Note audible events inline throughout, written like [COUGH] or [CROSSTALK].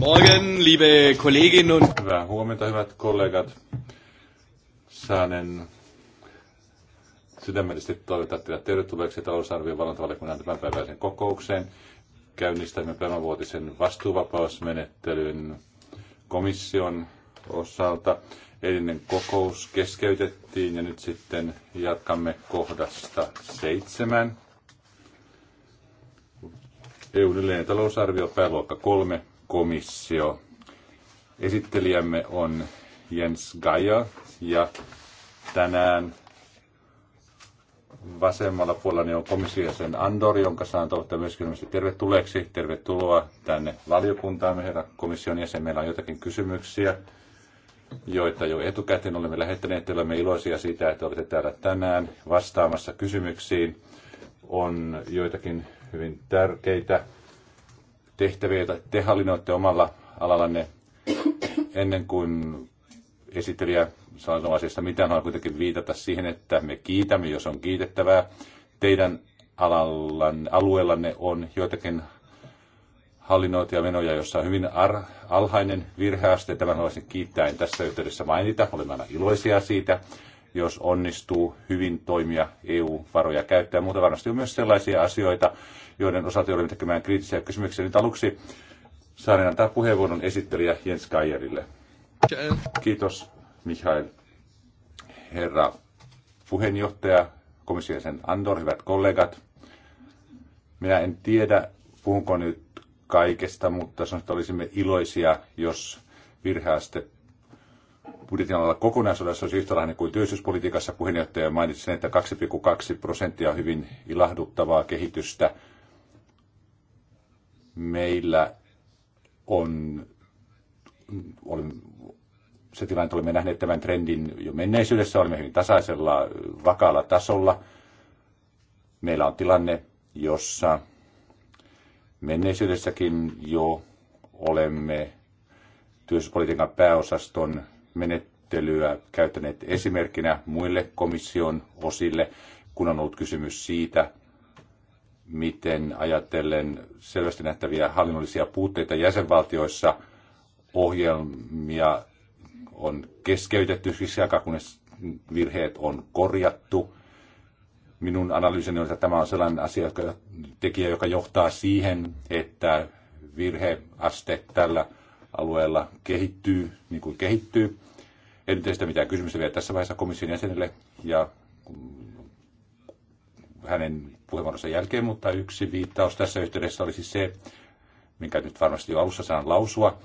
Morgen, liebe Kolleginnen und... Hyvää huomenta, hyvät kollegat. Saanen sydämellisesti toivottaa teidät tervetulleeksi talousarvion valvontavaliokunnan tämänpäiväisen kokoukseen. Käynnistämme tämänvuotisen vastuuvapausmenettelyn komission osalta. Edellinen kokous keskeytettiin ja nyt sitten jatkamme kohdasta seitsemän. eu yleinen talousarvio, pääluokka kolme komissio. Esittelijämme on Jens Gaia ja tänään vasemmalla puolella on komission jäsen Andor, jonka saan toivottaa myöskin tervetulleeksi. Tervetuloa tänne valiokuntaan, herra komission jäsen. Meillä on jotakin kysymyksiä, joita jo etukäteen olemme lähettäneet. Olemme iloisia siitä, että olette täällä tänään vastaamassa kysymyksiin. On joitakin hyvin tärkeitä tehtäviä, joita te hallinnoitte omalla alallanne ennen kuin esittelijä sanoo asiasta mitään, haluan kuitenkin viitata siihen, että me kiitämme, jos on kiitettävää. Teidän alallanne, alueellanne on joitakin hallinnoitia menoja, jossa on hyvin ar- alhainen virheaste. Tämän haluaisin kiittää, en tässä yhteydessä mainita. Olemme aina iloisia siitä, jos onnistuu hyvin toimia EU-varoja käyttää. Mutta varmasti on myös sellaisia asioita, joiden osalta joudumme tekemään kriittisiä kysymyksiä. Nyt aluksi saan antaa puheenvuoron esittelijä Jens Kajerille. Kiitos, Mihail. Herra puheenjohtaja, komission Andor, hyvät kollegat. Minä en tiedä, puhunko nyt kaikesta, mutta sanon, että olisimme iloisia, jos virheaste budjetin alalla kokonaisuudessa olisi yhtäläinen kuin työllisyyspolitiikassa. Puheenjohtaja mainitsi sen, että 2,2 prosenttia on hyvin ilahduttavaa kehitystä meillä on, oli, se tilanne, että olemme nähneet tämän trendin jo menneisyydessä, olemme hyvin tasaisella, vakaalla tasolla. Meillä on tilanne, jossa menneisyydessäkin jo olemme työllisyyspolitiikan pääosaston menettelyä käyttäneet esimerkkinä muille komission osille, kun on ollut kysymys siitä, miten ajatellen selvästi nähtäviä hallinnollisia puutteita jäsenvaltioissa ohjelmia on keskeytetty siis aikaa, kunnes virheet on korjattu. Minun analyysini on, että tämä on sellainen asia, joka, tekijä, joka johtaa siihen, että virheaste tällä alueella kehittyy niin kuin kehittyy. En tee sitä mitään kysymystä vielä tässä vaiheessa komission jäsenelle ja hänen puheenvuoronsa jälkeen, mutta yksi viittaus tässä yhteydessä olisi se, minkä nyt varmasti jo alussa saan lausua,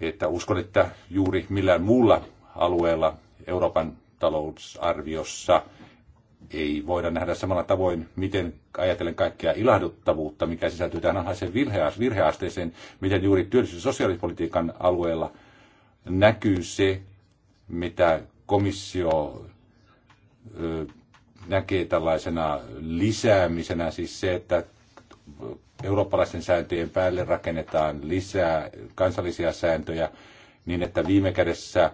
että uskon, että juuri millään muulla alueella Euroopan talousarviossa ei voida nähdä samalla tavoin, miten ajatellen kaikkea ilahduttavuutta, mikä sisältyy tähän alhaiseen virheasteeseen, miten juuri työllisyys- ja sosiaalipolitiikan alueella näkyy se, mitä komissio näkee tällaisena lisäämisenä, siis se, että eurooppalaisten sääntöjen päälle rakennetaan lisää kansallisia sääntöjä niin, että viime kädessä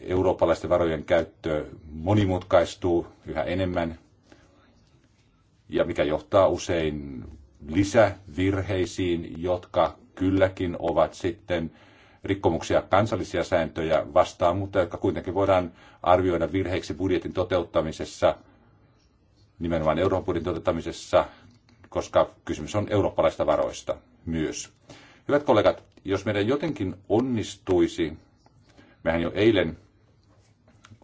eurooppalaisten varojen käyttö monimutkaistuu yhä enemmän ja mikä johtaa usein lisävirheisiin, jotka kylläkin ovat sitten rikkomuksia kansallisia sääntöjä vastaan, mutta jotka kuitenkin voidaan arvioida virheiksi budjetin toteuttamisessa – nimenomaan Euroopan budjetin toteuttamisessa, koska kysymys on eurooppalaista varoista myös. Hyvät kollegat, jos meidän jotenkin onnistuisi, mehän jo eilen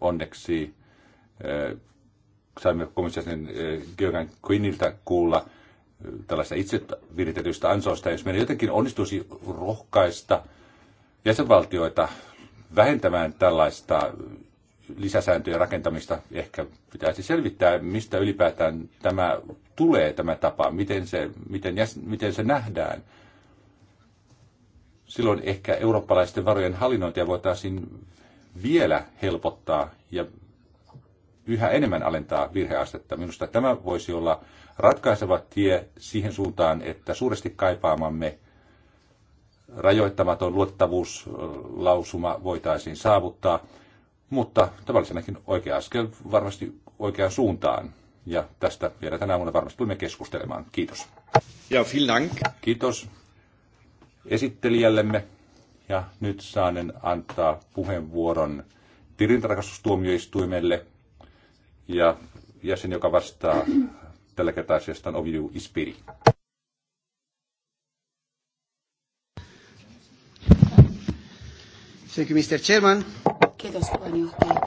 onneksi eh, saimme komission jäsen eh, Georgian Quinniltä kuulla eh, tällaista itse viritetyistä ansoista, jos meidän jotenkin onnistuisi rohkaista jäsenvaltioita vähentämään tällaista lisäsääntöjen rakentamista ehkä pitäisi selvittää, mistä ylipäätään tämä tulee, tämä tapa, miten se, miten, miten se nähdään. Silloin ehkä eurooppalaisten varojen hallinnointia voitaisiin vielä helpottaa ja yhä enemmän alentaa virheastetta. Minusta tämä voisi olla ratkaiseva tie siihen suuntaan, että suuresti kaipaamamme rajoittamaton luottavuuslausuma voitaisiin saavuttaa – mutta tavallisenakin oikea askel varmasti oikeaan suuntaan. Ja tästä vielä tänä aamuna varmasti tulemme keskustelemaan. Kiitos. Ja vielen dank. Kiitos esittelijällemme. Ja nyt saanen antaa puheenvuoron tilintarkastustuomioistuimelle ja jäsen, joka vastaa tällä kertaa asiasta on Oviu Ispiri. Thank you, Mr. Chairman. Kiitos puheenjohtaja.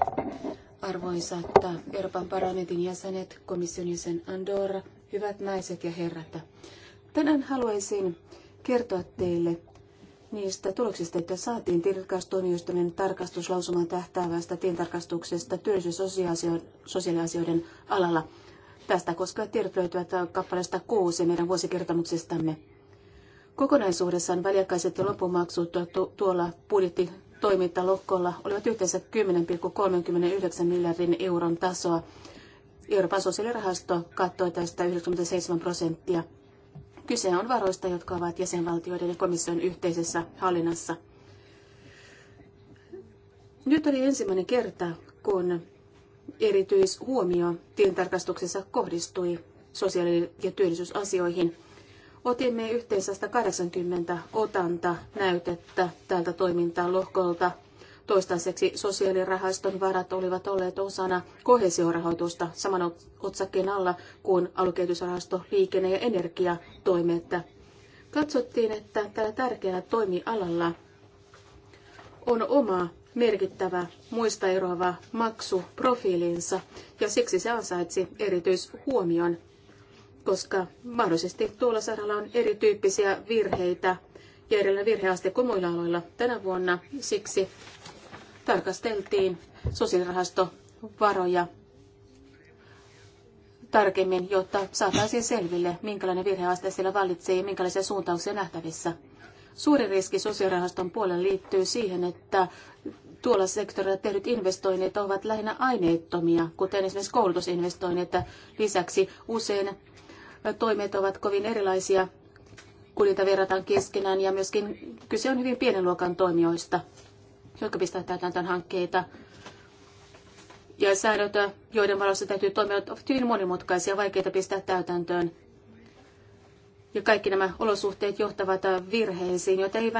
Arvoisat Euroopan parlamentin jäsenet, komission jäsen Andorra, hyvät naiset ja herrat. Tänään haluaisin kertoa teille niistä tuloksista, että saatiin tilintarkastustuomioistuimen tarkastuslausumaan tähtäävästä tilintarkastuksesta työllisyys- ja sosiaaliasioiden alalla. Tästä koskevat tiedot löytyvät kappaleesta 6 meidän vuosikertomuksestamme. Kokonaisuudessaan väliaikaiset lopumaksut tuolla budjetti toimintalohkolla olivat yhteensä 10,39 miljardin euron tasoa. Euroopan sosiaalirahasto kattoi tästä 97 prosenttia. Kyse on varoista, jotka ovat jäsenvaltioiden ja komission yhteisessä hallinnassa. Nyt oli ensimmäinen kerta, kun erityishuomio tilintarkastuksessa kohdistui sosiaali- ja työllisyysasioihin. Otimme yhteensä 180 otanta näytettä tältä toimintalohkolta. Toistaiseksi sosiaalirahaston varat olivat olleet osana kohesiorahoitusta saman otsakkeen alla kuin alukehitysrahasto, liikenne- ja energiatoimet. Katsottiin, että tällä tärkeällä toimialalla on oma merkittävä muista eroava maksuprofiilinsa ja siksi se ansaitsi erityishuomion koska mahdollisesti tuolla saralla on erityyppisiä virheitä ja edellä virheaste kuin muilla aloilla tänä vuonna. Siksi tarkasteltiin sosiaalirahastovaroja tarkemmin, jotta saataisiin selville, minkälainen virheaste siellä vallitsee ja minkälaisia suuntauksia nähtävissä. Suuri riski sosiaalirahaston puolella liittyy siihen, että tuolla sektorilla tehdyt investoinnit ovat lähinnä aineettomia, kuten esimerkiksi koulutusinvestoinnit. Lisäksi usein toimet ovat kovin erilaisia, kun niitä verrataan keskenään. Ja myöskin kyse on hyvin pienen luokan toimijoista, jotka pistävät täytäntöön hankkeita. Ja säädöt, joiden valossa täytyy toimia, ovat hyvin monimutkaisia, ja vaikeita pistää täytäntöön. Ja kaikki nämä olosuhteet johtavat virheisiin, joita ei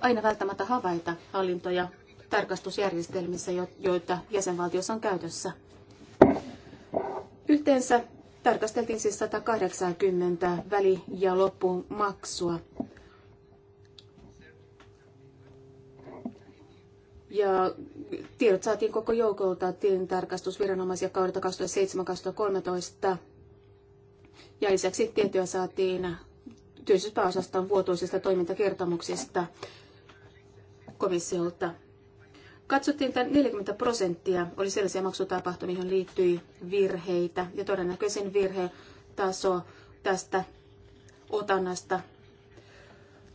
aina välttämättä havaita hallintoja tarkastusjärjestelmissä, joita jäsenvaltiossa on käytössä. Yhteensä Tarkasteltiin siis 180 väli- ja loppumaksua. Ja tiedot saatiin koko joukolta tilintarkastusviranomaisia kaudelta 2007-2013. Ja lisäksi tietoja saatiin työllisyyspääosaston vuotuisista toimintakertomuksista komissiolta. Katsottiin, että 40 prosenttia oli sellaisia maksutapahtumia, joihin liittyi virheitä ja todennäköisin virhetaso tästä otannasta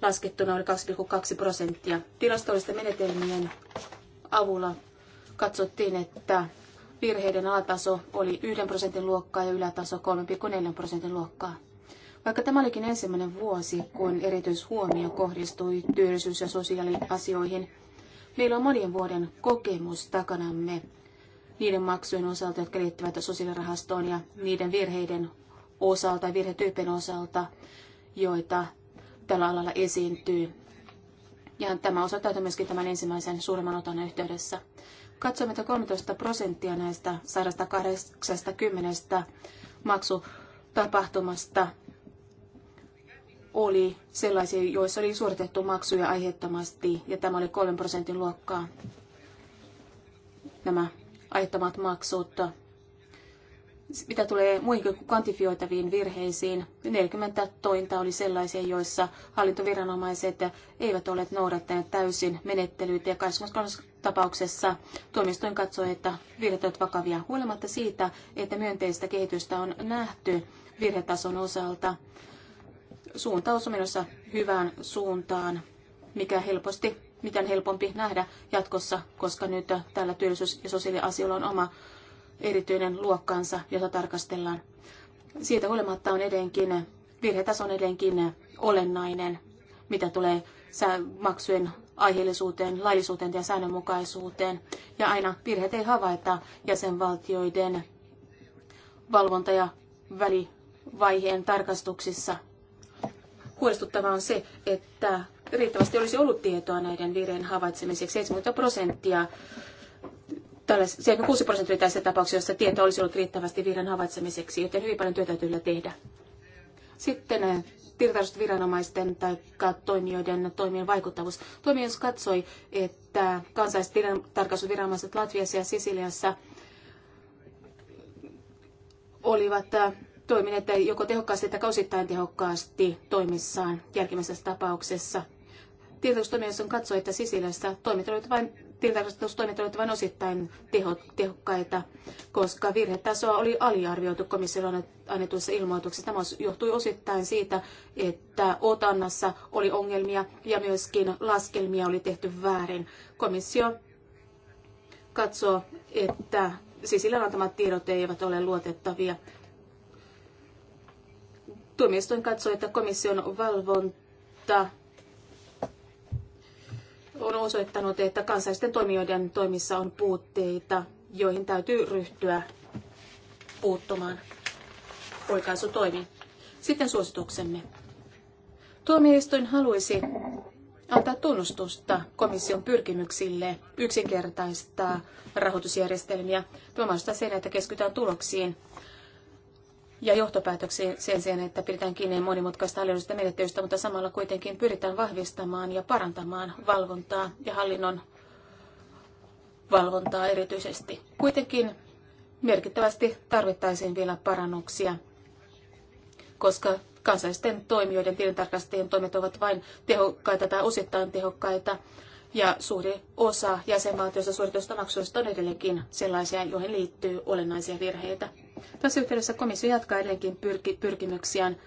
laskettuna oli 2,2 prosenttia. Tilastollisten menetelmien avulla katsottiin, että virheiden alataso oli 1 prosentin luokkaa ja ylätaso 3,4 prosentin luokkaa. Vaikka tämä olikin ensimmäinen vuosi, kun erityishuomio kohdistui työllisyys- ja sosiaaliasioihin, Meillä on monien vuoden kokemus takanamme niiden maksujen osalta, jotka liittyvät sosiaalirahastoon ja niiden virheiden osalta ja virhetyypin osalta, joita tällä alalla esiintyy. Ja tämä osoittautui myöskin tämän ensimmäisen suuremman otan yhteydessä. Katsomme, että 13 prosenttia näistä 180 maksutapahtumasta oli sellaisia, joissa oli suoritettu maksuja aiheettomasti, ja tämä oli 3 prosentin luokkaa nämä aiheettomat maksut. Mitä tulee muihin kvantifioitaviin virheisiin, 40 tointa oli sellaisia, joissa hallintoviranomaiset eivät ole noudattaneet täysin menettelyitä ja 23 tapauksessa tuomioistuin katsoi, että virheet ovat vakavia. Huolimatta siitä, että myönteistä kehitystä on nähty virhetason osalta, suuntaus on menossa hyvään suuntaan, mikä helposti, miten helpompi nähdä jatkossa, koska nyt tällä työllisyys- ja sosiaaliasioilla on oma erityinen luokkansa, jota tarkastellaan. Siitä huolimatta on edenkin, virhetaso on edenkin olennainen, mitä tulee maksujen aiheellisuuteen, laillisuuteen ja säännönmukaisuuteen. Ja aina virheet ei havaita jäsenvaltioiden valvonta- ja välivaiheen tarkastuksissa. Huolestuttavaa on se, että riittävästi olisi ollut tietoa näiden vireen havaitsemiseksi. 70 prosenttia, 76 prosenttia tässä tapauksessa, jossa tietoa olisi ollut riittävästi viran havaitsemiseksi, joten hyvin paljon työtä täytyy tehdä. Sitten eh, viranomaisten tai toimijoiden toimien vaikuttavuus. Toimijuus katsoi, että kansalliset tarkastusviranomaiset Latviassa ja Sisiliassa olivat eh, toimineet joko tehokkaasti tai osittain tehokkaasti toimissaan järkimmäisessä tapauksessa. Tilintarkastustoiminnassa on katso, että Sisilässä toimit tilintarkastustoimet olivat vain osittain teho, tehokkaita, koska virhetasoa oli aliarvioitu komissiolle annetuissa ilmoituksissa. Tämä johtui osittain siitä, että otannassa oli ongelmia ja myöskin laskelmia oli tehty väärin. Komissio katsoo, että Sisilän antamat tiedot eivät ole luotettavia. Tuomioistuin katsoi, että komission valvonta on osoittanut, että kansallisten toimijoiden toimissa on puutteita, joihin täytyy ryhtyä puuttumaan oikaisutoimiin. Sitten suosituksemme. Tuomioistuin haluaisi antaa tunnustusta komission pyrkimyksille yksinkertaistaa rahoitusjärjestelmiä. Tämä sen, että keskitytään tuloksiin ja johtopäätöksiä sen sijaan, että pidetään kiinni monimutkaista hallinnollisista menettelystä, mutta samalla kuitenkin pyritään vahvistamaan ja parantamaan valvontaa ja hallinnon valvontaa erityisesti. Kuitenkin merkittävästi tarvittaisiin vielä parannuksia, koska kansallisten toimijoiden tilintarkastajien toimet ovat vain tehokkaita tai osittain tehokkaita, ja suuri osa jäsenvaltioista suoritusta maksuista on edelleenkin sellaisia, joihin liittyy olennaisia virheitä. Tässä yhteydessä komissio jatkaa edelleenkin pyrki, pyrkimyksiään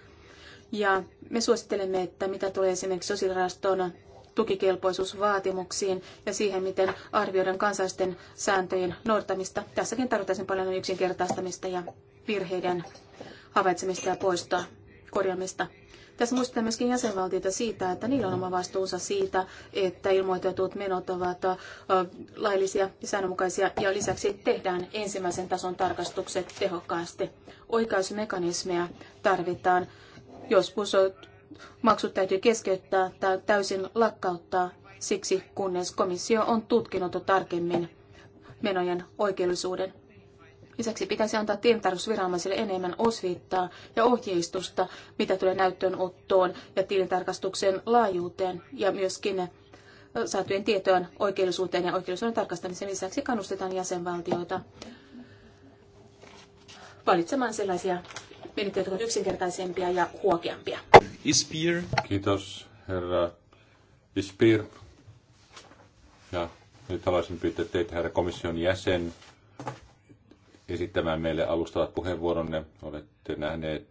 ja me suosittelemme, että mitä tulee esimerkiksi sosiaalirahaston tukikelpoisuusvaatimuksiin ja siihen, miten arvioidaan kansallisten sääntöjen noudattamista. Tässäkin tarvitaan paljon yksinkertaistamista ja virheiden havaitsemista ja poistoa korjaamista. Tässä muistetaan myöskin jäsenvaltioita siitä, että niillä on oma vastuunsa siitä, että ilmoitetut menot ovat laillisia ja säännönmukaisia ja lisäksi tehdään ensimmäisen tason tarkastukset tehokkaasti. Oikaisumekanismeja tarvitaan. Joskus maksut täytyy keskeyttää tai täysin lakkauttaa siksi, kunnes komissio on tutkinut tarkemmin menojen oikeellisuuden. Lisäksi pitäisi antaa tilintarkastusviranomaisille enemmän osviittaa ja ohjeistusta, mitä tulee näyttöönottoon ja tilintarkastuksen laajuuteen ja myöskin saatujen tietojen oikeellisuuteen ja oikeellisuuden tarkastamiseen. Lisäksi kannustetaan jäsenvaltioita valitsemaan sellaisia menettelyitä, jotka ovat yksinkertaisempia ja huokeampia. Ispir. Kiitos, herra Ispir. Ja nyt haluaisin pyytää teitä, herra komission jäsen, esittämään meille alustavat puheenvuoronne. Olette nähneet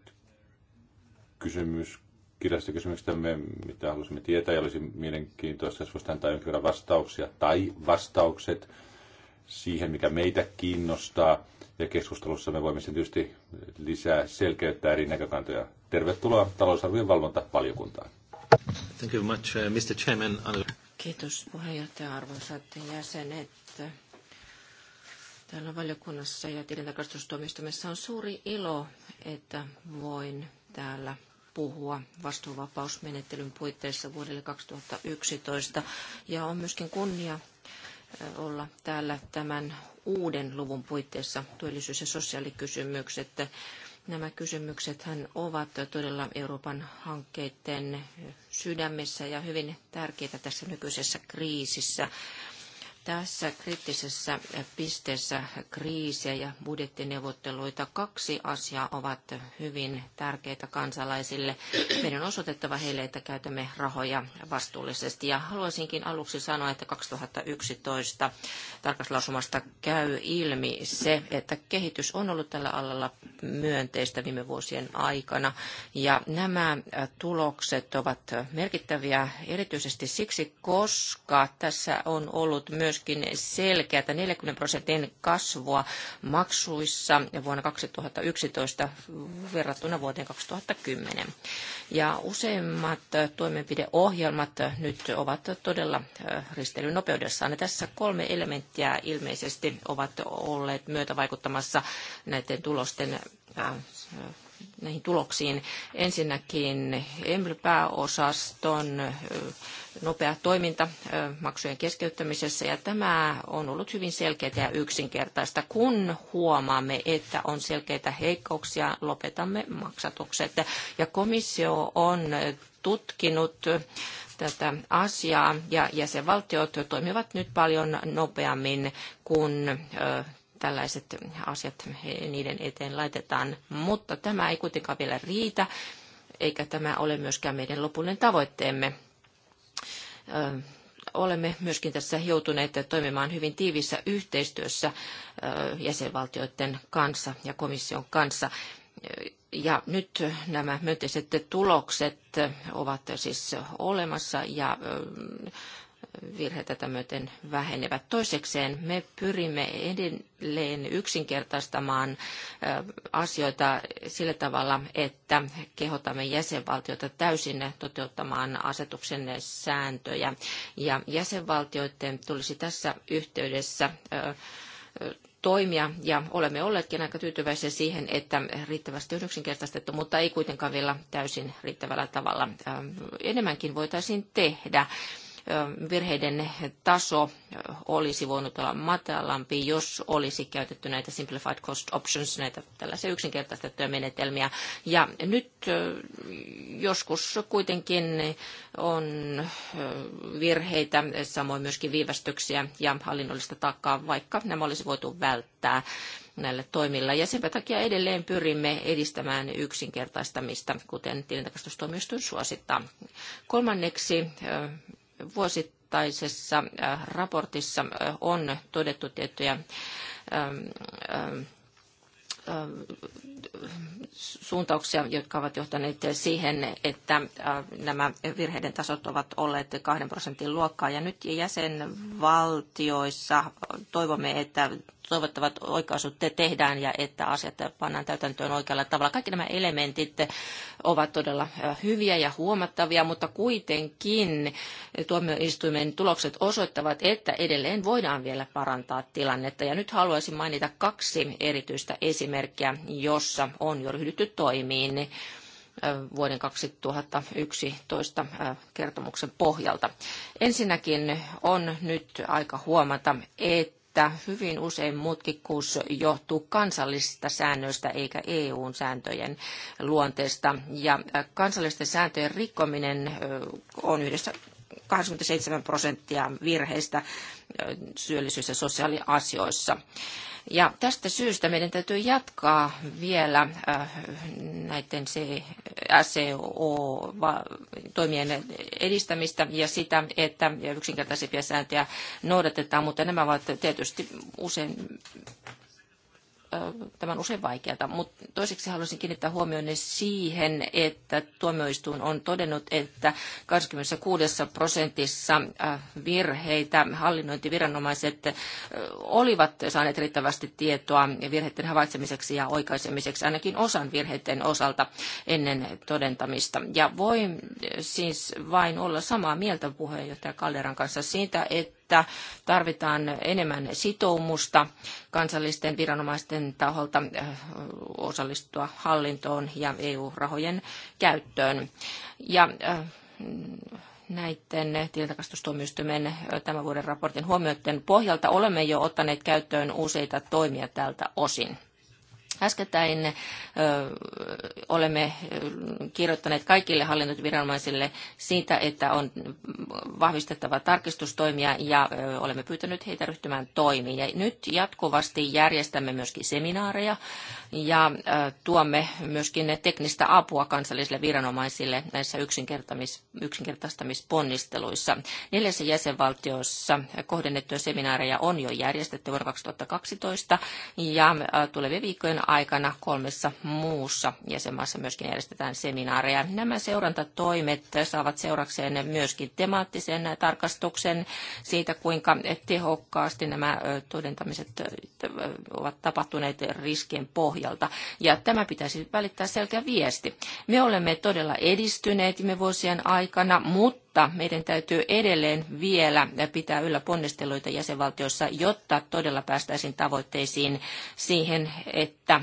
kysymys, kirjasta mitä halusimme tietää, ja olisi mielenkiintoista, jos voisi antaa jonkin verran vastauksia tai vastaukset siihen, mikä meitä kiinnostaa. Ja keskustelussa me voimme sen tietysti lisää selkeyttää eri näkökantoja. Tervetuloa talousarvion valvontavaliokuntaan. Thank you much, uh, Mr. Chairman. Kiitos puheenjohtaja, arvoisat jäsenet täällä valiokunnassa ja tilintarkastustuomioistuimessa on suuri ilo, että voin täällä puhua vastuuvapausmenettelyn puitteissa vuodelle 2011. Ja on myöskin kunnia olla täällä tämän uuden luvun puitteissa työllisyys- ja sosiaalikysymykset. Nämä kysymykset ovat todella Euroopan hankkeiden sydämessä ja hyvin tärkeitä tässä nykyisessä kriisissä. Tässä kriittisessä pisteessä kriisiä ja budjettineuvotteluita kaksi asiaa ovat hyvin tärkeitä kansalaisille. Meidän on osoitettava heille, että käytämme rahoja vastuullisesti. Ja haluaisinkin aluksi sanoa, että 2011 tarkastelusumasta käy ilmi se, että kehitys on ollut tällä alalla myönteistä viime vuosien aikana. Ja nämä tulokset ovat merkittäviä erityisesti siksi, koska tässä on ollut myös myöskin selkeätä 40 prosentin kasvua maksuissa vuonna 2011 verrattuna vuoteen 2010. Ja useimmat toimenpideohjelmat nyt ovat todella risteilyn nopeudessaan. Ja tässä kolme elementtiä ilmeisesti ovat olleet myötävaikuttamassa näiden tulosten näihin tuloksiin. Ensinnäkin EMBL-pääosaston nopea toiminta maksujen keskeyttämisessä ja tämä on ollut hyvin selkeää ja yksinkertaista. Kun huomaamme, että on selkeitä heikkouksia, lopetamme maksatukset. Ja komissio on tutkinut tätä asiaa ja jäsenvaltiot toimivat nyt paljon nopeammin, kun tällaiset asiat niiden eteen laitetaan. Mutta tämä ei kuitenkaan vielä riitä, eikä tämä ole myöskään meidän lopullinen tavoitteemme olemme myöskin tässä joutuneet toimimaan hyvin tiivissä yhteistyössä jäsenvaltioiden kanssa ja komission kanssa. Ja nyt nämä myönteiset tulokset ovat siis olemassa ja virheitä tätä myöten vähenevät. Toisekseen me pyrimme edelleen yksinkertaistamaan asioita sillä tavalla, että kehotamme jäsenvaltioita täysin toteuttamaan asetuksen sääntöjä. Ja jäsenvaltioiden tulisi tässä yhteydessä toimia ja olemme olleetkin aika tyytyväisiä siihen, että riittävästi on yksinkertaistettu, mutta ei kuitenkaan vielä täysin riittävällä tavalla. Enemmänkin voitaisiin tehdä virheiden taso olisi voinut olla matalampi, jos olisi käytetty näitä simplified cost options, näitä tällaisia yksinkertaistettuja menetelmiä. Ja nyt joskus kuitenkin on virheitä, samoin myöskin viivästyksiä ja hallinnollista taakkaa, vaikka nämä olisi voitu välttää näillä toimilla. Ja sen takia edelleen pyrimme edistämään yksinkertaistamista, kuten tilintarkastustuomioistuin suosittaa. Kolmanneksi vuosittaisessa äh, raportissa äh, on todettu tiettyjä Äh, suuntauksia, jotka ovat johtaneet siihen, että äh, nämä virheiden tasot ovat olleet kahden prosentin luokkaa. Ja nyt jäsenvaltioissa toivomme, että toivottavat oikaisut te tehdään ja että asiat pannaan täytäntöön oikealla tavalla. Kaikki nämä elementit ovat todella äh, hyviä ja huomattavia, mutta kuitenkin tuomioistuimen tulokset osoittavat, että edelleen voidaan vielä parantaa tilannetta. Ja nyt haluaisin mainita kaksi erityistä esimerkkiä esimerkkiä, jossa on jo ryhdytty toimiin vuoden 2011 kertomuksen pohjalta. Ensinnäkin on nyt aika huomata, että että hyvin usein mutkikkuus johtuu kansallisista säännöistä eikä EUn sääntöjen luonteesta. Ja kansallisten sääntöjen rikkominen on yhdessä 87 prosenttia virheistä syöllisyys- ja sosiaaliasioissa. Ja tästä syystä meidän täytyy jatkaa vielä äh, näiden SEO-toimien edistämistä ja sitä, että yksinkertaisempia sääntöjä noudatetaan, mutta nämä ovat tietysti usein tämä on usein vaikeata, mutta toiseksi haluaisin kiinnittää huomioon siihen, että tuomioistuin on todennut, että 26 prosentissa virheitä hallinnointiviranomaiset olivat saaneet riittävästi tietoa virheiden havaitsemiseksi ja oikaisemiseksi, ainakin osan virheiden osalta ennen todentamista. Ja voin siis vain olla samaa mieltä puheenjohtaja Kalderan kanssa siitä, että että tarvitaan enemmän sitoumusta kansallisten viranomaisten taholta eh, osallistua hallintoon ja EU-rahojen käyttöön. Ja eh, näiden tilintarkastustuomioistuimen eh, tämän vuoden raportin huomioiden pohjalta olemme jo ottaneet käyttöön useita toimia tältä osin. Äskettäin ö, olemme kirjoittaneet kaikille hallintoviranomaisille siitä, että on vahvistettava tarkistustoimia ja ö, olemme pyytäneet heitä ryhtymään toimiin. Ja nyt jatkuvasti järjestämme myöskin seminaareja ja tuomme myöskin teknistä apua kansallisille viranomaisille näissä yksinkertaistamisponnisteluissa. Neljässä jäsenvaltiossa kohdennettuja seminaareja on jo järjestetty vuonna 2012 ja tulevien viikkojen aikana kolmessa muussa jäsenmaassa myöskin järjestetään seminaareja. Nämä seurantatoimet saavat seurakseen myöskin temaattisen tarkastuksen siitä, kuinka tehokkaasti nämä todentamiset ovat tapahtuneet riskien pohjalta pohjalta. Ja tämä pitäisi välittää selkeä viesti. Me olemme todella edistyneet viime vuosien aikana, mutta mutta meidän täytyy edelleen vielä pitää yllä ponnisteluita jäsenvaltioissa, jotta todella päästäisiin tavoitteisiin siihen, että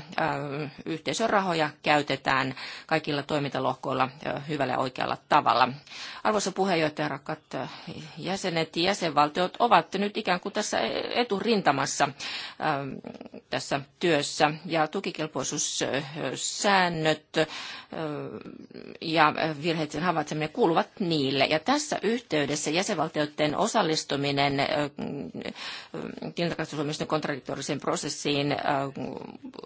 yhteisörahoja käytetään kaikilla toimintalohkoilla hyvällä ja oikealla tavalla. Arvoisa puheenjohtaja, rakkaat jäsenet, jäsenvaltiot ovat nyt ikään kuin tässä eturintamassa tässä työssä ja tukikelpoisuussäännöt ja virheiden havaitseminen kuuluvat niille. Ja tässä yhteydessä jäsenvaltioiden osallistuminen tilintarkastusomiston kontradiktoriseen prosessiin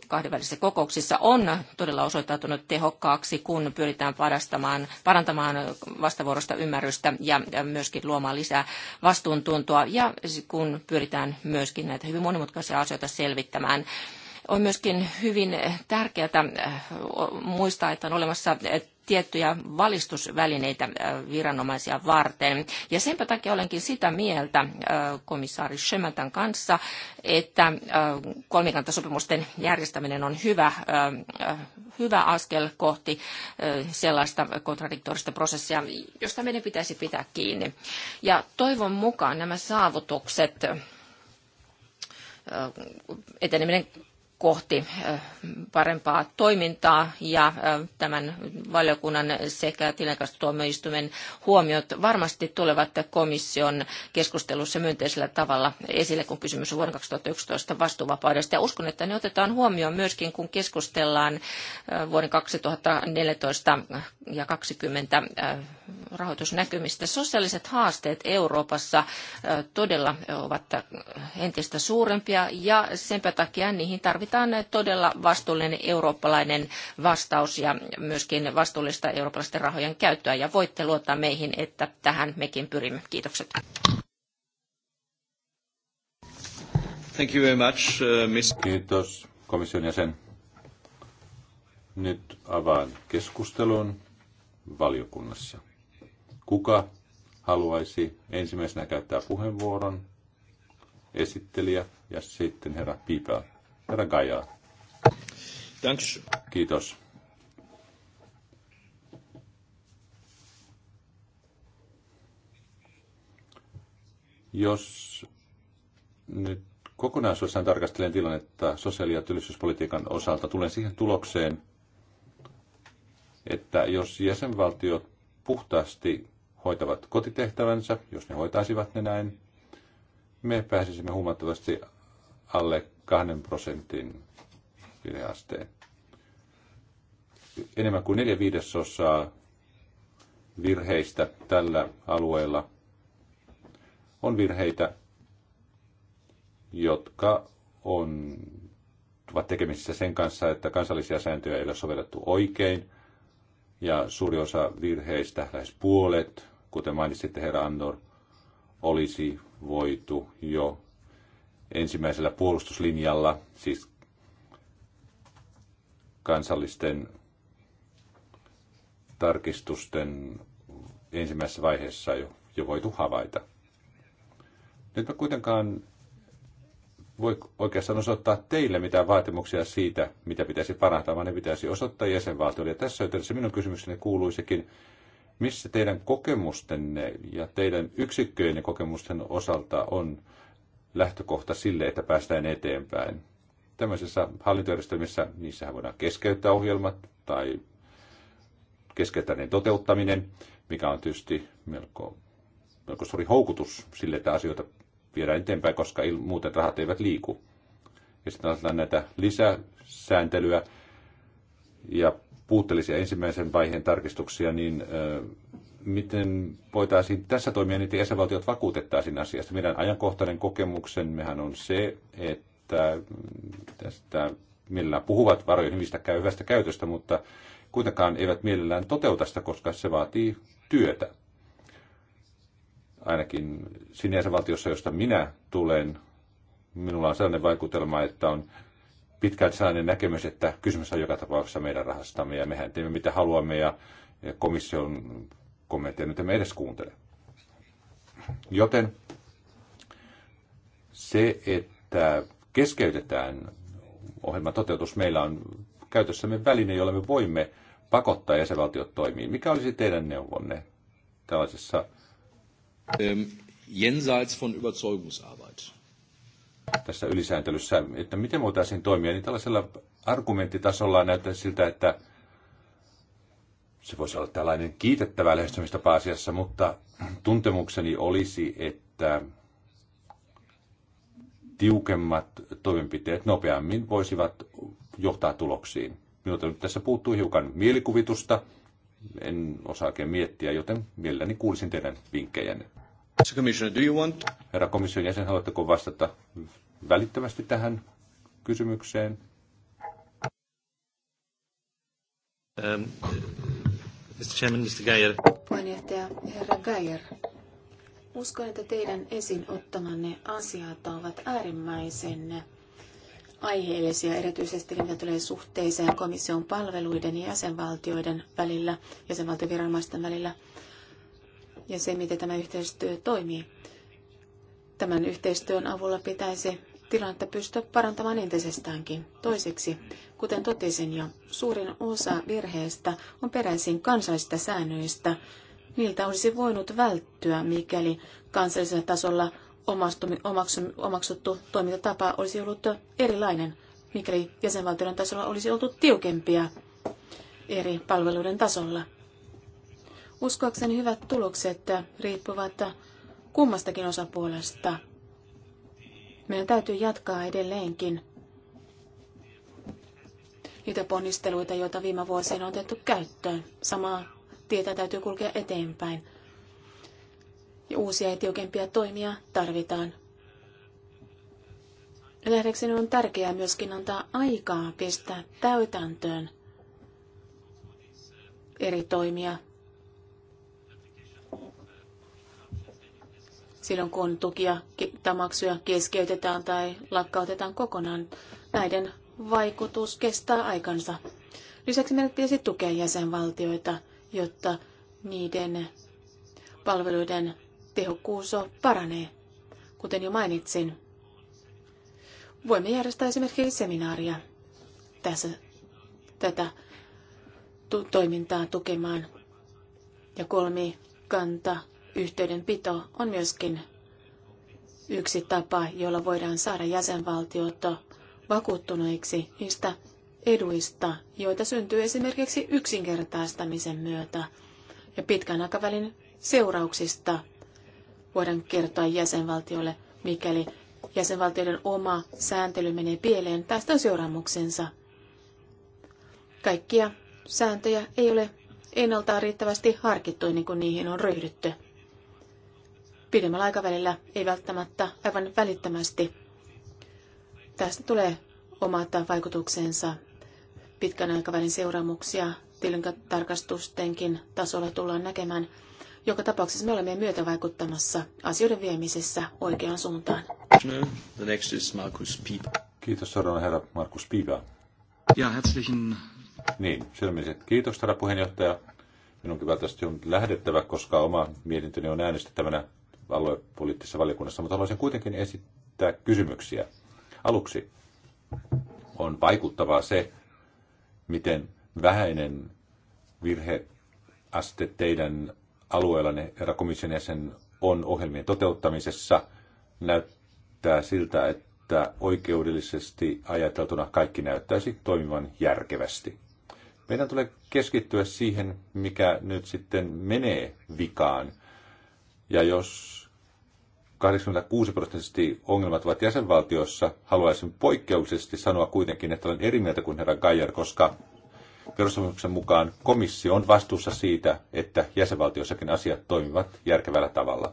kahdenvälisissä kokouksissa on todella osoittautunut tehokkaaksi, kun pyritään parantamaan, parantamaan vastavuorosta ymmärrystä ja myöskin luomaan lisää vastuuntuntoa ja siis kun pyritään myöskin näitä hyvin monimutkaisia asioita selvittämään. On myöskin hyvin tärkeää eh, muistaa, että on olemassa eh, tiettyjä valistusvälineitä eh, viranomaisia varten. Ja senpä takia olenkin sitä mieltä komissaari Schematan kanssa, että kolmikantasopimusten järjestäminen on hyvä, hyvä askel kohti sellaista kontradiktorista prosessia, josta meidän pitäisi pitää kiinni. Ja toivon mukaan nämä saavutukset eteneminen kohti parempaa toimintaa ja tämän valiokunnan sekä tilinkastustuomioistuimen huomiot varmasti tulevat komission keskustelussa myönteisellä tavalla esille, kun kysymys on vuonna 2011 vastuuvapaudesta. Ja uskon, että ne otetaan huomioon myöskin, kun keskustellaan vuoden 2014 ja 2020 rahoitusnäkymistä. Sosiaaliset haasteet Euroopassa todella ovat entistä suurempia ja sen takia niihin tarvitaan todella vastuullinen eurooppalainen vastaus ja myöskin vastuullista eurooppalaisten rahojen käyttöä. Ja voitte luottaa meihin, että tähän mekin pyrimme. Kiitokset. Thank you very much, uh, miss... Kiitos komission jäsen. Nyt avaan keskustelun valiokunnassa. Kuka haluaisi ensimmäisenä käyttää puheenvuoron? Esittelijä ja sitten herra Piipel, Herra Gaia. Thanks. Kiitos. Jos nyt kokonaisuudessaan tarkastelen tilannetta sosiaali- ja työllisyyspolitiikan osalta, tulen siihen tulokseen, että jos jäsenvaltiot puhtaasti hoitavat kotitehtävänsä, jos ne hoitaisivat ne näin, me pääsisimme huomattavasti alle kahden prosentin virheasteen. Enemmän kuin neljä viidesosaa virheistä tällä alueella on virheitä, jotka on, ovat tekemisissä sen kanssa, että kansallisia sääntöjä ei ole sovellettu oikein, ja suuri osa virheistä, lähes puolet, kuten mainitsitte herra Andor, olisi voitu jo ensimmäisellä puolustuslinjalla, siis kansallisten tarkistusten ensimmäisessä vaiheessa jo, jo voitu havaita. Nyt mä kuitenkaan voi oikeastaan osoittaa teille mitään vaatimuksia siitä, mitä pitäisi parantaa, vaan ne pitäisi osoittaa jäsenvaltioille. Ja tässä yhteydessä minun kysymykseni kuuluisikin, missä teidän kokemustenne ja teidän yksikköjenne kokemusten osalta on lähtökohta sille, että päästään eteenpäin? Tämmöisissä hallintojärjestelmissä niissä voidaan keskeyttää ohjelmat tai keskeyttää ne toteuttaminen, mikä on tietysti melko, melko suuri houkutus sille, että asioita viedään eteenpäin, koska muuten rahat eivät liiku. Ja sitten näitä lisäsääntelyä ja puutteellisia ensimmäisen vaiheen tarkistuksia, niin miten voitaisiin tässä toimia, niin jäsenvaltiot vakuutettaisiin asiasta. Meidän ajankohtainen kokemuksemmehan on se, että mm, tästä millä puhuvat varojen hyvistä käy hyvästä käytöstä, mutta kuitenkaan eivät mielellään toteuta sitä, koska se vaatii työtä. Ainakin siinä jäsenvaltiossa, josta minä tulen, minulla on sellainen vaikutelma, että on pitkälti sellainen näkemys, että kysymys on joka tapauksessa meidän rahastamme ja mehän teemme mitä haluamme ja komission kommentteja nyt emme edes kuuntele. Joten se, että keskeytetään ohjelman toteutus, meillä on käytössämme väline, jolla me voimme pakottaa jäsenvaltiot toimiin. Mikä olisi teidän neuvonne tällaisessa? Ähm, jenseits von Überzeugungsarbeit tässä ylisääntelyssä, että miten voitaisiin toimia, niin tällaisella argumenttitasolla näyttää siltä, että se voisi olla tällainen kiitettävä lähestymistapa asiassa, mutta tuntemukseni olisi, että tiukemmat toimenpiteet nopeammin voisivat johtaa tuloksiin. Minulta nyt tässä puuttuu hiukan mielikuvitusta, en osaa oikein miettiä, joten mielelläni kuulisin teidän vinkkejänne. Herra komission jäsen, haluatteko vastata välittömästi tähän kysymykseen? Um, Mr. Chairman, Mr. Geyer. Puheenjohtaja, herra Geyer. Uskon, että teidän esiin ottamanne asiat ovat äärimmäisen aiheellisia, erityisesti mitä tulee suhteeseen komission palveluiden ja jäsenvaltioiden välillä, jäsenvaltioviranomaisten välillä ja se, miten tämä yhteistyö toimii. Tämän yhteistyön avulla pitäisi tilannetta pystyä parantamaan entisestäänkin. Toiseksi, kuten totesin jo, suurin osa virheistä on peräisin kansallisista säännöistä. Niiltä olisi voinut välttyä, mikäli kansallisella tasolla omaksuttu toimintatapa olisi ollut erilainen, mikäli jäsenvaltioiden tasolla olisi oltu tiukempia eri palveluiden tasolla. Uskoakseni hyvät tulokset riippuvat kummastakin osapuolesta. Meidän täytyy jatkaa edelleenkin niitä ponnisteluita, joita viime vuosina on otettu käyttöön. Samaa tietä täytyy kulkea eteenpäin. Ja uusia ja tiukempia toimia tarvitaan. Lähdeksi on tärkeää myöskin antaa aikaa pistää täytäntöön eri toimia silloin kun tukia tai maksuja keskeytetään tai lakkautetaan kokonaan. Näiden vaikutus kestää aikansa. Lisäksi meidän pitäisi tukea jäsenvaltioita, jotta niiden palveluiden tehokkuus paranee. Kuten jo mainitsin, voimme järjestää esimerkiksi seminaaria tässä tätä toimintaa tukemaan. Ja kolmi kanta yhteydenpito on myöskin yksi tapa, jolla voidaan saada jäsenvaltiot vakuuttuneiksi niistä eduista, joita syntyy esimerkiksi yksinkertaistamisen myötä ja pitkän aikavälin seurauksista voidaan kertoa jäsenvaltiolle, mikäli jäsenvaltioiden oma sääntely menee pieleen, tästä on seuraamuksensa. Kaikkia sääntöjä ei ole ennaltaan riittävästi harkittu, niin kuin niihin on ryhdytty pidemmällä aikavälillä, ei välttämättä aivan välittömästi. Tästä tulee omat vaikutuksensa pitkän aikavälin seuraamuksia tilintarkastustenkin tasolla tullaan näkemään. Joka tapauksessa me olemme vaikuttamassa asioiden viemisessä oikeaan suuntaan. The next is Markus Pieper. Kiitos seuraava herra Markus Pieper. Ja herzlichen... Niin, sydämiset kiitos herra puheenjohtaja. Minunkin välttämättä on lähdettävä, koska oma mietintöni on äänestettävänä aluepoliittisessa valiokunnassa, mutta haluaisin kuitenkin esittää kysymyksiä. Aluksi on vaikuttavaa se, miten vähäinen virheaste teidän alueellanne, herra komission jäsen, on ohjelmien toteuttamisessa. Näyttää siltä, että oikeudellisesti ajateltuna kaikki näyttäisi toimivan järkevästi. Meidän tulee keskittyä siihen, mikä nyt sitten menee vikaan – ja jos 86 prosenttisesti ongelmat ovat jäsenvaltiossa, haluaisin poikkeuksellisesti sanoa kuitenkin, että olen eri mieltä kuin herra Gajer, koska perussopimuksen mukaan komissio on vastuussa siitä, että jäsenvaltiossakin asiat toimivat järkevällä tavalla.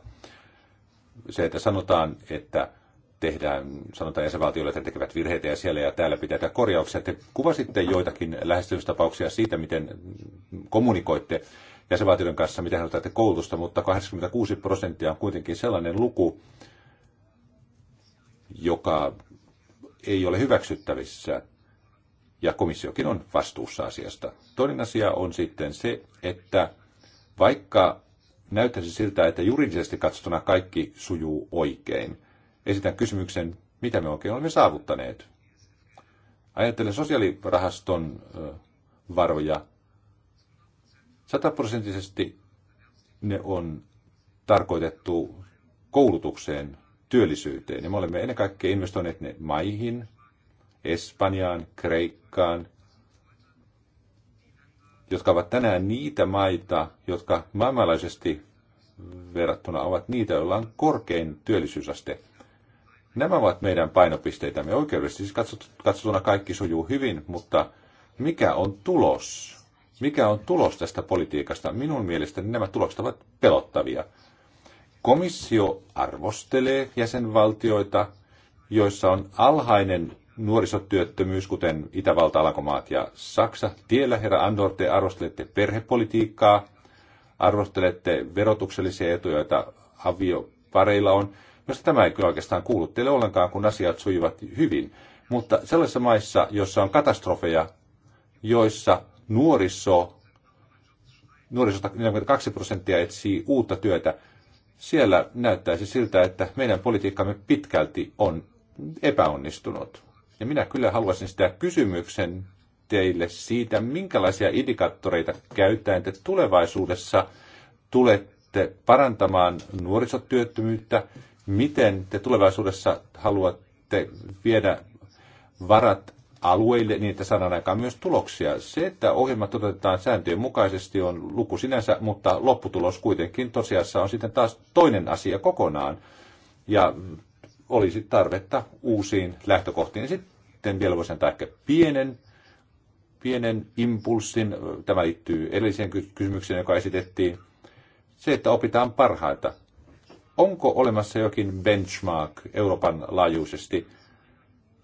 Se, että sanotaan, että tehdään, sanotaan jäsenvaltioille, että tekevät virheitä ja siellä ja täällä pitää tehdä korjauksia. Te kuvasitte joitakin lähestymistapauksia siitä, miten kommunikoitte jäsenvaltioiden kanssa, miten sanotaan, että koulutusta, mutta 86 prosenttia on kuitenkin sellainen luku, joka ei ole hyväksyttävissä, ja komissiokin on vastuussa asiasta. Toinen asia on sitten se, että vaikka näyttäisi siltä, että juridisesti katsottuna kaikki sujuu oikein, esitän kysymyksen, mitä me oikein olemme saavuttaneet. Ajattelen sosiaalirahaston varoja, Sataprosenttisesti ne on tarkoitettu koulutukseen, työllisyyteen. Ja me olemme ennen kaikkea investoineet ne maihin, Espanjaan, Kreikkaan, jotka ovat tänään niitä maita, jotka maailmanlaajuisesti verrattuna ovat niitä, joilla on korkein työllisyysaste. Nämä ovat meidän painopisteitämme. Oikeudellisesti siis katsotuna kaikki sujuu hyvin, mutta mikä on tulos? Mikä on tulos tästä politiikasta? Minun mielestäni nämä tulokset ovat pelottavia. Komissio arvostelee jäsenvaltioita, joissa on alhainen nuorisotyöttömyys, kuten Itävalta, Alankomaat ja Saksa. Tiellä, herra Andor, te arvostelette perhepolitiikkaa, arvostelette verotuksellisia etuja, joita aviopareilla on, Myös no, tämä ei kyllä oikeastaan kuulu teille ollenkaan, kun asiat sujuvat hyvin. Mutta sellaisissa maissa, joissa on katastrofeja, joissa nuoriso, nuorisosta 42 prosenttia etsii uutta työtä. Siellä näyttäisi siltä, että meidän politiikkamme pitkälti on epäonnistunut. Ja minä kyllä haluaisin sitä kysymyksen teille siitä, minkälaisia indikaattoreita käyttäen te tulevaisuudessa tulette parantamaan nuorisotyöttömyyttä, miten te tulevaisuudessa haluatte viedä varat alueille niin, että saadaan aikaan myös tuloksia. Se, että ohjelmat toteutetaan sääntöjen mukaisesti on luku sinänsä, mutta lopputulos kuitenkin tosiasiassa on sitten taas toinen asia kokonaan. Ja olisi tarvetta uusiin lähtökohtiin. Sitten vielä voisi antaa ehkä pienen, pienen impulssin. Tämä liittyy edelliseen kysymykseen, joka esitettiin. Se, että opitaan parhaita. Onko olemassa jokin benchmark Euroopan laajuisesti,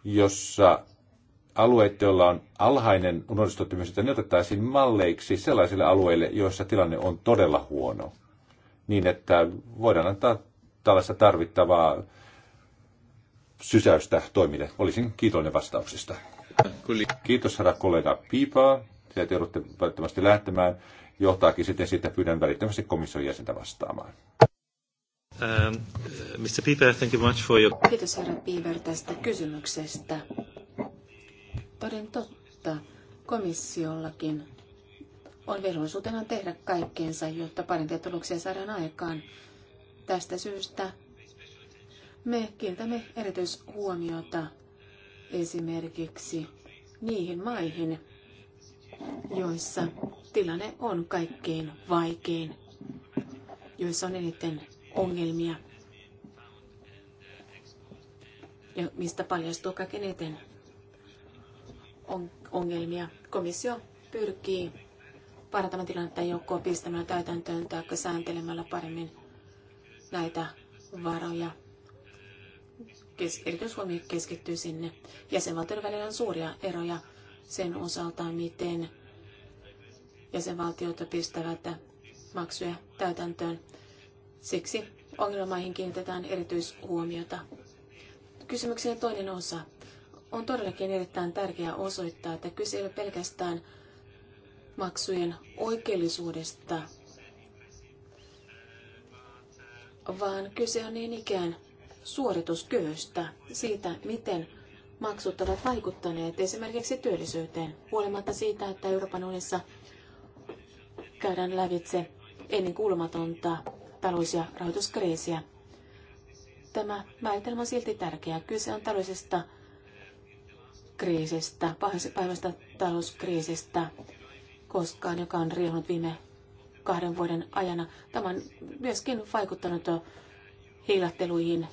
jossa alueet, joilla on alhainen nuorisotyöttömyys, että ne otettaisiin malleiksi sellaisille alueille, joissa tilanne on todella huono. Niin, että voidaan antaa tällaista tarvittavaa sysäystä toimille. Olisin kiitollinen vastauksista. Kiitos herra kollega Piipaa. Te joudutte välttämättä lähtemään. Johtaakin sitten siitä pyydän välittömästi komission jäsentä vastaamaan. Um, Mr. Piper, thank you much for your... Kiitos herra Piiver tästä kysymyksestä. Toden totta, komissiollakin on velvollisuutena tehdä kaikkeensa, jotta parempia tuloksia saadaan aikaan. Tästä syystä me kiinnitämme erityishuomiota esimerkiksi niihin maihin, joissa tilanne on kaikkein vaikein, joissa on eniten ongelmia ja mistä paljastuu kaikkein eniten ongelmia. Komissio pyrkii parantamaan tilannetta joukkoa pistämällä täytäntöön tai sääntelemällä paremmin näitä varoja. Kes- erityishuomio keskittyy sinne. Jäsenvaltioiden välillä on suuria eroja sen osalta, miten jäsenvaltiot pistävät maksuja täytäntöön. Siksi ongelmaihin kiinnitetään erityishuomiota. Kysymyksen toinen osa on todellakin erittäin tärkeää osoittaa, että kyse ei ole pelkästään maksujen oikeellisuudesta, vaan kyse on niin ikään suorituskyvystä, siitä, miten maksut ovat vaikuttaneet esimerkiksi työllisyyteen, huolimatta siitä, että Euroopan unissa käydään lävitse ennen kuulumatonta talous- ja rahoituskriisiä. Tämä määritelmä on silti tärkeä. Kyse on taloudellisesta kriisistä, pahimmasta talouskriisistä koskaan, joka on riehunut viime kahden vuoden ajana. Tämä on myöskin vaikuttanut hiilatteluihin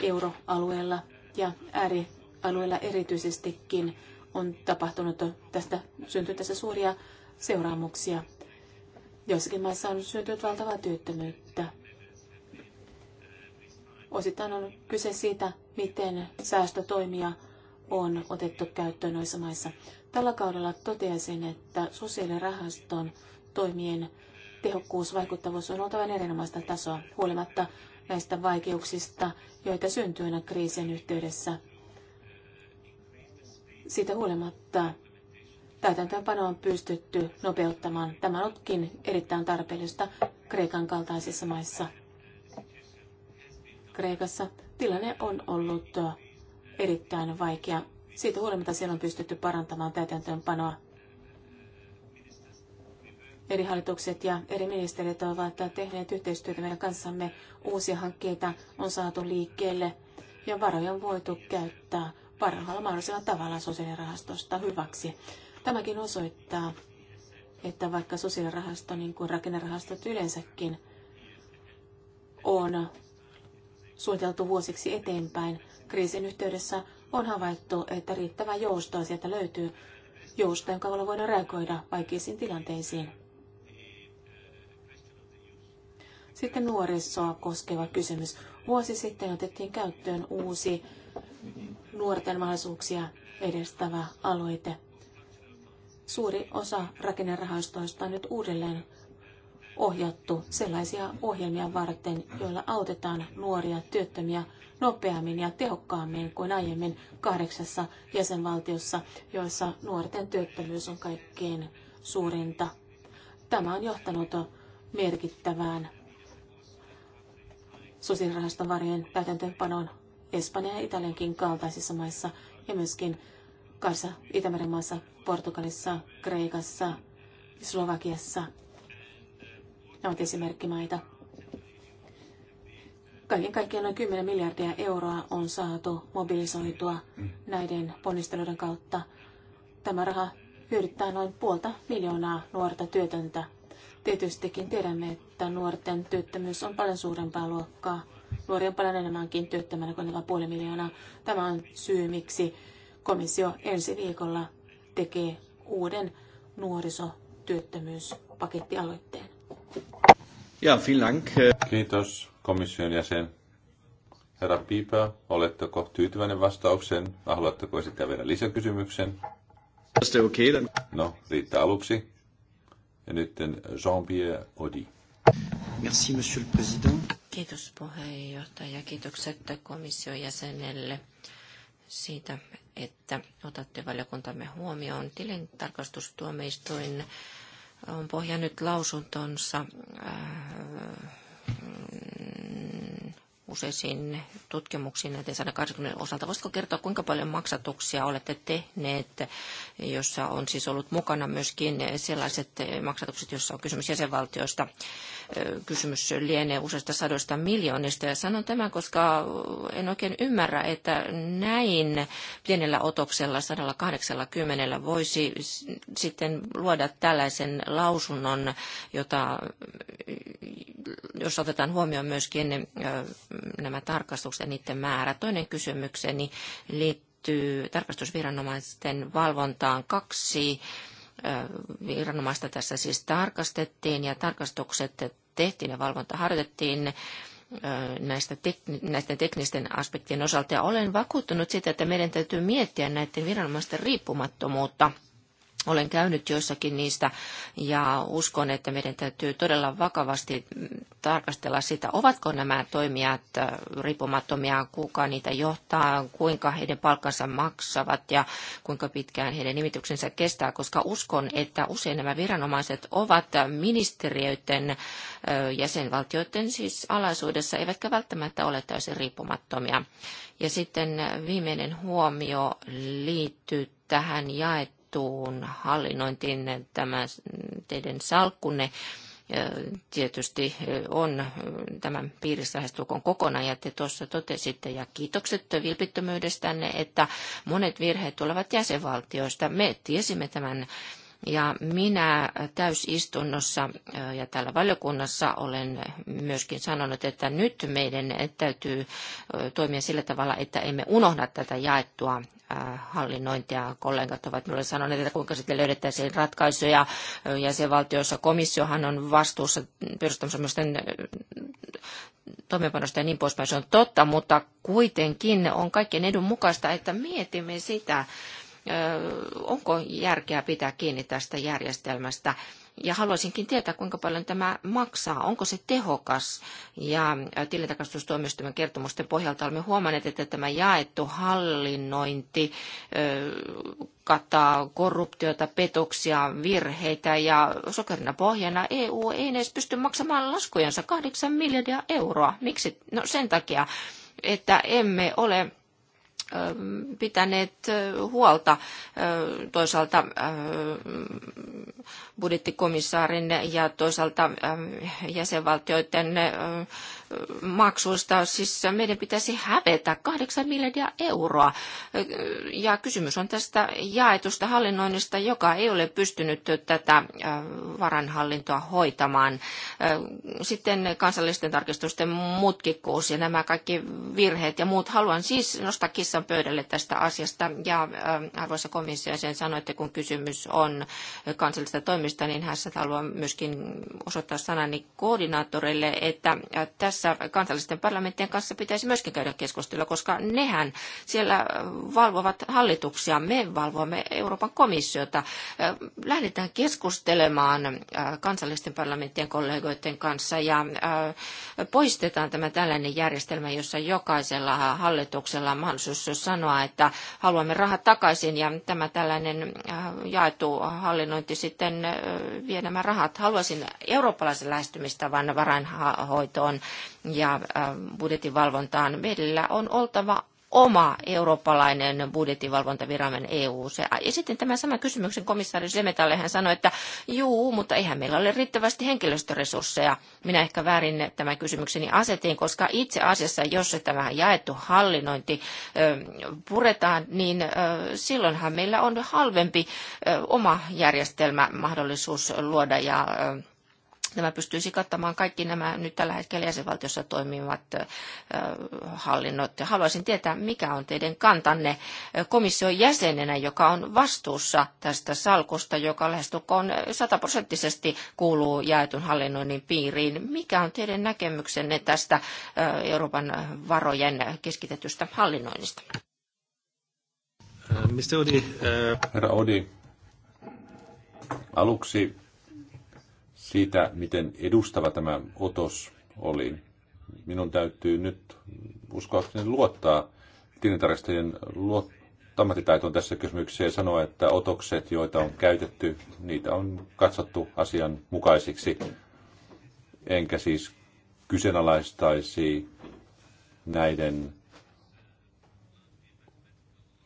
euroalueella ja äärialueella erityisestikin on tapahtunut tästä, syntyy tässä suuria seuraamuksia. Joissakin maissa on syntynyt valtavaa työttömyyttä. Osittain on kyse siitä, miten säästötoimia on otettu käyttöön noissa maissa. Tällä kaudella toteaisin, että sosiaalirahaston toimien tehokkuus, vaikuttavuus on oltava erinomaista tasoa, huolimatta näistä vaikeuksista, joita syntyy aina kriisin yhteydessä. Siitä huolimatta täytäntöönpano on pystytty nopeuttamaan. Tämä onkin erittäin tarpeellista Kreikan kaltaisissa maissa. Kreikassa tilanne on ollut erittäin vaikea. Siitä huolimatta siellä on pystytty parantamaan täytäntöönpanoa. Eri hallitukset ja eri ministerit ovat tehneet yhteistyötä meidän kanssamme. Uusia hankkeita on saatu liikkeelle ja varoja on voitu käyttää parhaalla mahdollisella tavalla sosiaalirahastosta hyväksi. Tämäkin osoittaa, että vaikka sosiaalirahasto, niin kuin rakennerahastot yleensäkin, on suunniteltu vuosiksi eteenpäin, kriisin yhteydessä on havaittu, että riittävä joustoa sieltä löytyy, joustoa, jonka avulla voidaan reagoida vaikeisiin tilanteisiin. Sitten nuorisoa koskeva kysymys. Vuosi sitten otettiin käyttöön uusi nuorten mahdollisuuksia edestävä aloite. Suuri osa rakennerahastoista on nyt uudelleen ohjattu sellaisia ohjelmia varten, joilla autetaan nuoria työttömiä nopeammin ja tehokkaammin kuin aiemmin kahdeksassa jäsenvaltiossa, joissa nuorten työttömyys on kaikkein suurinta. Tämä on johtanut merkittävään sosiaalirahaston varjojen täytäntöönpanoon Espanjan ja Italiankin kaltaisissa maissa ja myöskin Karsa, Itämeren maassa, Portugalissa, Kreikassa, Slovakiassa Nämä ovat esimerkkimaita. Kaiken kaikkiaan noin 10 miljardia euroa on saatu mobilisoitua näiden ponnisteluiden kautta. Tämä raha hyödyttää noin puolta miljoonaa nuorta työtöntä. Tietystikin tiedämme, että nuorten työttömyys on paljon suurempaa luokkaa. Nuoria on paljon enemmänkin työttömänä kuin tämä puoli miljoonaa. Tämä on syy, miksi komissio ensi viikolla tekee uuden nuorisotyöttömyyspakettialoitteen. Ja, vielen Dank. Äh, Kiitos komission jäsen. Herra Piipa, oletteko tyytyväinen vastaukseen? Ah, haluatteko esittää vielä lisäkysymyksen? No, riittää aluksi. Ja nyt Jean-Pierre Odi. Merci, monsieur le président. Kiitos puheenjohtaja. Kiitokset komission jäsenelle siitä, että otatte valiokuntamme huomioon. Tilintarkastustuomioistuin on pohjannut lausuntonsa äh, useisiin tutkimuksiin näiden 180 osalta. Voisitko kertoa, kuinka paljon maksatuksia olette tehneet, jossa on siis ollut mukana myöskin sellaiset maksatukset, joissa on kysymys jäsenvaltioista? Kysymys lienee useista sadoista miljoonista ja sanon tämän, koska en oikein ymmärrä, että näin pienellä otoksella 180 voisi sitten luoda tällaisen lausunnon, jota, jos otetaan huomioon myöskin nämä tarkastukset ja niiden määrä. Toinen kysymykseni liittyy tarkastusviranomaisten valvontaan. Kaksi viranomaista tässä siis tarkastettiin ja tarkastukset tehtiin ja valvonta harjoitettiin näistä tek- näiden teknisten aspektien osalta. Ja olen vakuuttunut siitä, että meidän täytyy miettiä näiden viranomaisten riippumattomuutta olen käynyt joissakin niistä ja uskon, että meidän täytyy todella vakavasti tarkastella sitä, ovatko nämä toimijat äh, riippumattomia, kuka niitä johtaa, kuinka heidän palkkansa maksavat ja kuinka pitkään heidän nimityksensä kestää, koska uskon, että usein nämä viranomaiset ovat ministeriöiden äh, jäsenvaltioiden siis alaisuudessa, eivätkä välttämättä ole täysin riippumattomia. Ja sitten viimeinen huomio liittyy tähän jaettuun vastuun hallinnointiin tämä teidän salkkunne tietysti on tämän piirissä lähestulkoon kokonaan, ja te tuossa totesitte, ja kiitokset vilpittömyydestänne, että monet virheet tulevat jäsenvaltioista. Me tiesimme tämän ja minä täysistunnossa ja täällä valiokunnassa olen myöskin sanonut, että nyt meidän täytyy toimia sillä tavalla, että emme unohda tätä jaettua Äh, hallinnointia. Kollegat ovat minulle sanoneet, että kuinka sitten löydettäisiin ratkaisuja. Äh, jäsenvaltioissa komissiohan on vastuussa perustamisomisten äh, toimeenpanosta ja niin poispäin. Se on totta, mutta kuitenkin on kaikkien edun mukaista, että mietimme sitä, onko järkeä pitää kiinni tästä järjestelmästä ja haluaisinkin tietää, kuinka paljon tämä maksaa. Onko se tehokas? Ja tilintarkastustuomioistuimen kertomusten pohjalta olemme huomanneet, että tämä jaettu hallinnointi kattaa korruptiota, petoksia, virheitä ja sokerina pohjana EU ei edes pysty maksamaan laskujansa 8 miljardia euroa. Miksi? No sen takia, että emme ole pitäneet huolta toisaalta budjettikomissaarin ja toisaalta jäsenvaltioiden maksuista. Siis meidän pitäisi hävetä 8 miljardia euroa. Ja kysymys on tästä jaetusta hallinnoinnista, joka ei ole pystynyt tätä äh, varanhallintoa hoitamaan. Äh, sitten kansallisten tarkistusten mutkikkuus ja nämä kaikki virheet ja muut. Haluan siis nostaa kissan pöydälle tästä asiasta. Ja äh, arvoisa komissio, sen sanoitte, kun kysymys on kansallista toimista, niin hän haluan myöskin osoittaa sanani koordinaattoreille, että tässä tässä kansallisten parlamenttien kanssa pitäisi myöskin käydä keskustelua, koska nehän siellä valvovat hallituksia, me valvomme Euroopan komissiota. Lähdetään keskustelemaan kansallisten parlamenttien kollegoiden kanssa ja poistetaan tämä tällainen järjestelmä, jossa jokaisella hallituksella on mahdollisuus sanoa, että haluamme rahat takaisin ja tämä tällainen jaettu hallinnointi sitten vie nämä rahat. Haluaisin eurooppalaisen lähestymistavan varainhoitoon ja äh, budjetin valvontaan. Meillä on oltava oma eurooppalainen budjettivalvontaviranomainen EU. Se esitin tämän saman kysymyksen komissaari Semetalle. Hän sanoi, että juu, mutta eihän meillä ole riittävästi henkilöstöresursseja. Minä ehkä väärin tämän kysymykseni asetin, koska itse asiassa, jos se tämä jaettu hallinnointi puretaan, niin silloinhan meillä on halvempi oma järjestelmä mahdollisuus luoda ja Tämä pystyisi kattamaan kaikki nämä nyt tällä hetkellä jäsenvaltiossa toimivat hallinnot. Haluaisin tietää, mikä on teidän kantanne komission jäsenenä, joka on vastuussa tästä salkusta, joka lähestulkoon sataprosenttisesti kuuluu jaetun hallinnoinnin piiriin. Mikä on teidän näkemyksenne tästä Euroopan varojen keskitetystä hallinnoinnista? Mr. Odi, Herra Odi, aluksi siitä, miten edustava tämä otos oli. Minun täytyy nyt uskoakseni luottaa tilintarkastajien luot, ammattitaitoon tässä kysymyksessä ja sanoa, että otokset, joita on käytetty, niitä on katsottu asian mukaisiksi. Enkä siis kyseenalaistaisi näiden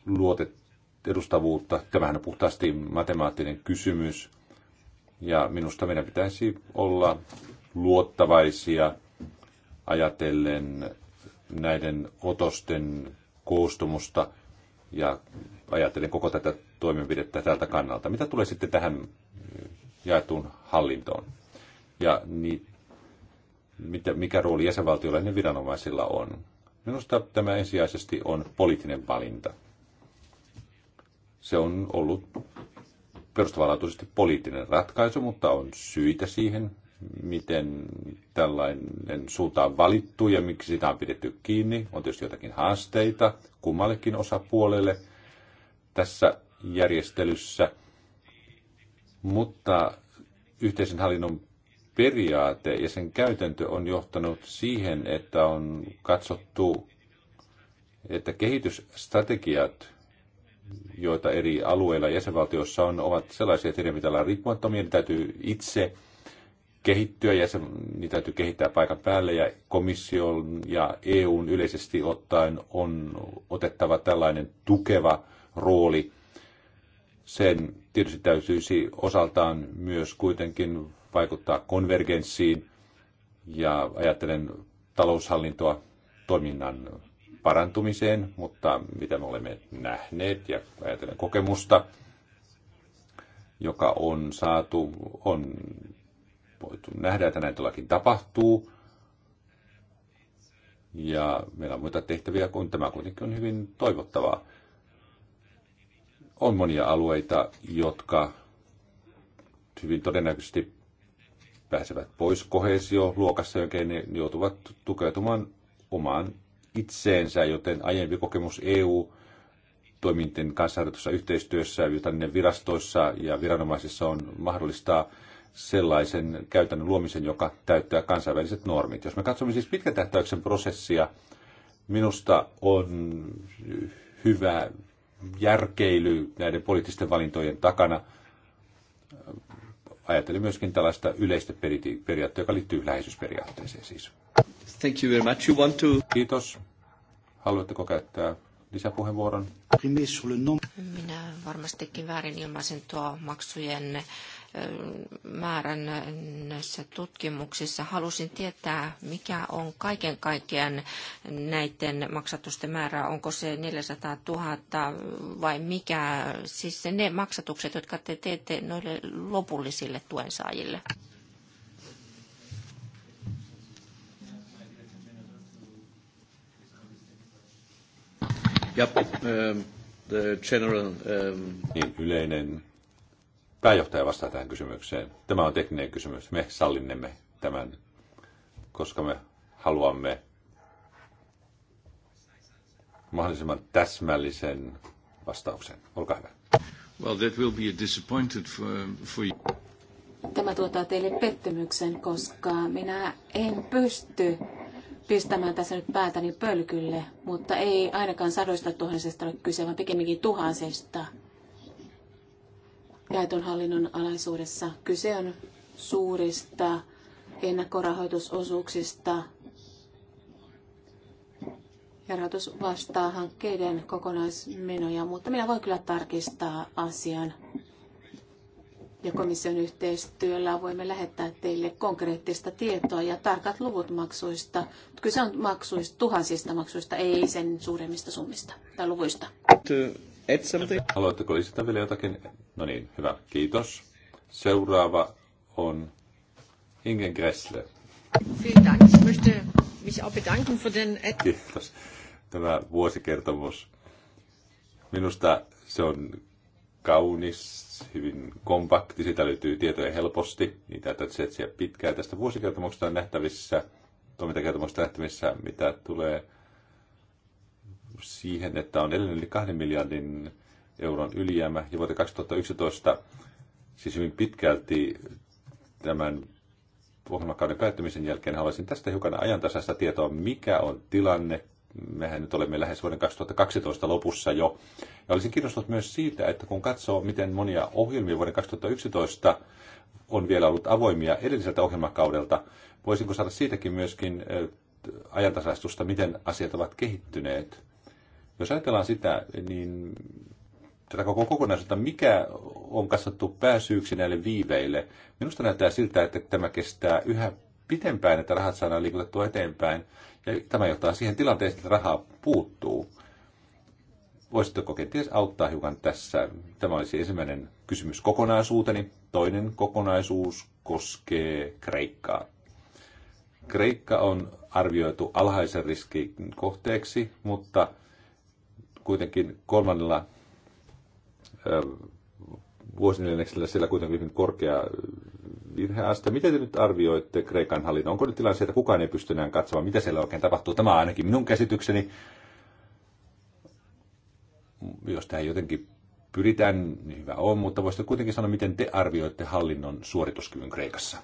luotet edustavuutta. Tämähän on puhtaasti matemaattinen kysymys. Ja minusta meidän pitäisi olla luottavaisia ajatellen näiden otosten koostumusta ja ajatellen koko tätä toimenpidettä tältä kannalta. Mitä tulee sitten tähän eh, jaetun hallintoon? Ja niin, mitä, mikä rooli jäsenvaltioilla ja viranomaisilla on? Minusta tämä ensisijaisesti on poliittinen valinta. Se on ollut perustavanlaatuisesti poliittinen ratkaisu, mutta on syitä siihen, miten tällainen suunta on valittu ja miksi sitä on pidetty kiinni. On tietysti jotakin haasteita kummallekin osapuolelle tässä järjestelyssä, mutta yhteisen hallinnon periaate ja sen käytäntö on johtanut siihen, että on katsottu, että kehitysstrategiat joita eri alueilla jäsenvaltioissa on, ovat sellaisia, että niiden pitää riippumattomia, ne täytyy itse kehittyä ja se, niitä täytyy kehittää paikan päälle ja komission ja EUn yleisesti ottaen on otettava tällainen tukeva rooli. Sen tietysti täytyisi osaltaan myös kuitenkin vaikuttaa konvergenssiin ja ajattelen taloushallintoa toiminnan parantumiseen, mutta mitä me olemme nähneet ja ajatellen kokemusta, joka on saatu, on voitu nähdä, että näin todellakin tapahtuu. Ja meillä on muita tehtäviä, kun tämä kuitenkin on hyvin toivottavaa. On monia alueita, jotka hyvin todennäköisesti pääsevät pois kohesioluokassa, jonka ne joutuvat tukeutumaan omaan itseensä, joten aiempi kokemus EU toiminten kansainvälisessä yhteistyössä, jota ne virastoissa ja viranomaisissa on mahdollistaa sellaisen käytännön luomisen, joka täyttää kansainväliset normit. Jos me katsomme siis pitkän tähtäyksen prosessia, minusta on hyvä järkeily näiden poliittisten valintojen takana. Ajattelin myöskin tällaista yleistä periaatteita, joka liittyy läheisyysperiaatteeseen siis. Thank you very much. You want to... Kiitos. Haluatteko käyttää lisäpuheenvuoron? Minä varmastikin väärin ilmaisin tuo maksujen määrän näissä tutkimuksissa. Halusin tietää, mikä on kaiken kaikkiaan näiden maksatusten määrä. Onko se 400000 vai mikä? Siis ne maksatukset, jotka te teette noille lopullisille tuensaajille. Um, the general, um... Niin, yleinen pääjohtaja vastaa tähän kysymykseen. Tämä on tekninen kysymys. Me sallinnemme tämän, koska me haluamme mahdollisimman täsmällisen vastauksen. Olkaa hyvä. Well, that will be a disappointed for, for you. Tämä tuottaa teille pettymyksen, koska minä en pysty pistämään tässä nyt päätäni pölkylle, mutta ei ainakaan sadoista tuhansista ole kyse, vaan pikemminkin tuhansista jaeton hallinnon alaisuudessa. Kyse on suurista ennakkorahoitusosuuksista ja rahoitus vastaa hankkeiden kokonaismenoja, mutta minä voin kyllä tarkistaa asian ja komission yhteistyöllä voimme lähettää teille konkreettista tietoa ja tarkat luvut maksuista. Kyse on maksuista, tuhansista maksuista, ei sen suuremmista summista tai luvuista. Haluatteko lisätä vielä jotakin? No niin, hyvä, kiitos. Seuraava on Ingen Gressle. Kiitos. Tämä vuosikertomus. Minusta se on kaunis, hyvin kompakti, sitä löytyy tietoja helposti, niitä täytyy etsiä pitkään. Tästä vuosikertomuksesta on nähtävissä, toimintakertomuksesta nähtävissä, mitä tulee siihen, että on edelleen yli 2 miljardin euron ylijäämä, ja vuoteen 2011, siis hyvin pitkälti tämän ohjelmakauden päättymisen jälkeen haluaisin tästä hiukan ajantasaista tietoa, mikä on tilanne. Mehän nyt olemme lähes vuoden 2012 lopussa jo, ja olisin kiinnostunut myös siitä, että kun katsoo, miten monia ohjelmia vuoden 2011 on vielä ollut avoimia edelliseltä ohjelmakaudelta, voisinko saada siitäkin myöskin ajantasaistusta, miten asiat ovat kehittyneet. Jos ajatellaan sitä, niin tätä koko kokonaisuutta, mikä on kasvattu pääsyyksi näille viiveille. Minusta näyttää siltä, että tämä kestää yhä pitempään, että rahat saadaan liikutettua eteenpäin. Ja tämä johtaa siihen tilanteeseen, että rahaa puuttuu. Voisitteko kenties auttaa hiukan tässä? Tämä olisi ensimmäinen kysymys kokonaisuuteni. Toinen kokonaisuus koskee Kreikkaa. Kreikka on arvioitu alhaisen riskin kohteeksi, mutta kuitenkin kolmannella vuosineljänneksellä siellä kuitenkin hyvin korkea virheaste. Miten te nyt arvioitte Kreikan hallinnon? Onko nyt tilanne, että kukaan ei pysty enää katsomaan, mitä siellä oikein tapahtuu? Tämä on ainakin minun käsitykseni jos tähän jotenkin pyritään, niin hyvä on, mutta voisitte kuitenkin sanoa, miten te arvioitte hallinnon suorituskyvyn Kreikassa.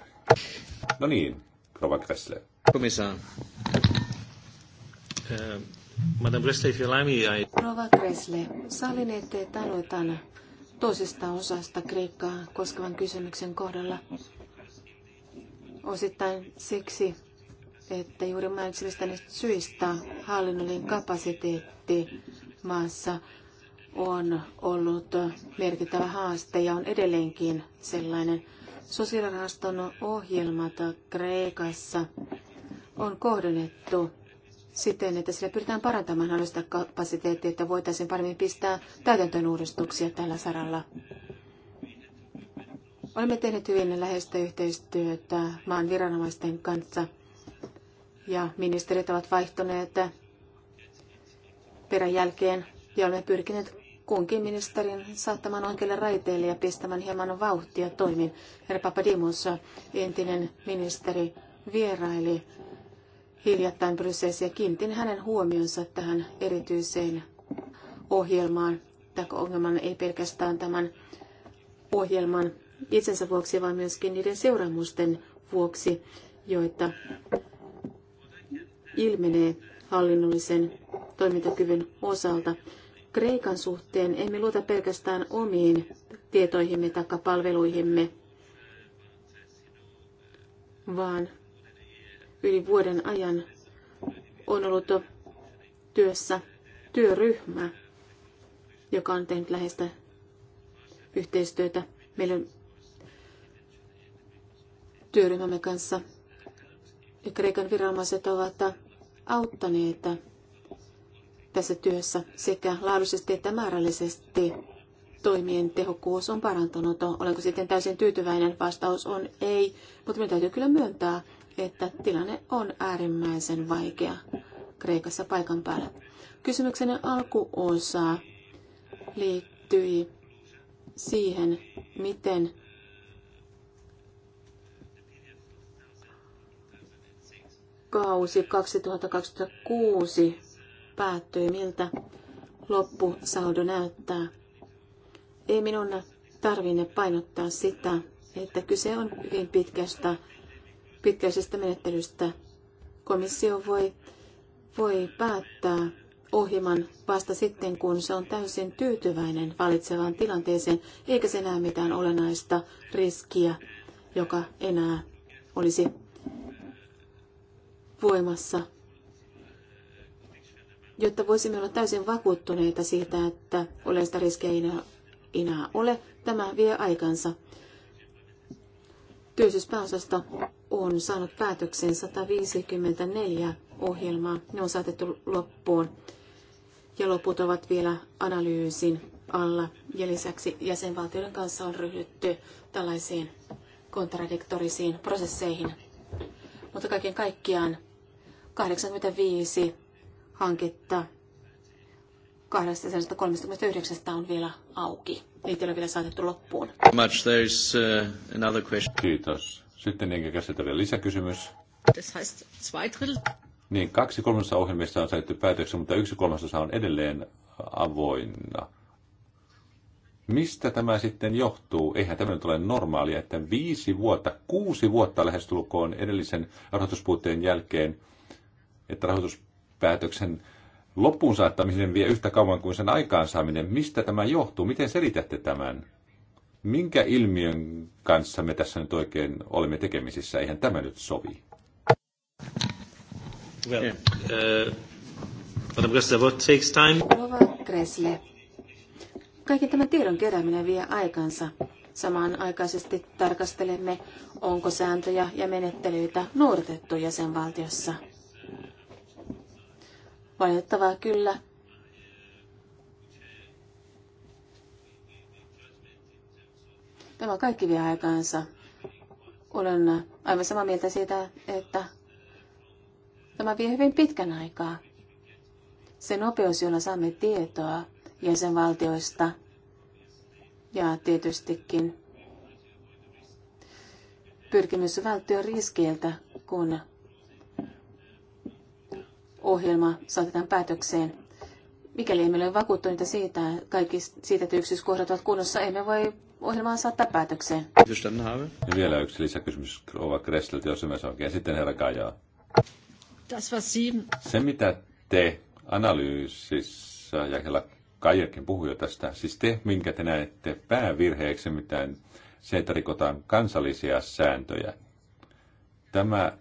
No niin, Rova Kressle. Komissaan. Eh, Madame Kressle, if you allow me, I... Rova Kressle, sallin, että aloitan toisesta osasta Kreikkaa koskevan kysymyksen kohdalla. Osittain siksi, että juuri mainitsemista syistä hallinnollinen kapasiteetti maassa on ollut merkittävä haaste ja on edelleenkin sellainen. Sosiaalirahaston ohjelmat Kreikassa on kohdennettu siten, että sillä pyritään parantamaan hallinnollista kapasiteettia, että voitaisiin paremmin pistää täytäntöön uudistuksia tällä saralla. Olemme tehneet hyvin läheistä yhteistyötä maan viranomaisten kanssa ja ministerit ovat vaihtuneet peräjälkeen, ja olemme pyrkineet kunkin ministerin saattamaan oikealle raiteelle ja pistämään hieman vauhtia toimin. Herra Papadimus, entinen ministeri, vieraili hiljattain Brysseissä ja kiinnitin hänen huomionsa tähän erityiseen ohjelmaan. Tämä ongelman ei pelkästään tämän ohjelman itsensä vuoksi, vaan myöskin niiden seuraamusten vuoksi, joita ilmenee hallinnollisen toimintakyvyn osalta. Kreikan suhteen emme luota pelkästään omiin tietoihimme tai palveluihimme, vaan yli vuoden ajan on ollut työssä työryhmä, joka on tehnyt läheistä yhteistyötä meidän työryhmämme kanssa. Ja Kreikan viranomaiset ovat auttaneet tässä työssä sekä laadullisesti että määrällisesti toimien tehokkuus on parantunut. Olenko sitten täysin tyytyväinen? Vastaus on ei, mutta minun täytyy kyllä myöntää, että tilanne on äärimmäisen vaikea Kreikassa paikan päällä. Kysymyksen alkuosa liittyi siihen, miten kausi 2026 päättyy, miltä loppusaldo näyttää. Ei minun tarvinne painottaa sitä, että kyse on hyvin pitkästä, pitkäisestä menettelystä. Komissio voi, voi päättää ohjelman vasta sitten, kun se on täysin tyytyväinen valitsevaan tilanteeseen, eikä se näe mitään olennaista riskiä, joka enää olisi voimassa jotta voisimme olla täysin vakuuttuneita siitä, että oleellista riskejä ei enää, enää ole. Tämä vie aikansa. Työllisyyspääosasta on saanut päätöksen 154 ohjelmaa. Ne on saatettu loppuun ja loput ovat vielä analyysin alla. Ja lisäksi jäsenvaltioiden kanssa on ryhdytty tällaisiin kontradiktorisiin prosesseihin. Mutta kaiken kaikkiaan 85 hanketta 239 on vielä auki. Niitä ei ole vielä saatettu loppuun. Much. There's, uh, another question. Kiitos. Sitten enkä käsitellä lisäkysymys. Das heißt, zwei Niin, kaksi kolmasosa ohjelmista on saatettu päätöksen, mutta yksi kolmasosa on edelleen avoinna. Mistä tämä sitten johtuu? Eihän tämä nyt ole normaalia, että viisi vuotta, kuusi vuotta lähestulkoon edellisen rahoituspuutteen jälkeen, että rahoitus päätöksen loppuun saattamisen vie yhtä kauan kuin sen aikaansaaminen. Mistä tämä johtuu? Miten selitätte tämän? Minkä ilmiön kanssa me tässä nyt oikein olemme tekemisissä? Eihän tämä nyt sovi. Well, uh, what takes time? Kaiken tämän tiedon kerääminen vie aikansa. Samanaikaisesti tarkastelemme, onko sääntöjä ja menettelyitä noudatettu jäsenvaltiossa. Valitettavaa kyllä. Tämä kaikki vie aikaansa. Olen aivan samaa mieltä siitä, että tämä vie hyvin pitkän aikaa. Se nopeus, jolla saamme tietoa jäsenvaltioista ja tietystikin pyrkimys välttyä riskeiltä, kun ohjelma saatetaan päätökseen. Mikäli emme ole vakuuttuneita siitä, kaikki siitä, että yksityiskohdat ovat kunnossa, emme voi ohjelmaa saattaa päätökseen. Ja vielä yksi lisäkysymys Rova Kressliltä, jos ymmärsin oikein. Sitten herra Kajaa. Se, mitä te analyysissä, ja herra Kajakin puhui jo tästä, siis te, minkä te näette päävirheeksi, mitään se, että rikotaan kansallisia sääntöjä. Tämä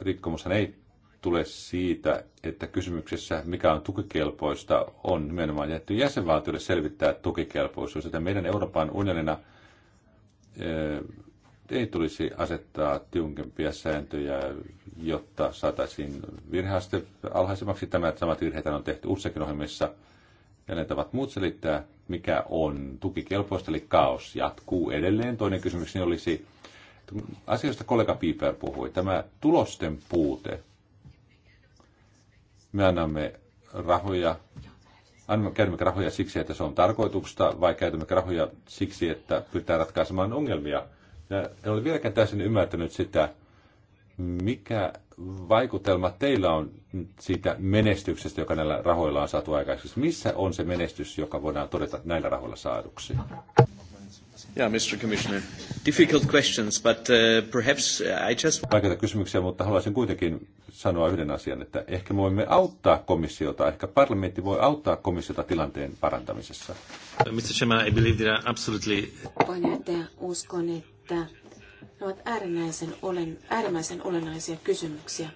rikkomushan ei tule siitä, että kysymyksessä, mikä on tukikelpoista, on nimenomaan jätty jäsenvaltioille selvittää tukikelpoisuus. Että meidän Euroopan unionina ei tulisi asettaa tiukempia sääntöjä, jotta saataisiin virheaste alhaisemmaksi. Tämä samat virheet on tehty useakin ohjelmissa. Ja ne tavat muut selittää, mikä on tukikelpoista, eli kaos jatkuu edelleen. Toinen kysymys olisi, asioista kollega Piper puhui, tämä tulosten puute. Me annamme rahoja, annamme, käytämme rahoja siksi, että se on tarkoituksesta, vai käytämme rahoja siksi, että pyritään ratkaisemaan ongelmia. Ja en ole vieläkään täysin ymmärtänyt sitä, mikä vaikutelma teillä on siitä menestyksestä, joka näillä rahoilla on saatu aikaiseksi? Missä on se menestys, joka voidaan todeta näillä rahoilla saaduksi? Yeah, Mr. Commissioner. Difficult questions, but uh, perhaps uh, I just... Vaikeita kysymyksiä, mutta haluaisin kuitenkin sanoa yhden asian, että ehkä voimme auttaa komissiota, ehkä parlamentti voi auttaa komissiota tilanteen parantamisessa. Mr. Chairman, I believe that absolutely... Puheenjohtaja, uskon, että ne ovat äärimmäisen, olen, äärimmäisen olennaisia kysymyksiä.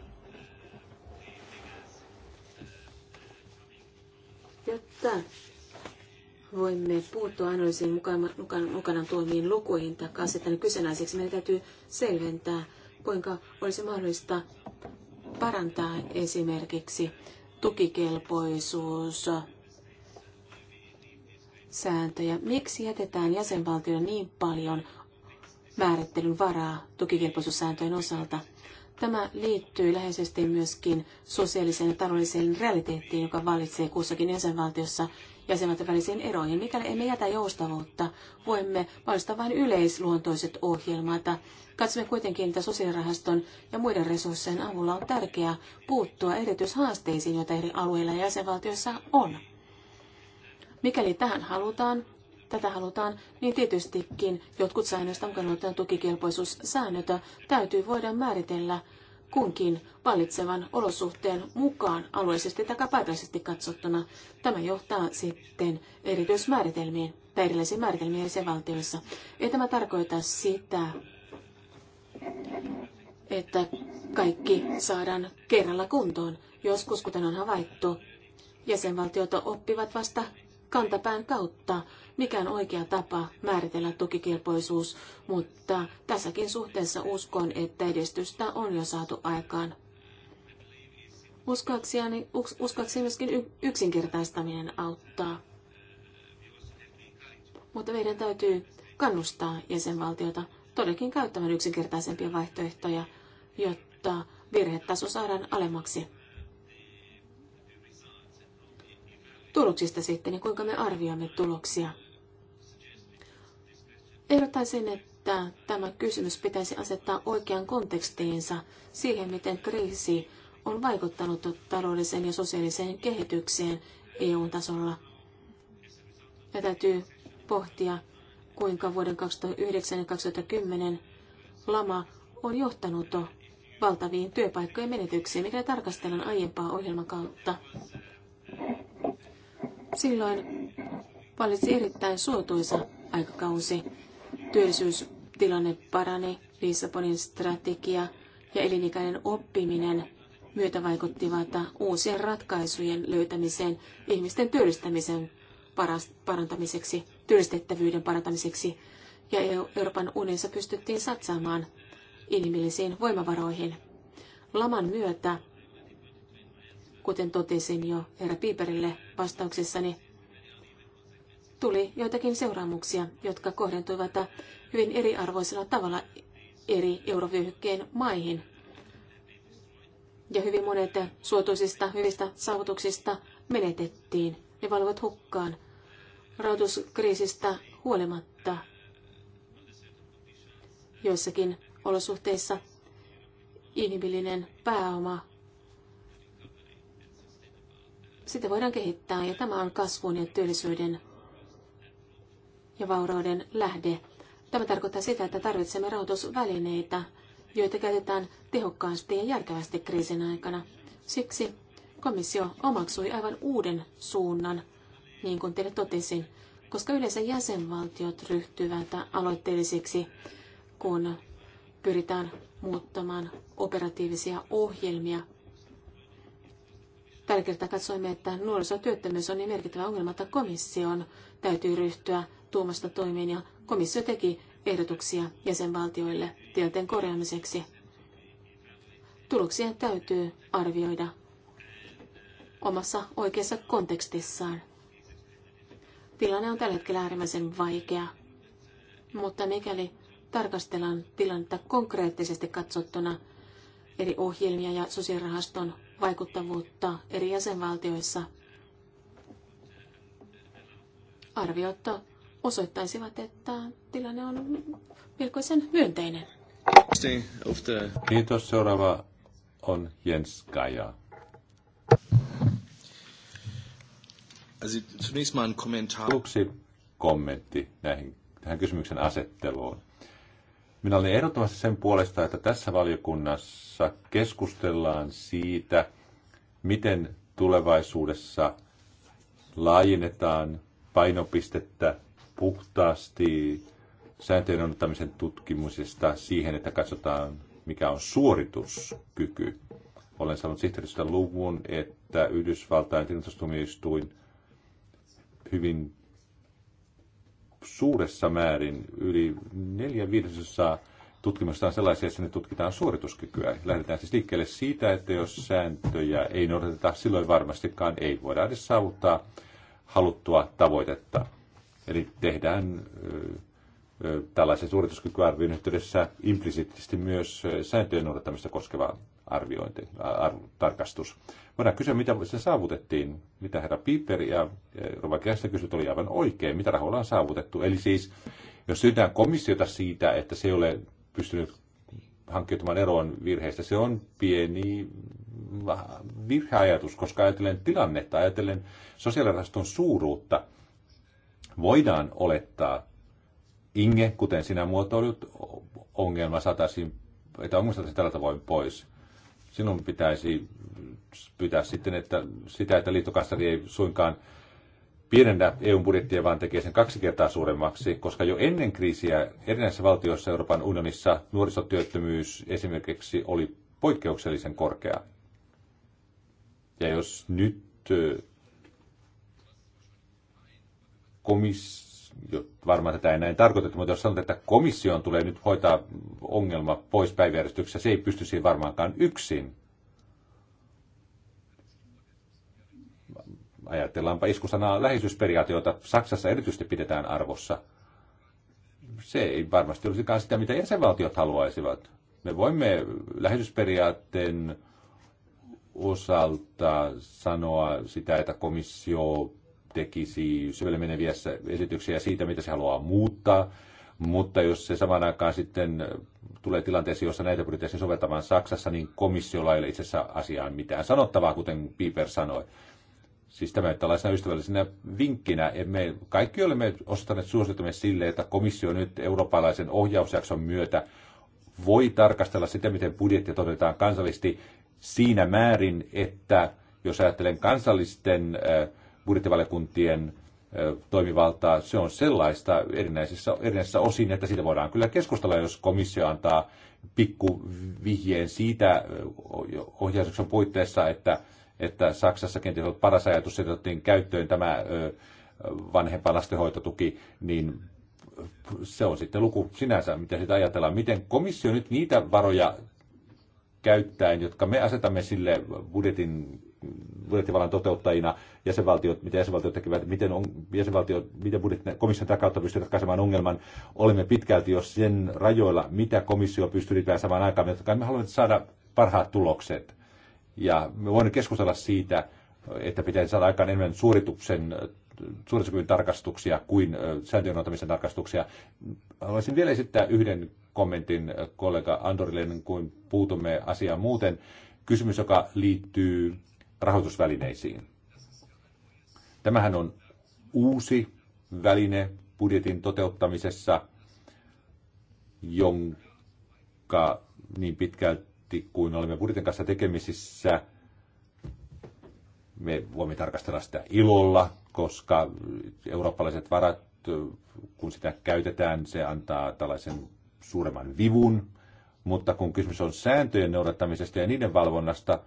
Jotta voimme puuttua analyysiin mukanaan mukana tuomiin lukuihin tai ne kyseenalaiseksi. Meidän täytyy selventää, kuinka olisi mahdollista parantaa esimerkiksi tukikelpoisuus sääntöjä. Miksi jätetään jäsenvaltioille niin paljon määrittelyn varaa tukikelpoisuussääntöjen osalta? Tämä liittyy läheisesti myöskin sosiaaliseen ja taloudelliseen realiteettiin, joka valitsee kussakin jäsenvaltiossa jäsenmaiden välisiin eroihin. Mikäli emme jätä joustavuutta, voimme valistaa vain yleisluontoiset ohjelmat. Katsomme kuitenkin, että sosiaalirahaston ja muiden resurssien avulla on tärkeää puuttua erityishaasteisiin, joita eri alueilla ja jäsenvaltioissa on. Mikäli tähän halutaan, tätä halutaan, niin tietystikin jotkut säännöistä mukaan tukikelpoisuussäännöt täytyy voida määritellä kunkin vallitsevan olosuhteen mukaan alueellisesti tai paikallisesti katsottuna. Tämä johtaa sitten erityismääritelmiin tai erilaisiin määritelmiin valtioissa. Ei tämä tarkoita sitä, että kaikki saadaan kerralla kuntoon. Joskus, kuten on havaittu, jäsenvaltiot oppivat vasta kantapään kautta, mikä on oikea tapa määritellä tukikelpoisuus, mutta tässäkin suhteessa uskon, että edistystä on jo saatu aikaan. Uskoakseni, uskoakseni myöskin yksinkertaistaminen auttaa. Mutta meidän täytyy kannustaa jäsenvaltiota todellakin käyttämään yksinkertaisempia vaihtoehtoja, jotta virhetaso saadaan alemmaksi. tuloksista sitten, niin kuinka me arvioimme tuloksia. Ehdottaisin, että tämä kysymys pitäisi asettaa oikean kontekstiinsa siihen, miten kriisi on vaikuttanut taloudelliseen ja sosiaaliseen kehitykseen EU-tasolla. Ja täytyy pohtia, kuinka vuoden 2009 ja 2010 lama on johtanut valtaviin työpaikkojen menetyksiin, mikä tarkastellaan aiempaa ohjelmakautta. Silloin valitsi erittäin suotuisa aikakausi. Työllisyystilanne parani, Lissabonin strategia ja elinikäinen oppiminen myötävaikuttivat uusien ratkaisujen löytämiseen ihmisten työllistämisen parantamiseksi, työllistettävyyden parantamiseksi ja e Euroopan unionissa pystyttiin satsaamaan inhimillisiin voimavaroihin. Laman myötä Kuten totesin jo herra Piiperille vastauksessani, tuli joitakin seuraamuksia, jotka kohdentuivat hyvin eriarvoisella tavalla eri eurovyöhykkeen maihin. Ja hyvin monet suotuisista hyvistä saavutuksista menetettiin. Ne valuvat hukkaan rahoituskriisistä huolimatta. Joissakin olosuhteissa inhimillinen pääoma sitä voidaan kehittää ja tämä on kasvun ja työllisyyden ja vaurauden lähde. Tämä tarkoittaa sitä, että tarvitsemme rahoitusvälineitä, joita käytetään tehokkaasti ja järkevästi kriisin aikana. Siksi komissio omaksui aivan uuden suunnan, niin kuin teille totesin, koska yleensä jäsenvaltiot ryhtyvät aloitteellisiksi, kun pyritään muuttamaan operatiivisia ohjelmia Tällä kertaa katsoimme, että nuorisotyöttömyys on niin merkittävä ongelma, että komission täytyy ryhtyä tuomasta toimiin ja komissio teki ehdotuksia jäsenvaltioille tilanteen korjaamiseksi. Tuloksia täytyy arvioida omassa oikeassa kontekstissaan. Tilanne on tällä hetkellä äärimmäisen vaikea, mutta mikäli tarkastellaan tilannetta konkreettisesti katsottuna eri ohjelmia ja sosiaalirahaston vaikuttavuutta eri jäsenvaltioissa. Arviot osoittaisivat, että tilanne on melkoisen myönteinen. Kiitos. Seuraava on Jens Kaja. Aluksi kommentti näihin, tähän kysymyksen asetteluun. Minä olen ehdottomasti sen puolesta, että tässä valiokunnassa keskustellaan siitä, miten tulevaisuudessa laajennetaan painopistettä puhtaasti sääntöjen onnettamisen siihen, että katsotaan, mikä on suorituskyky. Olen saanut sihteeristä luvun, että Yhdysvaltain tilintustumistuin hyvin suuressa määrin yli neljä viidesosaa tutkimusta on sellaisia, että ne tutkitaan suorituskykyä. Lähdetään siis liikkeelle siitä, että jos sääntöjä ei noudateta, silloin varmastikaan ei voida edes saavuttaa haluttua tavoitetta. Eli tehdään tällaisen suorituskykyarvion yhteydessä implisiittisesti myös sääntöjen noudattamista koskeva arviointi, ar, tarkastus. Voidaan kysyä, mitä se saavutettiin, mitä herra Piper ja Rova kysyt oli aivan oikein, mitä rahoilla on saavutettu. Eli siis, jos syytään komissiota siitä, että se ei ole pystynyt hankkiutumaan eroon virheistä, se on pieni virheajatus, koska ajatellen tilannetta, ajatellen sosiaalirahaston suuruutta, voidaan olettaa, Inge, kuten sinä muotoilut, ongelma saataisiin, että ongelma saataisiin tällä tavoin pois sinun pitäisi pyytää sitten että sitä, että liittokassari ei suinkaan pienennä EUn budjettia, vaan tekee sen kaksi kertaa suuremmaksi, koska jo ennen kriisiä erinäisissä valtioissa Euroopan unionissa nuorisotyöttömyys esimerkiksi oli poikkeuksellisen korkea. Ja jos nyt komissio varmaan tätä ei näin tarkoitettu, mutta jos sanotaan, että komission tulee nyt hoitaa ongelma pois päiväjärjestyksessä, se ei pysty siihen varmaankaan yksin. Ajatellaanpa iskusanaa jota Saksassa erityisesti pidetään arvossa. Se ei varmasti olisikaan sitä, mitä jäsenvaltiot haluaisivat. Me voimme läheisyysperiaatteen osalta sanoa sitä, että komissio tekisi syvälle meneviä esityksiä siitä, mitä se haluaa muuttaa, mutta jos se samaan aikaan sitten tulee tilanteeseen, jossa näitä pyritäisiin soveltamaan Saksassa, niin komissiolla ei ole itse asiassa asiaan mitään sanottavaa, kuten Piper sanoi. Siis tämä tällaisena ystävällisenä vinkkinä, emme, kaikki olemme ostaneet suositumme sille, että komissio nyt eurooppalaisen ohjausjakson myötä voi tarkastella sitä, miten budjetti toteutetaan kansallisesti siinä määrin, että jos ajattelen kansallisten äh, budjettivaliokuntien toimivaltaa. Se on sellaista erinäisissä, erinäisissä osin, että siitä voidaan kyllä keskustella, jos komissio antaa pikku vihjeen siitä ohjausjakson puitteissa, että, että Saksassa kenties on paras ajatus, että otettiin käyttöön tämä vanhempaan lastenhoitotuki, niin se on sitten luku sinänsä, mitä sitä ajatellaan. Miten komissio nyt niitä varoja käyttäen, jotka me asetamme sille budjetin budjettivallan toteuttajina jäsenvaltiot, mitä jäsenvaltiot tekevät, miten, on, jäsenvaltiot, miten budjetti, komission tätä kautta pystyy ratkaisemaan ongelman. Olemme pitkälti jo sen rajoilla, mitä komissio pystyy ylipäätään samaan aikaan. Me, me haluamme saada parhaat tulokset. Ja me voimme keskustella siitä, että pitäisi saada aikaan enemmän suorituksen suorituskyvyn tarkastuksia kuin sääntöjen ottamisen tarkastuksia. Haluaisin vielä esittää yhden kommentin kollega Andorille, kuin puutumme asiaan muuten. Kysymys, joka liittyy rahoitusvälineisiin. Tämähän on uusi väline budjetin toteuttamisessa, jonka niin pitkälti kuin olemme budjetin kanssa tekemisissä, me voimme tarkastella sitä ilolla, koska eurooppalaiset varat, kun sitä käytetään, se antaa tällaisen suuremman vivun, mutta kun kysymys on sääntöjen noudattamisesta ja niiden valvonnasta,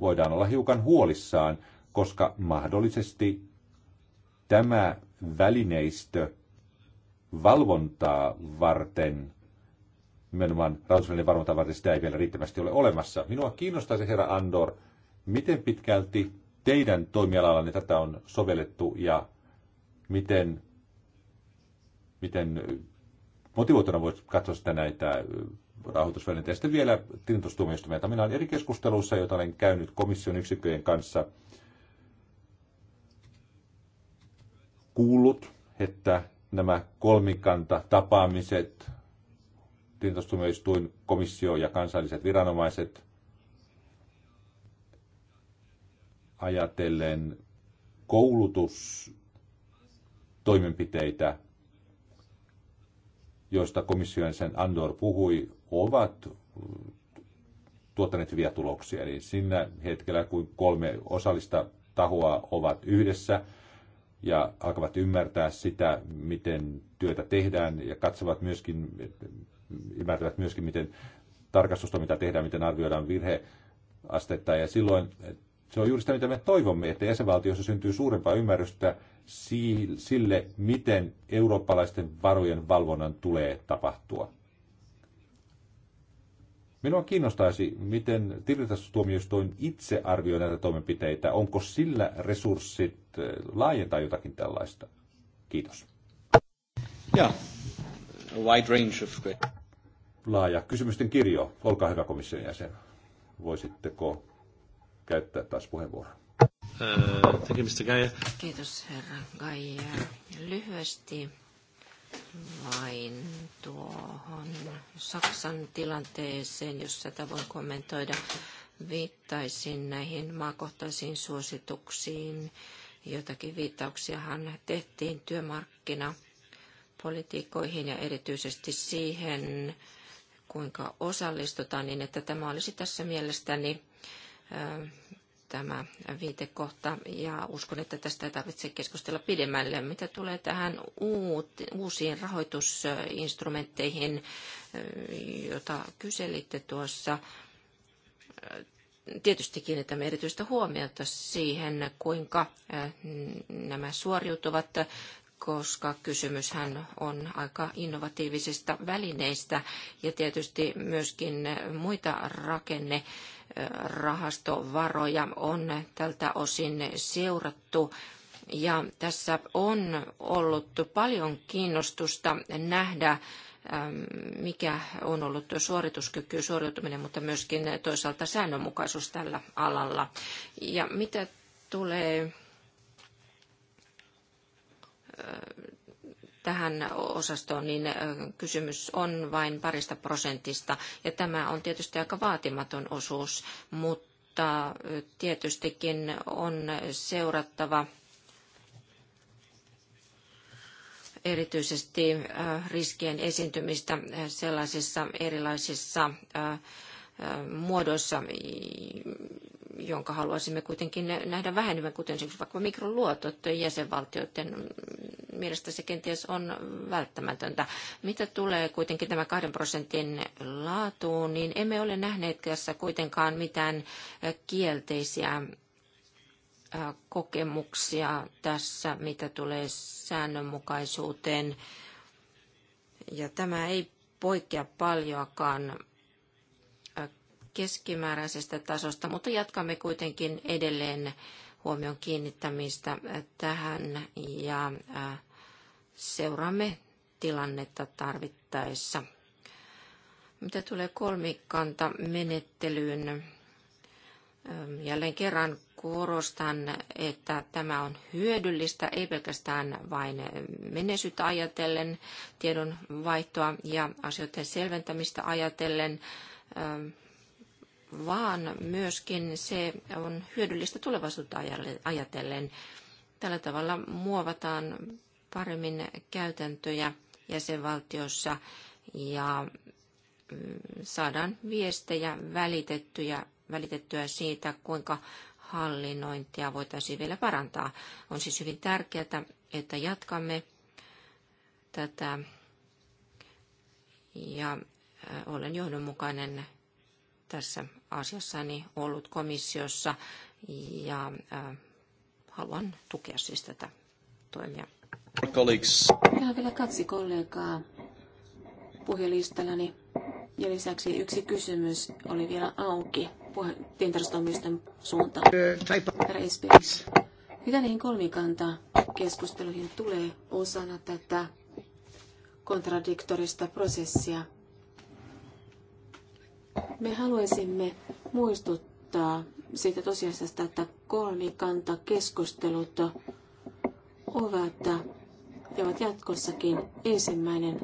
voidaan olla hiukan huolissaan, koska mahdollisesti tämä välineistö valvontaa varten, nimenomaan rahoitusvälineen valvontaa varten, sitä ei vielä riittävästi ole olemassa. Minua kiinnostaisi, herra Andor, miten pitkälti teidän toimialallanne tätä on sovellettu ja miten, miten motivoituna voisi katsoa sitä näitä rahoitusvälineitä. Ja sitten vielä tilintustuomioistumia. Minä olen eri keskusteluissa, joita olen käynyt komission yksikköjen kanssa, kuullut, että nämä kolmikanta tapaamiset, tilintustuomioistuin, komissio ja kansalliset viranomaiset, ajatellen koulutustoimenpiteitä joista komission sen Andor puhui, ovat tuottaneet hyviä tuloksia. Eli siinä hetkellä, kun kolme osallista tahoa ovat yhdessä ja alkavat ymmärtää sitä, miten työtä tehdään ja katsovat myöskin, ymmärtävät myöskin, miten tarkastustoiminta tehdään, miten arvioidaan virheastetta. Ja silloin se on juuri sitä, mitä me toivomme, että jäsenvaltioissa syntyy suurempaa ymmärrystä sille, miten eurooppalaisten varojen valvonnan tulee tapahtua. Minua kiinnostaisi, miten tilintarkastustuomioistuin itse arvioi näitä toimenpiteitä. Onko sillä resurssit eh, laajentaa jotakin tällaista? Kiitos. Yeah. A wide range of... Laaja kysymysten kirjo. Olkaa hyvä komission jäsen. Voisitteko käyttää taas puheenvuoron. Kiitos herra Gaia. Lyhyesti vain tuohon Saksan tilanteeseen, jos tätä voin kommentoida. Viittaisin näihin maakohtaisiin suosituksiin. Jotakin viittauksiahan tehtiin työmarkkinapolitiikoihin ja erityisesti siihen, kuinka osallistutaan, niin että tämä olisi tässä mielestäni tämä viitekohta ja uskon, että tästä ei tarvitse keskustella pidemmälle. Mitä tulee tähän uut, uusiin rahoitusinstrumentteihin, jota kyselitte tuossa, tietysti kiinnitämme erityistä huomiota siihen, kuinka nämä suoriutuvat koska kysymyshän on aika innovatiivisista välineistä ja tietysti myöskin muita rakenne rahastovaroja on tältä osin seurattu. Ja tässä on ollut paljon kiinnostusta nähdä, ähm, mikä on ollut suorituskyky, suoriutuminen, mutta myöskin toisaalta säännönmukaisuus tällä alalla. Ja mitä tulee tähän osastoon, niin kysymys on vain parista prosentista. Ja tämä on tietysti aika vaatimaton osuus, mutta tietystikin on seurattava erityisesti riskien esiintymistä sellaisissa erilaisissa muodoissa, jonka haluaisimme kuitenkin nähdä vähenevän, kuten vaikka mikroluotot jäsenvaltioiden mielestä se kenties on välttämätöntä. Mitä tulee kuitenkin tämä kahden prosentin laatuun, niin emme ole nähneet tässä kuitenkaan mitään kielteisiä kokemuksia tässä, mitä tulee säännönmukaisuuteen. Ja tämä ei poikkea paljoakaan keskimääräisestä tasosta, mutta jatkamme kuitenkin edelleen huomion kiinnittämistä tähän ja seuraamme tilannetta tarvittaessa. Mitä tulee kolmikanta menettelyyn, jälleen kerran korostan, että tämä on hyödyllistä, ei pelkästään vain menesyt ajatellen, tiedon vaihtoa ja asioiden selventämistä ajatellen, vaan myöskin se on hyödyllistä tulevaisuutta ajatellen. Tällä tavalla muovataan paremmin käytäntöjä jäsenvaltiossa ja mm, saadaan viestejä välitettyjä, välitettyä siitä, kuinka hallinnointia voitaisiin vielä parantaa. On siis hyvin tärkeää, että jatkamme tätä ja olen johdonmukainen tässä asiassani ollut komissiossa ja äh, haluan tukea siis tätä toimia. Meillä on vielä kaksi kollegaa puhelistallani ja lisäksi yksi kysymys oli vielä auki tientarustoimisten suuntaan. Mitä niihin kolmikanta keskusteluihin tulee osana tätä kontradiktorista prosessia? Me haluaisimme muistuttaa siitä tosiasiasta, että kolmikantakeskustelut ovat ja ovat jatkossakin ensimmäinen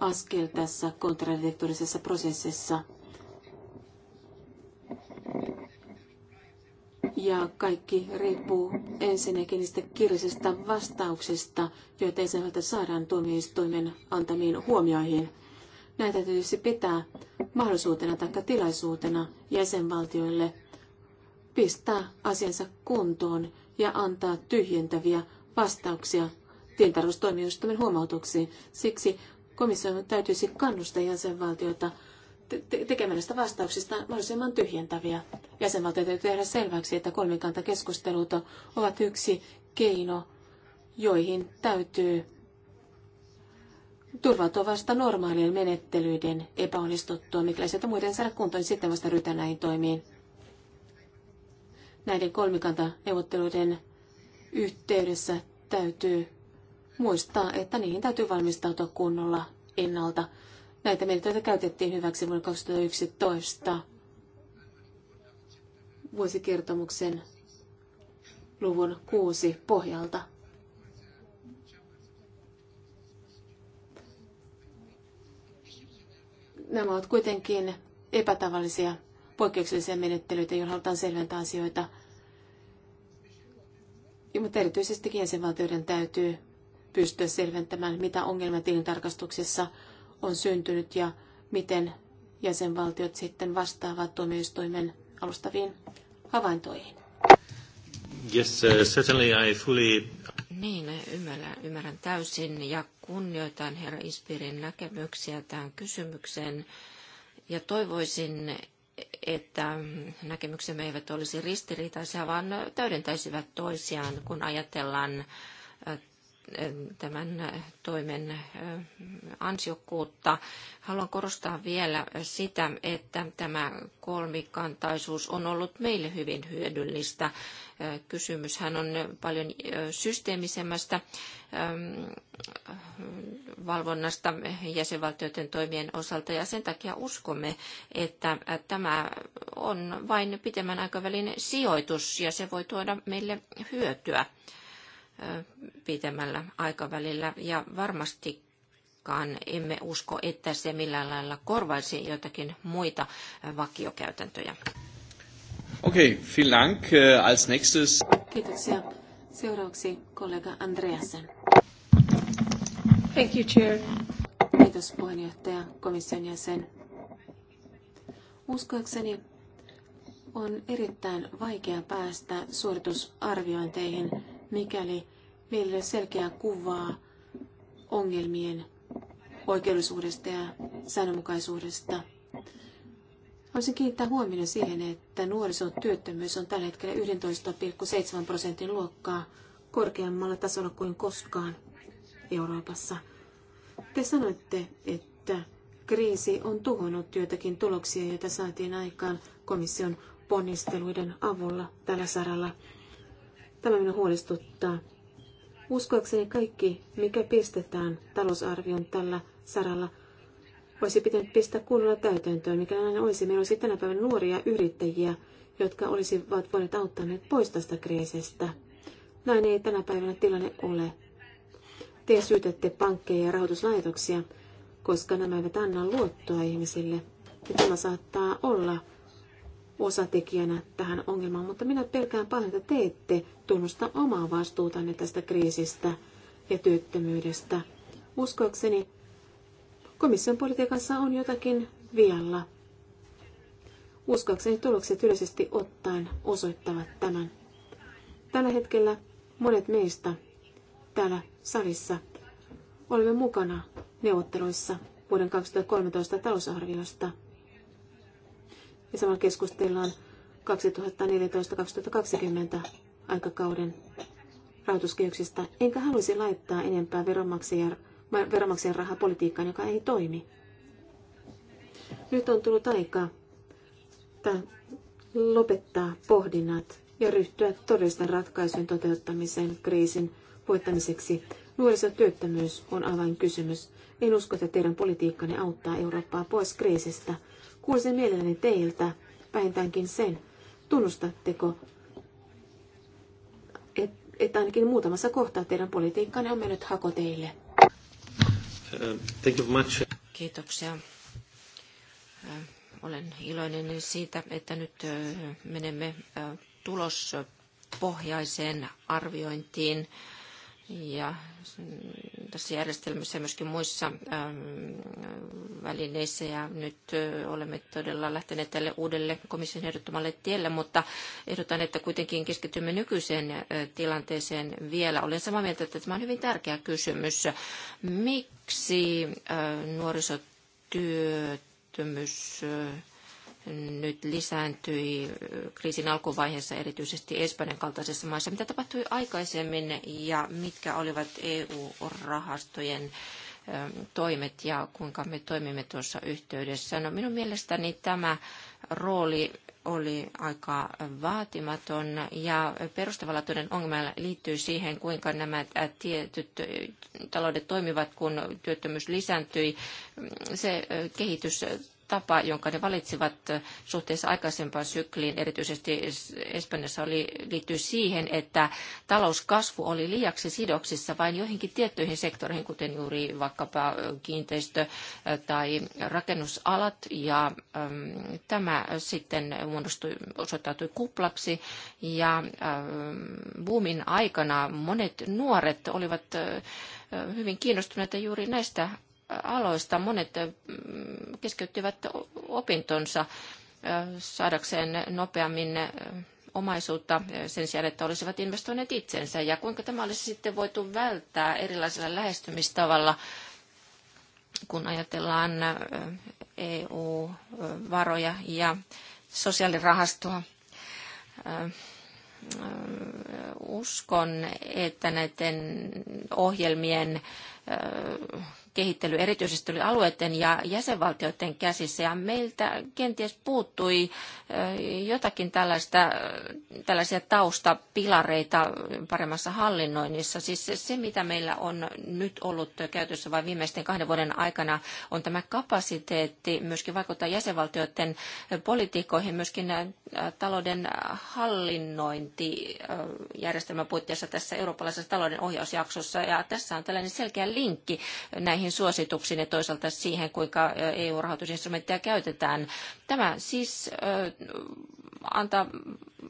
askel tässä kontradiktorisessa prosessissa. Ja kaikki riippuu ensinnäkin niistä kirjallisista vastauksista, joita ensimmäiseltä saadaan tuomioistuimen antamiin huomioihin. Näitä täytyisi pitää mahdollisuutena tai tilaisuutena jäsenvaltioille pistää asiansa kuntoon ja antaa tyhjentäviä vastauksia tilintarkastustoimijoistamme huomautuksiin. Siksi komission täytyisi kannustaa jäsenvaltioita tekemään näistä vastauksista mahdollisimman tyhjentäviä. Jäsenvaltioita täytyy tehdä selväksi, että kolmikantakeskustelut ovat yksi keino, joihin täytyy turvautua vasta normaalien menettelyiden epäonnistuttua, mikäli sieltä muiden saada kuntoon, niin sitten vasta ryhtyä näihin toimiin. Näiden kolmikantaneuvotteluiden yhteydessä täytyy muistaa, että niihin täytyy valmistautua kunnolla ennalta. Näitä menettelyitä käytettiin hyväksi vuonna 2011 vuosikertomuksen luvun kuusi pohjalta. nämä ovat kuitenkin epätavallisia poikkeuksellisia menettelyitä, joilla halutaan selventää asioita. Mutta erityisesti jäsenvaltioiden täytyy pystyä selventämään, mitä ongelmia tilintarkastuksessa on syntynyt ja miten jäsenvaltiot sitten vastaavat tuomioistuimen alustaviin havaintoihin. Yes, uh, certainly I fully... Niin, ymmärrän, ymmärrän täysin ja kunnioitan herra Ispirin näkemyksiä tähän kysymykseen. Ja toivoisin, että näkemyksemme eivät olisi ristiriitaisia, vaan täydentäisivät toisiaan, kun ajatellaan tämän äh, toimen äh, ansiokkuutta. Haluan korostaa vielä sitä, että tämä kolmikantaisuus on ollut meille hyvin hyödyllistä. Äh, kysymyshän on paljon systeemisemmästä ähm, valvonnasta jäsenvaltioiden toimien osalta ja sen takia uskomme, että tämä on vain pitemmän aikavälin sijoitus ja se voi tuoda meille hyötyä pitemmällä aikavälillä. Ja varmasti emme usko, että se millään lailla korvaisi jotakin muita vakiokäytäntöjä. Okei, okay, vielen Dank. Als nächstes... Kiitoksia. Seuraavaksi kollega Andreasen. Thank you, Chair. Kiitos puheenjohtaja, komission jäsen. Uskoakseni on erittäin vaikea päästä suoritusarviointeihin mikäli meillä selkeää kuvaa ongelmien oikeellisuudesta ja säännönmukaisuudesta. Haluaisin kiinnittää huomioon siihen, että nuorisotyöttömyys on tällä hetkellä 11,7 prosentin luokkaa korkeammalla tasolla kuin koskaan Euroopassa. Te sanoitte, että kriisi on tuhonnut työtäkin tuloksia, joita saatiin aikaan komission ponnisteluiden avulla tällä saralla. Tämä minua huolestuttaa. Uskoakseni kaikki, mikä pistetään talousarvion tällä saralla, olisi pitänyt pistää kunnolla täytäntöön, mikä näin olisi. Meillä olisi tänä päivänä nuoria yrittäjiä, jotka olisivat voineet auttaa meitä pois tästä kriisistä. Näin ei tänä päivänä tilanne ole. Te syytätte pankkeja ja rahoituslaitoksia, koska nämä eivät anna luottoa ihmisille. Ja tämä saattaa olla osatekijänä tähän ongelmaan, mutta minä pelkään paljon, että te ette tunnusta omaa vastuutanne tästä kriisistä ja työttömyydestä. Uskoakseni komission politiikassa on jotakin vialla. Uskoakseni tulokset yleisesti ottaen osoittavat tämän. Tällä hetkellä monet meistä täällä salissa olemme mukana neuvotteluissa vuoden 2013 talousarviosta – ja samalla keskustellaan 2014-2020 aikakauden rahoituskehyksistä, enkä haluaisi laittaa enempää veronmaksajan, veronmaksajan rahaa politiikkaan, joka ei toimi. Nyt on tullut aika lopettaa pohdinnat ja ryhtyä todellisten ratkaisujen toteuttamiseen kriisin voittamiseksi. Nuorisotyöttömyys on avainkysymys. En usko, että teidän politiikkanne auttaa Eurooppaa pois kriisistä. Kuulisin mielelläni teiltä vähintäänkin sen, tunnustatteko, että et ainakin muutamassa kohtaa teidän politiikkanne on mennyt hako teille. Uh, thank you much. Kiitoksia. Uh, olen iloinen siitä, että nyt uh, menemme tulospohjaiseen arviointiin ja tässä järjestelmässä ja myöskin muissa ähm, välineissä. Ja nyt äh, olemme todella lähteneet tälle uudelle komission ehdottomalle tielle, mutta ehdotan, että kuitenkin keskitymme nykyiseen äh, tilanteeseen vielä. Olen samaa mieltä, että tämä on hyvin tärkeä kysymys. Miksi äh, nuorisotyöttömyys nyt lisääntyi kriisin alkuvaiheessa erityisesti Espanjan kaltaisessa maassa. Mitä tapahtui aikaisemmin ja mitkä olivat EU-rahastojen ähm, toimet ja kuinka me toimimme tuossa yhteydessä? No, minun mielestäni tämä rooli oli aika vaatimaton ja perustavanlaatuinen ongelma liittyy siihen, kuinka nämä tietyt taloudet toimivat, kun työttömyys lisääntyi. Se äh, kehitys tapa, jonka ne valitsivat suhteessa aikaisempaan sykliin, erityisesti Espanjassa, oli, liittyy siihen, että talouskasvu oli liiaksi sidoksissa vain joihinkin tiettyihin sektoreihin, kuten juuri vaikkapa kiinteistö- äh, tai rakennusalat, ja äm, tämä sitten muodostui, osoittautui kuplaksi, ja äm, boomin aikana monet nuoret olivat äh, hyvin kiinnostuneita juuri näistä aloista monet mm, keskeyttivät opintonsa saadakseen nopeammin omaisuutta sen sijaan, että olisivat investoineet itsensä. Ja kuinka tämä olisi sitten voitu välttää erilaisella lähestymistavalla, kun ajatellaan EU-varoja ja sosiaalirahastoa. Uskon, että näiden ohjelmien kehittely erityisesti oli alueiden ja jäsenvaltioiden käsissä ja meiltä kenties puuttui jotakin tällaista, tällaisia taustapilareita paremmassa hallinnoinnissa. Siis se, mitä meillä on nyt ollut käytössä vain viimeisten kahden vuoden aikana, on tämä kapasiteetti myöskin vaikuttaa jäsenvaltioiden politiikoihin, myöskin talouden hallinnointijärjestelmän puitteissa tässä eurooppalaisessa talouden ohjausjaksossa. Ja tässä on tällainen selkeä linkki näihin näihin suosituksiin ja toisaalta siihen, kuinka eu rahoitusinstrumenttia käytetään. Tämä siis antaa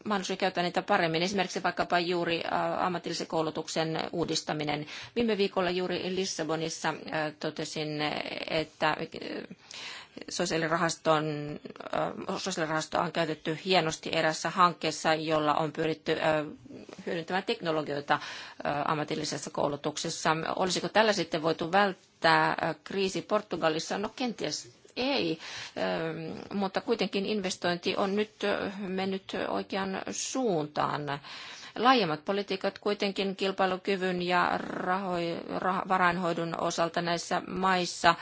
mahdollisuuden käyttää niitä paremmin. Esimerkiksi vaikkapa juuri ammatillisen koulutuksen uudistaminen. Viime viikolla juuri Lissabonissa totesin, että Sosiaalirahaston, sosiaalirahastoa on käytetty hienosti erässä hankkeessa, jolla on pyritty hyödyntämään teknologioita ammatillisessa koulutuksessa. Olisiko tällä sitten voitu välttää kriisi Portugalissa? No kenties ei, mutta kuitenkin investointi on nyt mennyt oikeaan suuntaan. Laajemmat politiikat kuitenkin kilpailukyvyn ja raho, rah, varainhoidon osalta näissä maissa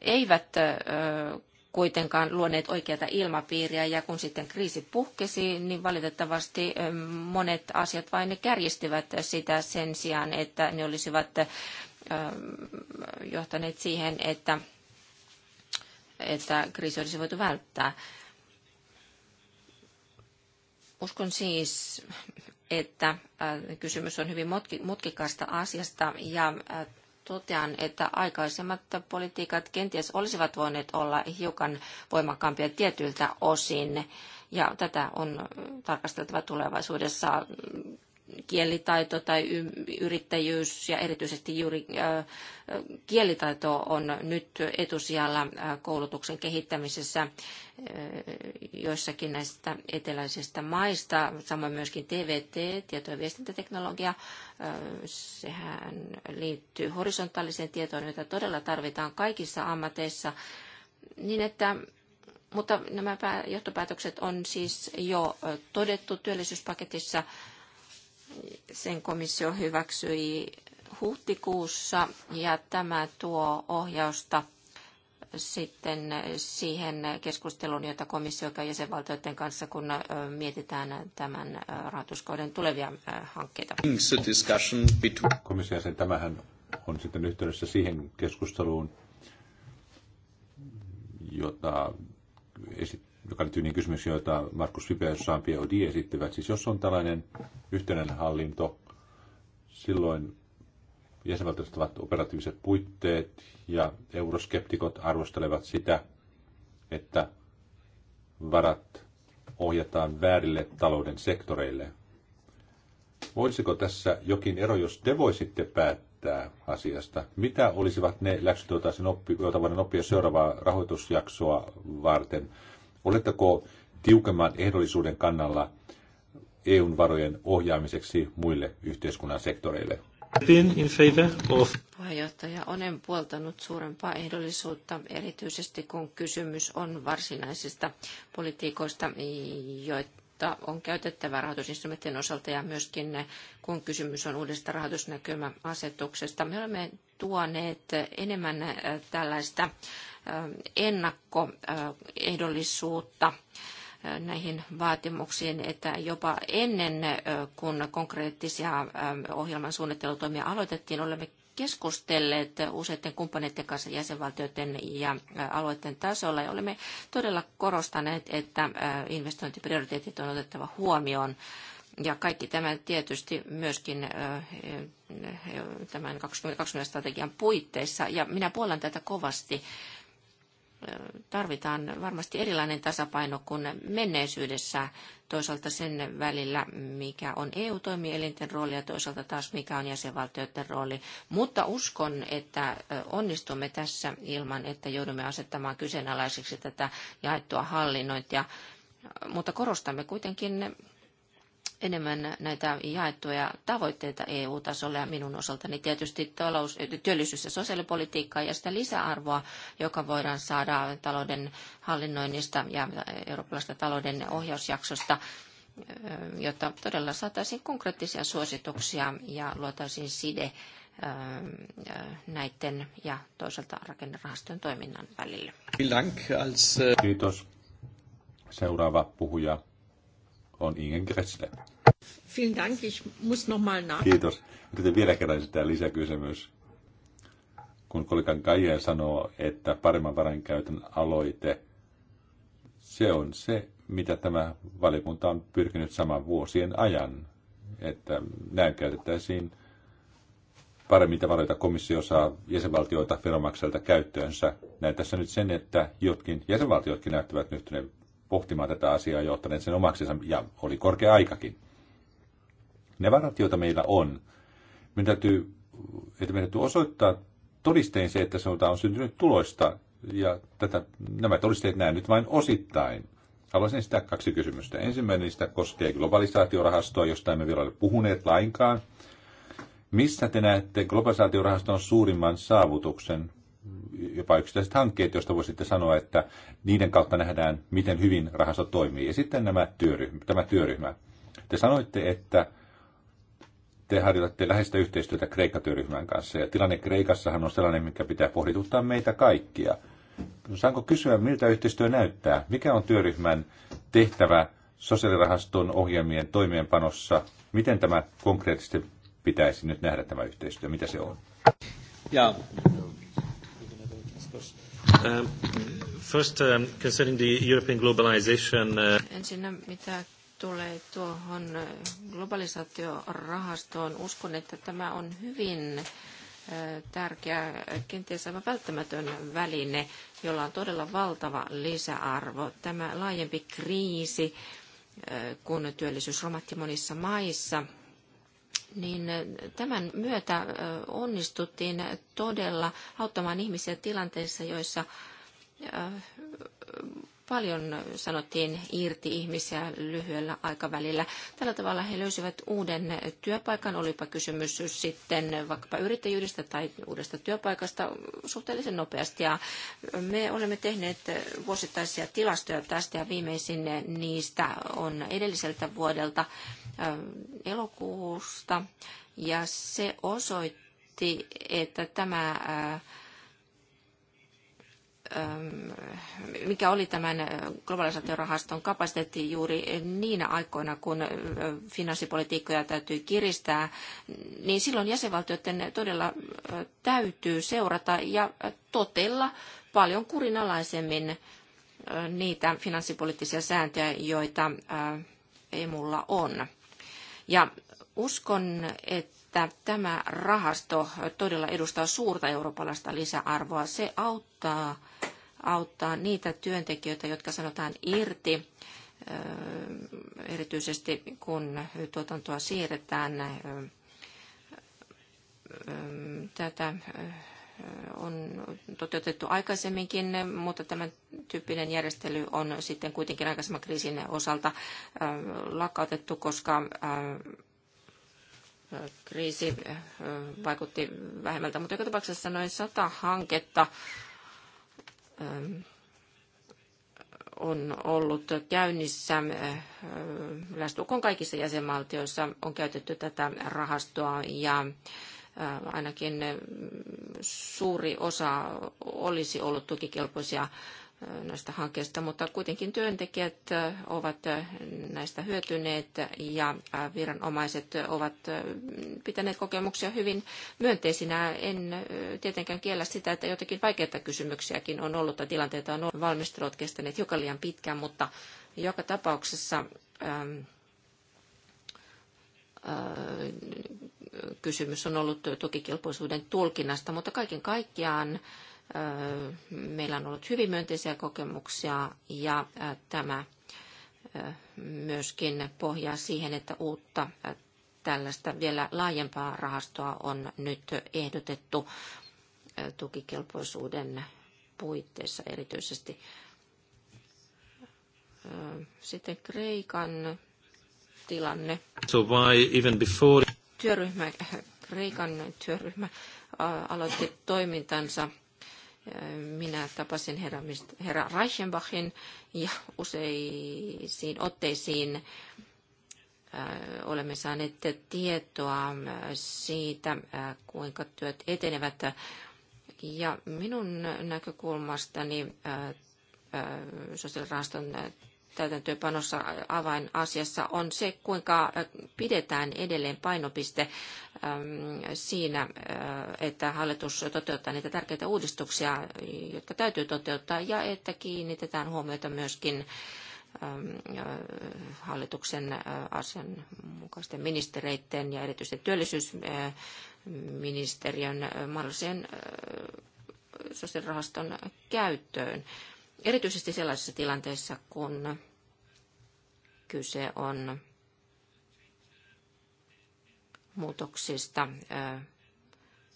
eivät kuitenkaan luoneet oikeata ilmapiiriä ja kun sitten kriisi puhkesi, niin valitettavasti monet asiat vain ne kärjistivät sitä sen sijaan, että ne olisivat johtaneet siihen, että, että kriisi olisi voitu välttää. Uskon siis, että kysymys on hyvin mutkikasta asiasta ja totean, että aikaisemmat politiikat kenties olisivat voineet olla hiukan voimakkaampia tietyiltä osin. Ja tätä on tarkasteltava tulevaisuudessa kielitaito tai yrittäjyys ja erityisesti juuri kielitaito on nyt etusijalla koulutuksen kehittämisessä joissakin näistä eteläisistä maista. Samoin myöskin TVT, tieto- ja viestintäteknologia, sehän liittyy horisontaaliseen tietoon, jota todella tarvitaan kaikissa ammateissa, niin että mutta nämä johtopäätökset on siis jo todettu työllisyyspaketissa sen komissio hyväksyi huhtikuussa ja tämä tuo ohjausta sitten siihen keskusteluun, jota komissio käy jäsenvaltioiden kanssa, kun mietitään tämän rahoituskauden tulevia hankkeita. Komission jäsen, tämähän on sitten yhteydessä siihen keskusteluun, jota esittää joka liittyy niin kysymyksiin, joita Markus Vipe ja Jean-Pierre esittivät. Siis jos on tällainen yhteinen hallinto, silloin jäsenvaltiot ovat operatiiviset puitteet ja euroskeptikot arvostelevat sitä, että varat ohjataan väärille talouden sektoreille. Voisiko tässä jokin ero, jos te voisitte päättää asiasta? Mitä olisivat ne läksyt, joita voidaan oppia seuraavaa rahoitusjaksoa varten? Oletteko tiukemman ehdollisuuden kannalla EUn varojen ohjaamiseksi muille yhteiskunnan sektoreille? In favor of. Puheenjohtaja olen puoltanut suurempaa ehdollisuutta, erityisesti kun kysymys on varsinaisista politiikoista, joita jota on käytettävä rahoitusinstrumenttien osalta ja myöskin kun kysymys on uudesta rahoitusnäkymäasetuksesta. Me olemme tuoneet enemmän äh, tällaista äh, ennakkoehdollisuutta äh, näihin vaatimuksiin, että jopa ennen kuin konkreettisia ohjelman suunnittelutoimia aloitettiin, olemme keskustelleet useiden kumppaneiden kanssa jäsenvaltioiden ja alueiden tasolla. Ja olemme todella korostaneet, että investointiprioriteetit on otettava huomioon. Ja kaikki tämä tietysti myöskin tämän 2020 strategian puitteissa. Ja minä puolan tätä kovasti tarvitaan varmasti erilainen tasapaino kuin menneisyydessä toisaalta sen välillä, mikä on EU-toimielinten rooli ja toisaalta taas mikä on jäsenvaltioiden rooli. Mutta uskon, että onnistumme tässä ilman, että joudumme asettamaan kyseenalaiseksi tätä jaettua hallinnointia. Mutta korostamme kuitenkin enemmän näitä jaettuja tavoitteita EU-tasolla ja minun osaltani tietysti talous, työllisyys- ja sosiaalipolitiikkaa ja sitä lisäarvoa, joka voidaan saada talouden hallinnoinnista ja eurooppalaisesta talouden ohjausjaksosta jotta todella saataisiin konkreettisia suosituksia ja luotaisiin side näiden ja toisaalta rakennerahastojen toiminnan välillä. Äh, Kiitos. Seuraava puhuja on Ingen Gressle. Vielen Dank. Ich muss noch mal nach. Kiitos. Yritän vielä kerran sitä lisäkysymys. Kun kollegan Kajer sanoo, että paremman varainkäytön aloite, se on se, mitä tämä valiokunta on pyrkinyt saman vuosien ajan. Että näin käytettäisiin paremmin tavaroita komissio saa jäsenvaltioita veronmaksajilta käyttöönsä. Näin tässä nyt sen, että jotkin jäsenvaltiotkin näyttävät nyt pohtimaan tätä asiaa johtaneet sen omaksensa ja oli korkea aikakin ne varat, joita meillä on, meidän täytyy, että meidän täytyy osoittaa todistein se, että sanotaan on syntynyt tuloista, ja tätä, nämä todisteet näen nyt vain osittain. Haluaisin sitä kaksi kysymystä. Ensimmäinen niistä koskee globalisaatiorahastoa, josta emme vielä ole puhuneet lainkaan. Missä te näette globalisaatiorahaston suurimman saavutuksen, jopa yksittäiset hankkeet, joista voisitte sanoa, että niiden kautta nähdään, miten hyvin rahasto toimii. Ja sitten nämä työryhmä, tämä työryhmä. Te sanoitte, että te harjoitatte läheistä yhteistyötä Kreikka-työryhmän kanssa. Ja tilanne Kreikassahan on sellainen, mikä pitää pohdituttaa meitä kaikkia. Saanko kysyä, miltä yhteistyö näyttää? Mikä on työryhmän tehtävä sosiaalirahaston ohjelmien toimeenpanossa? Miten tämä konkreettisesti pitäisi nyt nähdä tämä yhteistyö? Mitä se on? Ja. First, um, concerning the European globalization. Uh... Ensinnä mitä tulee tuohon globalisaatiorahastoon, uskon, että tämä on hyvin tärkeä, kenties aivan välttämätön väline, jolla on todella valtava lisäarvo. Tämä laajempi kriisi, kun työllisyys romahti monissa maissa, niin tämän myötä onnistuttiin todella auttamaan ihmisiä tilanteissa, joissa paljon sanottiin irti ihmisiä lyhyellä aikavälillä. Tällä tavalla he löysivät uuden työpaikan, olipa kysymys sitten vaikkapa yrittäjyydestä tai uudesta työpaikasta suhteellisen nopeasti. Ja me olemme tehneet vuosittaisia tilastoja tästä ja viimeisin niistä on edelliseltä vuodelta äh, elokuusta ja se osoitti, että tämä äh, mikä oli tämän globalisaatiorahaston kapasiteetti juuri niinä aikoina, kun finanssipolitiikkoja täytyy kiristää, niin silloin jäsenvaltioiden todella täytyy seurata ja totella paljon kurinalaisemmin niitä finanssipoliittisia sääntöjä, joita EMUlla on. Ja uskon, että tämä rahasto todella edustaa suurta eurooppalaista lisäarvoa. Se auttaa auttaa niitä työntekijöitä, jotka sanotaan irti, erityisesti kun tuotantoa siirretään. Tätä on toteutettu aikaisemminkin, mutta tämän tyyppinen järjestely on sitten kuitenkin aikaisemman kriisin osalta lakkautettu, koska kriisi vaikutti vähemmältä. Mutta joka tapauksessa noin sata hanketta on ollut käynnissä lähestulkoon kaikissa jäsenvaltioissa on käytetty tätä rahastoa ja ainakin suuri osa olisi ollut tukikelpoisia näistä hankkeista, mutta kuitenkin työntekijät ovat näistä hyötyneet ja viranomaiset ovat pitäneet kokemuksia hyvin myönteisinä. En tietenkään kiellä sitä, että jotakin vaikeita kysymyksiäkin on ollut tai tilanteita on ollut. Valmistelut kestäneet hiukan liian pitkään, mutta joka tapauksessa kysymys on ollut tukikelpoisuuden tulkinnasta, mutta kaiken kaikkiaan äh, Meillä on ollut hyvin myönteisiä kokemuksia ja tämä myöskin pohjaa siihen, että uutta tällaista vielä laajempaa rahastoa on nyt ehdotettu tukikelpoisuuden puitteissa erityisesti. Sitten Kreikan tilanne. So why even before... Työryhmä, Kreikan työryhmä aloitti toimintansa minä tapasin herra, herra Reichenbachin ja useisiin otteisiin äh, olemme saaneet tietoa äh, siitä, äh, kuinka työt etenevät. Ja minun näkökulmastani sosiaalirahaston täytäntöönpanossa avainasiassa on se, kuinka äh, pidetään edelleen painopiste ähm, siinä, äh, että hallitus toteuttaa niitä tärkeitä uudistuksia, jotka täytyy toteuttaa, ja että kiinnitetään huomiota myöskin ähm, äh, hallituksen asianmukaisten ministereiden ja erityisesti työllisyysministeriön mahdolliseen sosiaalirahaston käyttöön. Erityisesti sellaisissa tilanteissa, kun kyse on muutoksista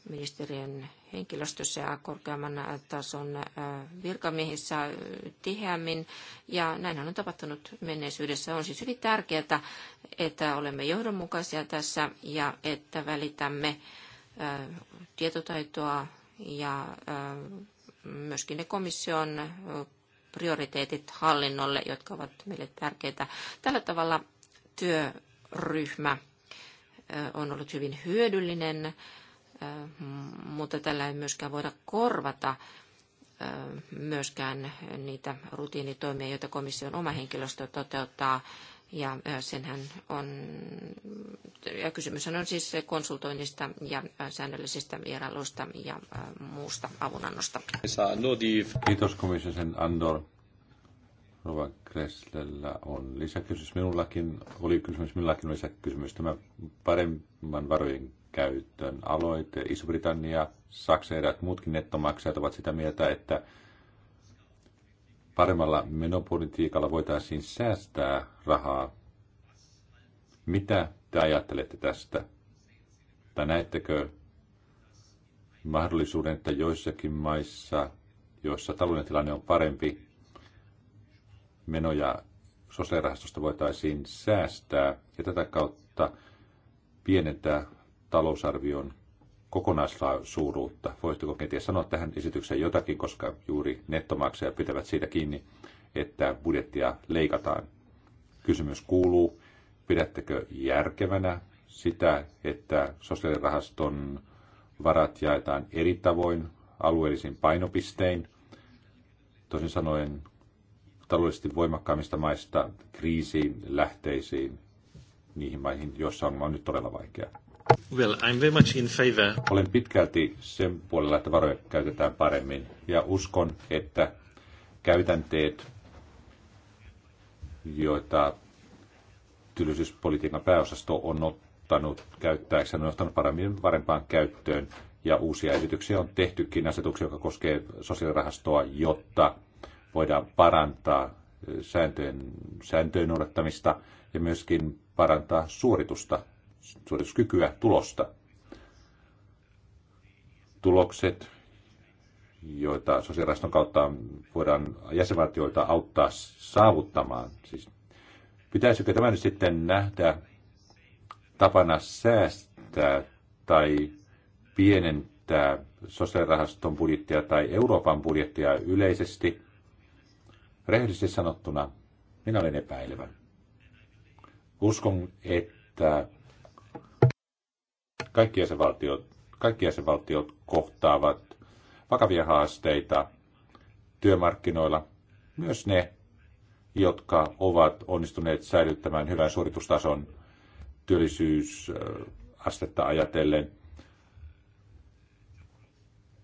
ministeriön henkilöstössä ja korkeamman tason virkamiehissä tiheämmin. Ja näinhän on tapahtunut menneisyydessä. On siis hyvin tärkeää, että olemme johdonmukaisia tässä ja että välitämme tietotaitoa ja myöskin ne komission prioriteetit hallinnolle, jotka ovat meille tärkeitä. Tällä tavalla työryhmä on ollut hyvin hyödyllinen, mutta tällä ei myöskään voida korvata myöskään niitä rutiinitoimia, joita komission oma henkilöstö toteuttaa ja senhän on, ja kysymyshän on siis konsultoinnista ja säännöllisistä vierailuista ja muusta avunannosta. Kiitos komission Andor. Rova Kresslellä on lisäkysymys. Minullakin oli kysymys, minullakin oli lisäkysymys. Tämä paremman varojen käytön aloite. Iso-Britannia, Saksa ja eräät muutkin nettomaksajat ovat sitä mieltä, että paremmalla menopolitiikalla voitaisiin säästää rahaa. Mitä te ajattelette tästä? Tai näettekö mahdollisuuden, että joissakin maissa, joissa talouden tilanne on parempi, menoja sosiaalirahastosta voitaisiin säästää ja tätä kautta pienentää talousarvion kokonaissuuruutta. Voisitteko kenties sanoa tähän esitykseen jotakin, koska juuri nettomaksajat pitävät siitä kiinni, että budjettia leikataan. Kysymys kuuluu, pidättekö järkevänä sitä, että sosiaalirahaston varat jaetaan eri tavoin alueellisin painopistein. tosin sanoen taloudellisesti voimakkaamista maista kriisiin, lähteisiin, niihin maihin, joissa on nyt todella vaikeaa. Well, I'm very much in favor. Olen pitkälti sen puolella, että varoja käytetään paremmin ja uskon, että käytänteet, joita työllisyyspolitiikan pääosasto on ottanut käyttääkseen, on ottanut paremmin parempaan käyttöön ja uusia esityksiä on tehtykin asetuksia, joka koskee sosiaalirahastoa, jotta voidaan parantaa eh, sääntöjen, sääntöjen noudattamista ja myöskin parantaa suoritusta suorituskykyä, tulosta. Tulokset, joita sosiaaliston kautta voidaan jäsenvaltioita auttaa saavuttamaan. Siis pitäisikö tämä nyt sitten nähdä tapana säästää tai pienentää sosiaalirahaston budjettia tai Euroopan budjettia yleisesti? Rehellisesti sanottuna, minä olen epäilevä. Uskon, että kaikki jäsenvaltiot, kaikki jäsenvaltiot kohtaavat vakavia haasteita työmarkkinoilla, myös ne, jotka ovat onnistuneet säilyttämään hyvän suoritustason työllisyysastetta ajatellen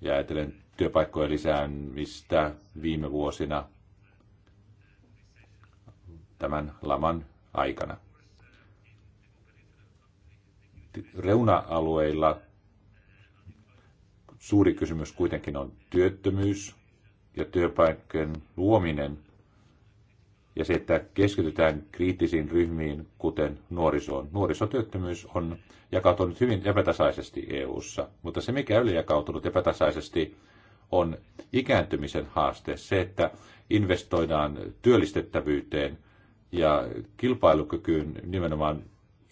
ja ajatellen työpaikkojen lisäämistä viime vuosina tämän laman aikana reuna-alueilla suuri kysymys kuitenkin on työttömyys ja työpaikkojen luominen ja se, että keskitytään kriittisiin ryhmiin, kuten nuorisoon. Nuorisotyöttömyys on jakautunut hyvin epätasaisesti EU:ssa, mutta se mikä on jakautunut epätasaisesti on ikääntymisen haaste, se, että investoidaan työllistettävyyteen ja kilpailukykyyn nimenomaan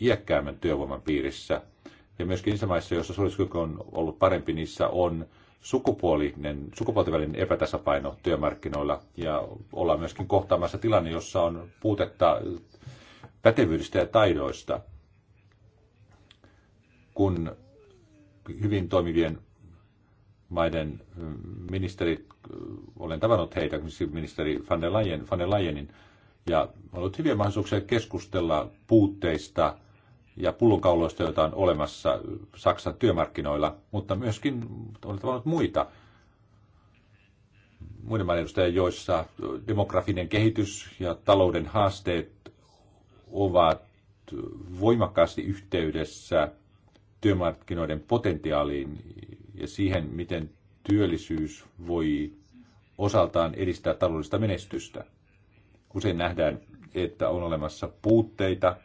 iäkkäämmän työvoiman piirissä. Ja myöskin niissä maissa, joissa suorituskyky on ollut parempi, niissä on sukupuolinen, sukupuolten välinen epätasapaino työmarkkinoilla ja ollaan myöskin kohtaamassa tilanne, jossa on puutetta pätevyydestä ja taidoista. Kun hyvin toimivien maiden ministerit, olen tavannut heitä, ministeri van der, Leyen, van der Leyenin, ja on ollut hyviä mahdollisuuksia keskustella puutteista – ja pullonkauloista, joita on olemassa Saksan työmarkkinoilla, mutta myöskin on tavannut muita muiden maiden edustajia, joissa demografinen kehitys ja talouden haasteet ovat voimakkaasti yhteydessä työmarkkinoiden potentiaaliin ja siihen, miten työllisyys voi osaltaan edistää taloudellista menestystä. Usein nähdään, että on olemassa puutteita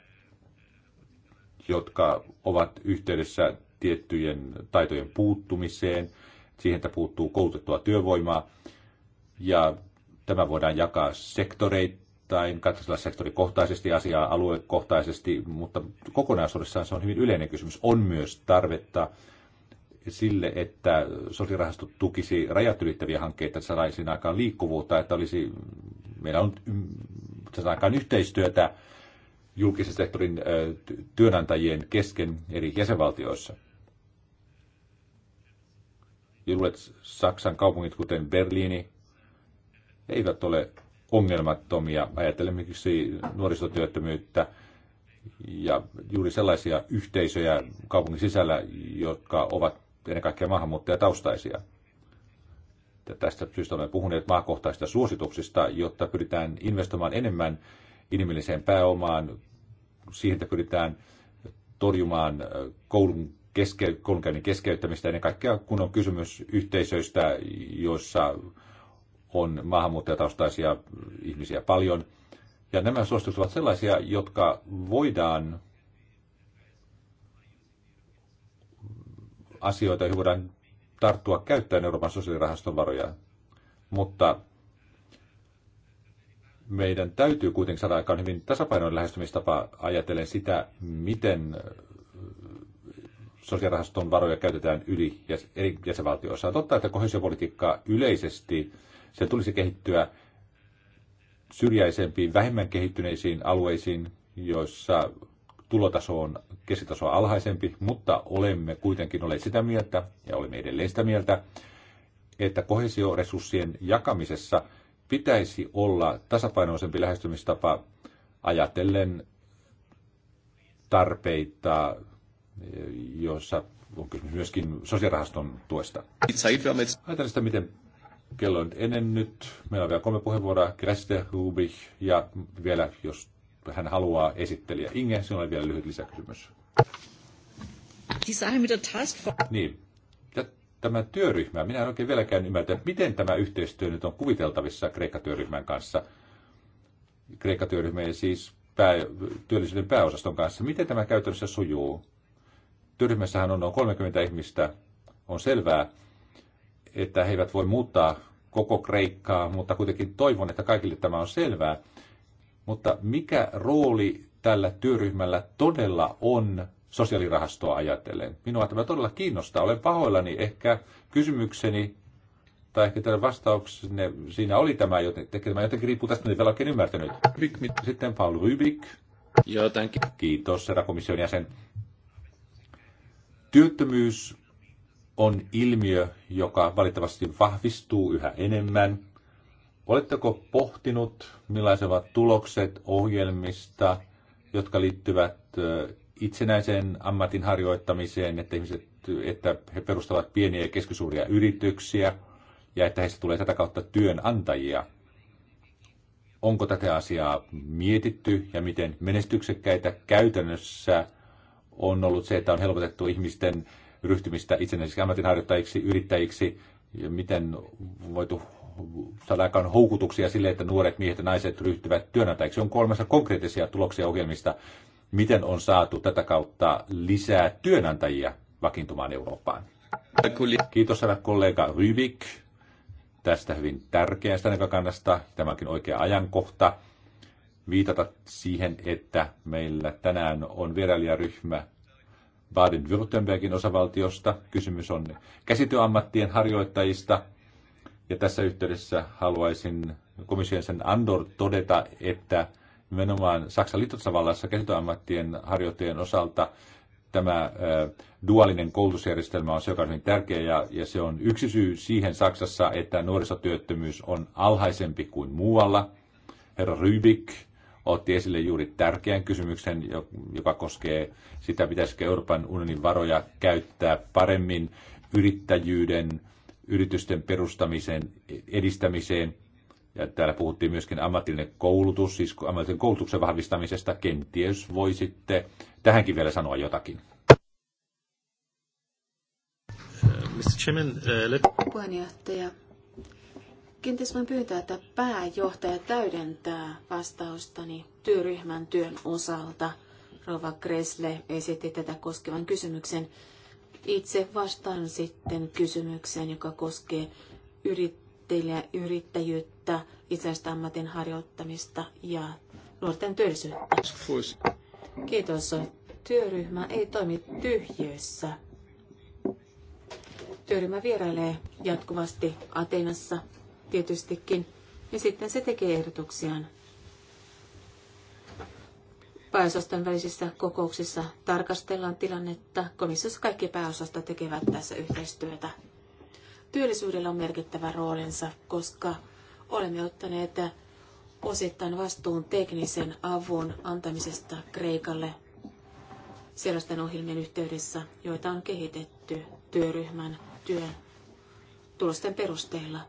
jotka ovat yhteydessä tiettyjen taitojen puuttumiseen, siihen, että puuttuu koulutettua työvoimaa. Ja tämä voidaan jakaa sektoreittain, katsella sektorikohtaisesti asiaa aluekohtaisesti, mutta kokonaisuudessaan se on hyvin yleinen kysymys. On myös tarvetta sille, että sosiaalirahasto tukisi rajat ylittäviä hankkeita, että saisi aikaan liikkuvuutta, että olisi, meillä on saadaan aikaan yhteistyötä julkisen sektorin työnantajien kesken eri jäsenvaltioissa. Juulet Saksan kaupungit, kuten Berliini, eivät ole ongelmattomia. Ajattelemme miksi nuorisotyöttömyyttä ja juuri sellaisia yhteisöjä kaupungin sisällä, jotka ovat ennen kaikkea maahanmuuttajataustaisia. Ja tästä syystä olemme puhuneet maakohtaisista suosituksista, jotta pyritään investoimaan enemmän inhimilliseen pääomaan, siihen, että pyritään torjumaan koulun keske, koulunkäynnin keskeyttämistä ennen kaikkea, kun on kysymys yhteisöistä, joissa on maahanmuuttajataustaisia ihmisiä paljon. Ja nämä suositukset ovat sellaisia, jotka voidaan asioita, joihin voidaan tarttua käyttäen Euroopan sosiaalirahaston varoja. Mutta meidän täytyy kuitenkin saada aikaan hyvin tasapainoinen lähestymistapa ajatellen sitä, miten sosiaalirahaston varoja käytetään yli ja eri jäsenvaltioissa. totta, että kohesiopolitiikkaa yleisesti se tulisi kehittyä syrjäisempiin, vähemmän kehittyneisiin alueisiin, joissa tulotaso on keskitasoa alhaisempi, mutta olemme kuitenkin olleet sitä mieltä, ja olemme edelleen sitä mieltä, että kohesioresurssien jakamisessa – pitäisi olla tasapainoisempi lähestymistapa ajatellen tarpeita, joissa on kysymys myöskin sosiaalirahaston tuesta. Ajatellaan sitä, miten kello on enennyt. Meillä on vielä kolme puheenvuoroa, Gräste, Rubik ja vielä, jos hän haluaa, esittelijä Inge. Sinulla oli vielä lyhyt lisäkysymys. Die Sache mit der Niin, tämä työryhmä, minä en oikein vieläkään ymmärtänyt, miten tämä yhteistyö nyt on kuviteltavissa Kreikka-työryhmän kanssa. Kreikka-työryhmä siis pää, työllisyyden pääosaston kanssa. Miten tämä käytännössä sujuu? Työryhmässähän on noin 30 ihmistä. On selvää, että he eivät voi muuttaa koko Kreikkaa, mutta kuitenkin toivon, että kaikille tämä on selvää. Mutta mikä rooli tällä työryhmällä todella on sosiaalirahastoa ajatellen. Minua tämä todella kiinnostaa. Olen pahoillani. Ehkä kysymykseni tai ehkä teidän vastauksenne siinä oli tämä, joten tämä jotenkin riippuu tästä, mitä niin vielä oikein ymmärtänyt. Sitten Paul Rybik. Joo, tämänkin. Kiitos, herra komission jäsen. Työttömyys on ilmiö, joka valitettavasti vahvistuu yhä enemmän. Oletteko pohtinut, millaiset ovat tulokset ohjelmista, jotka liittyvät itsenäisen ammatin harjoittamiseen, että, ihmiset, että he perustavat pieniä ja keskisuuria yrityksiä ja että heistä tulee tätä kautta työnantajia. Onko tätä asiaa mietitty ja miten menestyksekkäitä käytännössä on ollut se, että on helpotettu ihmisten ryhtymistä itsenäisiksi ammatinharjoittajiksi, yrittäjiksi, ja miten voitu saada aikaan houkutuksia sille, että nuoret miehet ja naiset ryhtyvät työnantajiksi. On kolmessa konkreettisia tuloksia ohjelmista, miten on saatu tätä kautta lisää työnantajia vakiintumaan Eurooppaan. Kiitos herra kollega Rybik tästä hyvin tärkeästä näkökannasta. Tämäkin oikea ajankohta viitata siihen, että meillä tänään on vierailijaryhmä Baden-Württembergin osavaltiosta. Kysymys on käsityöammattien harjoittajista. Ja tässä yhteydessä haluaisin komission sen Andor todeta, että Nimenomaan Saksan liittotasavallassa käsityöammattien harjoittajien osalta tämä dualinen koulutusjärjestelmä on se, joka on hyvin tärkeä ja, ja se on yksi syy siihen Saksassa, että nuorisotyöttömyys on alhaisempi kuin muualla. Herra Rybik otti esille juuri tärkeän kysymyksen, joka koskee sitä, pitäisikö Euroopan unionin varoja käyttää paremmin yrittäjyyden, yritysten perustamisen edistämiseen – ja täällä puhuttiin myöskin ammatillinen koulutus, siis ammatillisen koulutuksen vahvistamisesta. Kenties voisitte tähänkin vielä sanoa jotakin. Mr. Chairman, uh, let... Puheenjohtaja, kenties voin pyytää, että pääjohtaja täydentää vastaustani työryhmän työn osalta. Rova Kresle esitti tätä koskevan kysymyksen. Itse vastaan sitten kysymykseen, joka koskee yrittäjää yrittäjyyttä, itsenäistä ammatin harjoittamista ja nuorten työllisyyttä. Kiitos. Työryhmä ei toimi tyhjössä. Työryhmä vierailee jatkuvasti Ateenassa tietystikin ja sitten se tekee ehdotuksiaan. Pääosaston välisissä kokouksissa tarkastellaan tilannetta. Komissiossa kaikki pääosasta tekevät tässä yhteistyötä. Työllisyydellä on merkittävä roolinsa, koska olemme ottaneet osittain vastuun teknisen avun antamisesta Kreikalle sellaisten ohjelmien yhteydessä, joita on kehitetty työryhmän työn tulosten perusteella.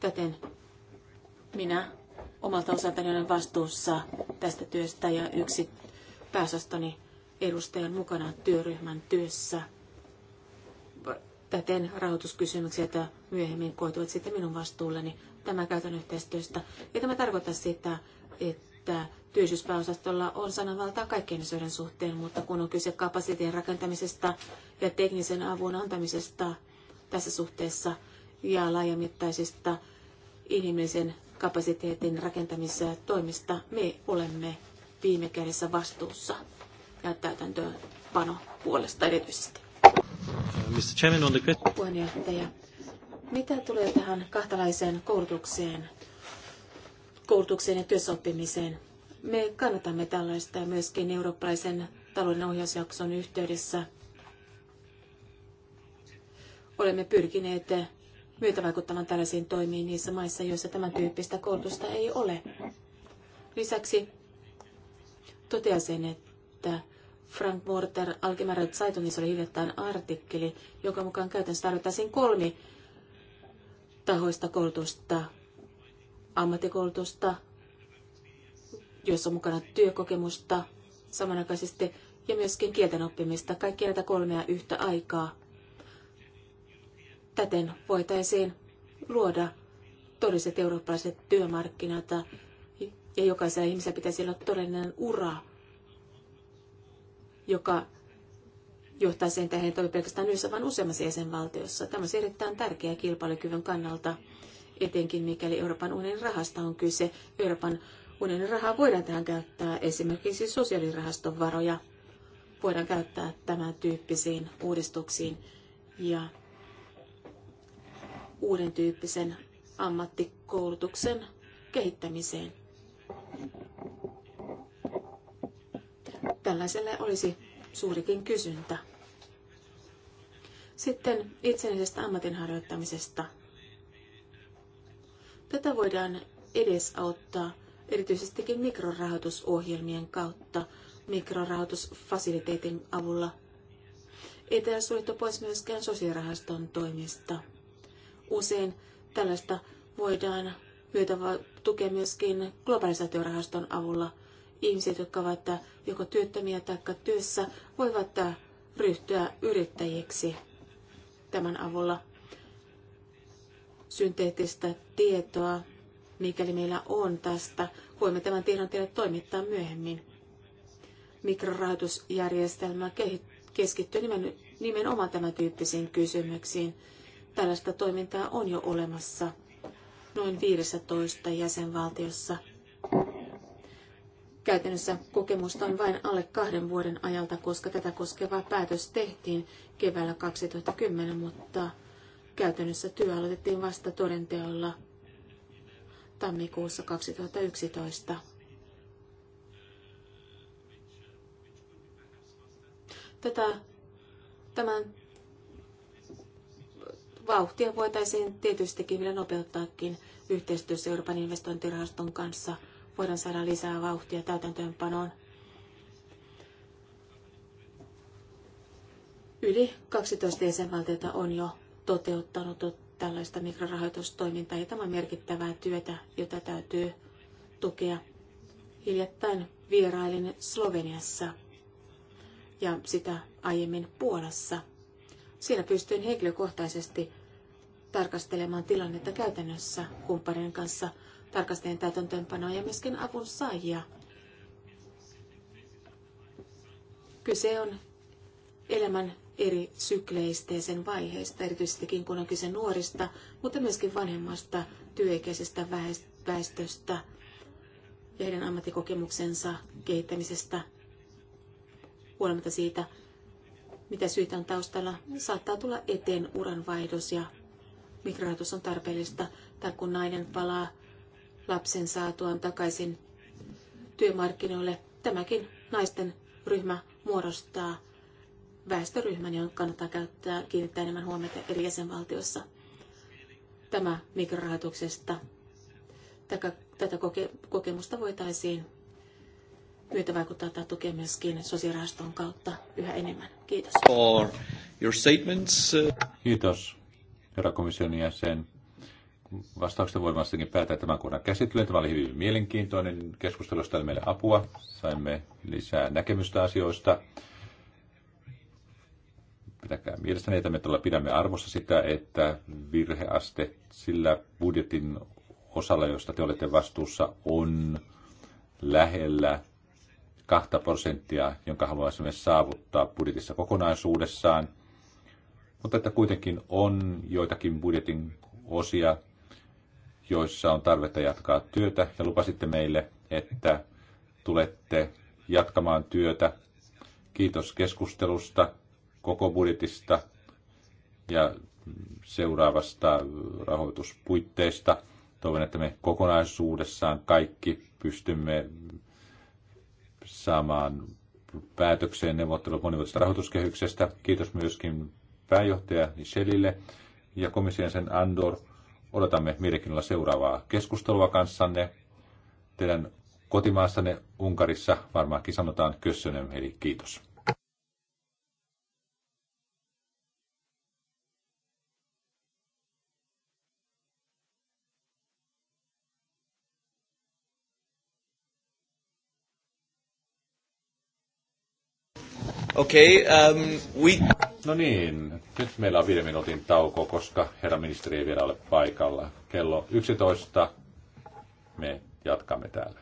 Täten minä omalta osaltani olen vastuussa tästä työstä ja yksi pääsastoni edustajan mukana työryhmän työssä – täten joita myöhemmin koituvat sitten minun vastuulleni tämä käytön yhteistyöstä. Ja tämä tarkoittaa sitä, että työllisyyspääosastolla on sananvaltaa kaikkien asioiden suhteen, mutta kun on kyse kapasiteetin rakentamisesta ja teknisen avun antamisesta tässä suhteessa ja laajamittaisista inhimillisen kapasiteetin rakentamisesta toimista, me olemme viime kädessä vastuussa ja täytäntöönpano puolesta erityisesti. Mr. Chairman, on the... Puheenjohtaja, mitä tulee tähän kahtalaiseen koulutukseen, koulutukseen ja työssäoppimiseen? Me kannatamme tällaista ja myöskin eurooppalaisen talouden ohjausjakson yhteydessä olemme pyrkineet myötävaikuttamaan tällaisiin toimiin niissä maissa, joissa tämän tyyppistä koulutusta ei ole. Lisäksi toteaisin, että Frank Morter Alkimäärät Zeitungissa oli hiljattain artikkeli, jonka mukaan käytännössä tarvittaisiin kolmi tahoista koulutusta, ammattikoulutusta, jossa on mukana työkokemusta samanaikaisesti ja myöskin kielten oppimista, kaikki näitä kolmea yhtä aikaa. Täten voitaisiin luoda todelliset eurooppalaiset työmarkkinat ja jokaisella ihmisellä pitäisi olla todellinen ura joka johtaa sen, että he toimivat pelkästään yhdessä, vaan useammassa jäsenvaltiossa. Tämä on erittäin tärkeää kilpailukyvyn kannalta, etenkin mikäli Euroopan unionin rahasta on kyse. Euroopan unionin rahaa voidaan tähän käyttää esimerkiksi sosiaalirahaston varoja. Voidaan käyttää tämän tyyppisiin uudistuksiin ja uuden tyyppisen ammattikoulutuksen kehittämiseen. Tällaiselle olisi suurikin kysyntä. Sitten itsenäisestä ammatinharjoittamisesta. Tätä voidaan edesauttaa erityisestikin mikrorahoitusohjelmien kautta, mikrorahoitusfasiliteetin avulla. Ei tämä suljettu pois myöskään sosiaalirahaston toimista. Usein tällaista voidaan myötä tukea myöskin globalisaatiorahaston avulla ihmiset, jotka ovat äh, joko työttömiä tai työssä, voivat äh, ryhtyä yrittäjiksi tämän avulla. Synteettistä tietoa, mikäli meillä on tästä, voimme tämän tiedon teille toimittaa myöhemmin. Mikrorahoitusjärjestelmä keskittyy nimenomaan tämän tyyppisiin kysymyksiin. Tällaista toimintaa on jo olemassa noin 15 jäsenvaltiossa – Käytännössä kokemusta on vain alle kahden vuoden ajalta, koska tätä koskeva päätös tehtiin keväällä 2010, mutta käytännössä työ aloitettiin vasta todenteolla tammikuussa 2011. Tätä, tämän vauhtia voitaisiin tietystikin vielä nopeuttaakin yhteistyössä Euroopan investointirahaston kanssa – voidaan saada lisää vauhtia täytäntöönpanoon. Yli 12 jäsenvaltiota on jo toteuttanut tällaista mikrorahoitustoimintaa ja tämä on merkittävää työtä, jota täytyy tukea. Hiljattain vierailin Sloveniassa ja sitä aiemmin Puolassa. Siinä pystyin henkilökohtaisesti tarkastelemaan tilannetta käytännössä kumppanin kanssa – tarkastajien täytäntöönpanoa ja myöskin avun saajia. Kyse on elämän eri sykleistä ja sen vaiheista, erityisestikin kun on kyse nuorista, mutta myöskin vanhemmasta työikäisestä väestöstä ja heidän ammattikokemuksensa kehittämisestä. Huolimatta siitä, mitä syitä on taustalla, saattaa tulla eteen uranvaihdos ja migratus on tarpeellista, tai kun nainen palaa lapsen saatuaan takaisin työmarkkinoille. Tämäkin naisten ryhmä muodostaa väestöryhmän, johon kannattaa käyttää, kiinnittää enemmän huomiota eri jäsenvaltioissa. Tämä mikrorahoituksesta. Tätä koke- kokemusta voitaisiin myötä vaikuttaa tai tukea myöskin sosiaalirahaston kautta yhä enemmän. Kiitos. For your statements. Uh, Kiitos, herra komission jäsen vastauksesta voimme sitten päätä tämän kohdan käsittelyyn. Tämä oli hyvin mielenkiintoinen keskustelu, josta oli meille apua. Saimme lisää näkemystä asioista. Pitäkää mielestäni, että me tällä pidämme arvossa sitä, että virheaste sillä budjetin osalla, josta te olette vastuussa, on lähellä 2 prosenttia, jonka haluaisimme saavuttaa budjetissa kokonaisuudessaan. Mutta että kuitenkin on joitakin budjetin osia, joissa on tarvetta jatkaa työtä ja lupasitte meille, että tulette jatkamaan työtä. Kiitos keskustelusta, koko budjetista ja seuraavasta rahoituspuitteista. Toivon, että me kokonaisuudessaan kaikki pystymme saamaan päätökseen neuvottelut monivuotisesta rahoituskehyksestä. Kiitos myöskin pääjohtaja Michelille ja komission sen Andor Odotamme mielenkiinnolla seuraavaa keskustelua kanssanne. Teidän kotimaassanne Unkarissa varmaankin sanotaan kössönen, eli kiitos. Okei, okay, um, ähm, we... No niin, nyt meillä on viiden minuutin tauko, koska herra ministeri ei vielä ole paikalla. Kello 11 me jatkamme täällä.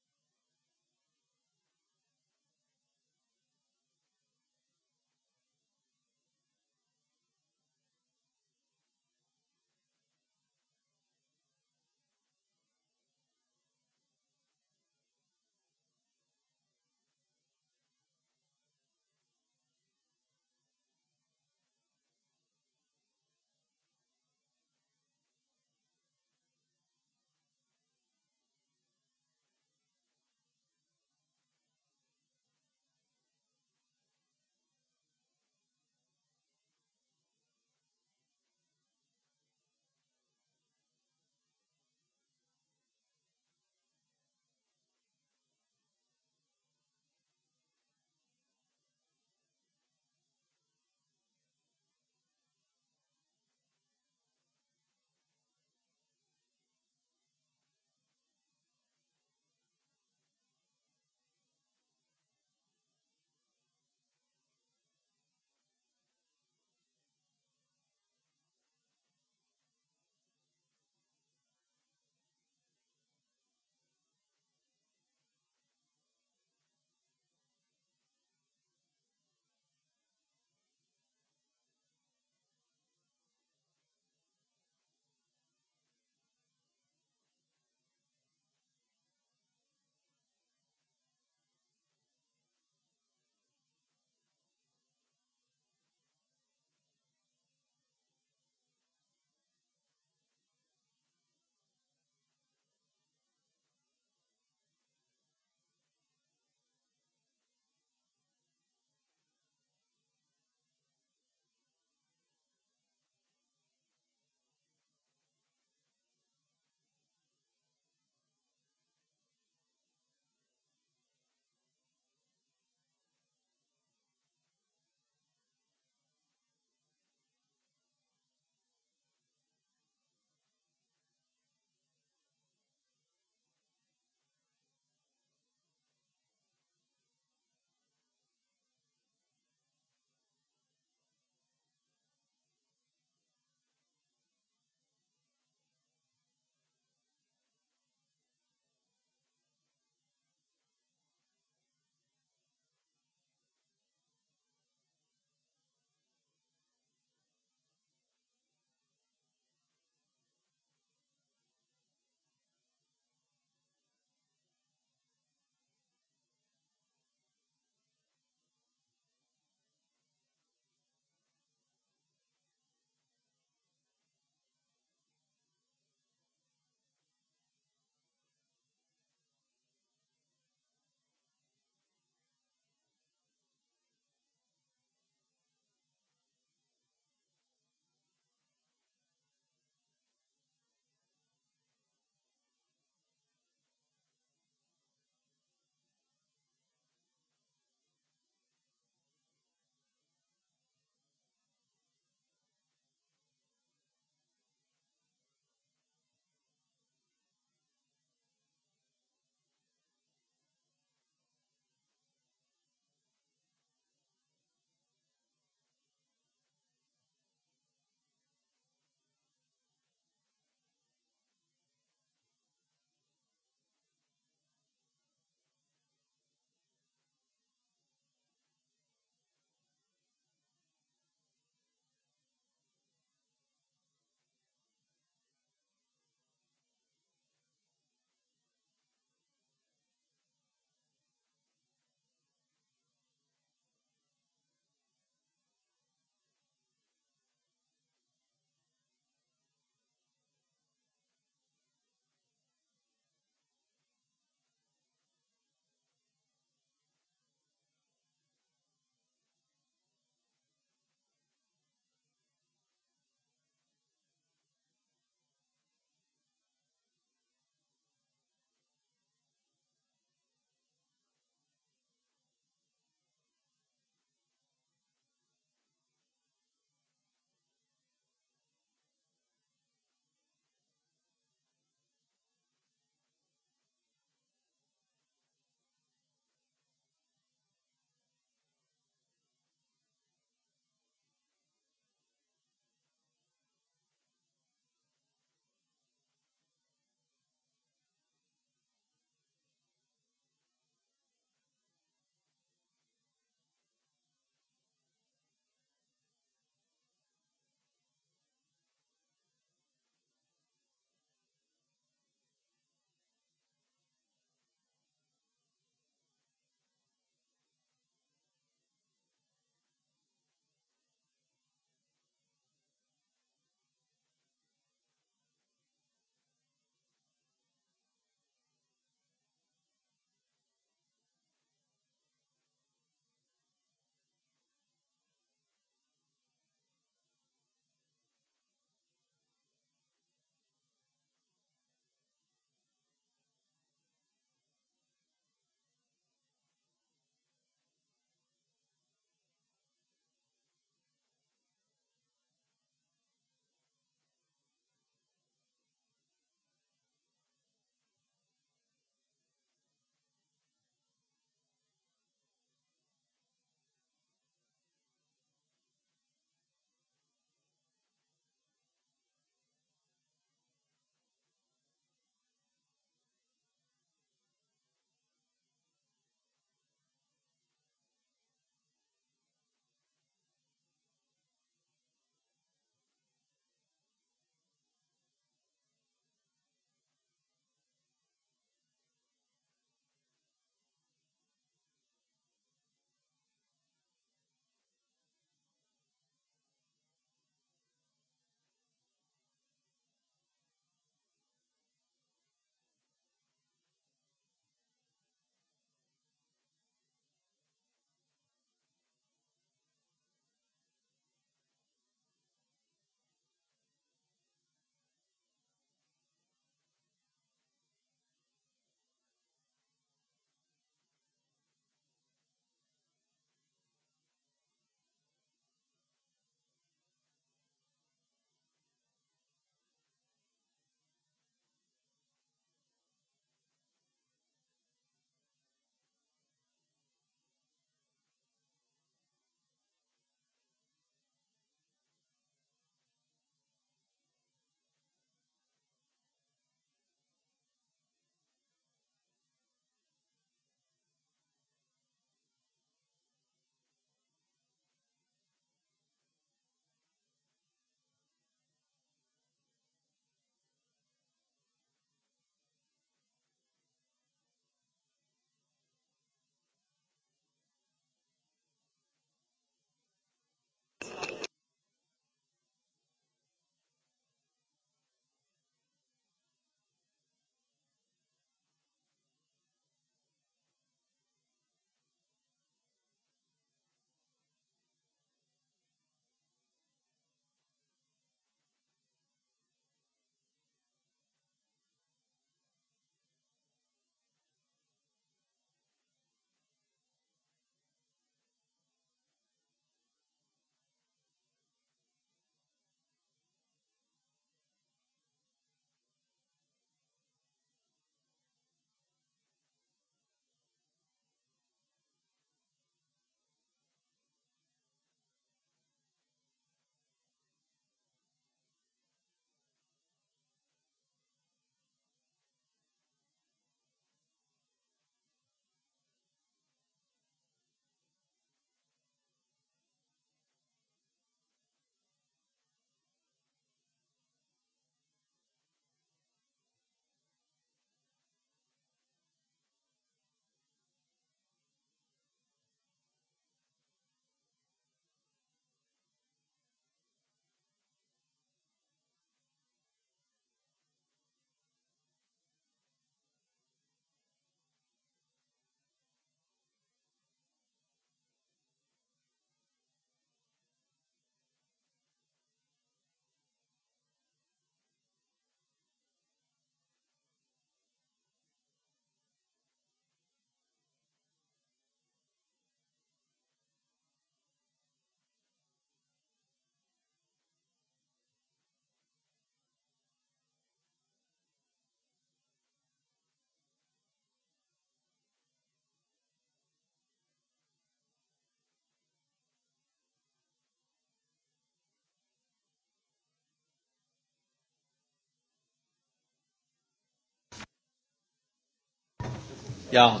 Ja.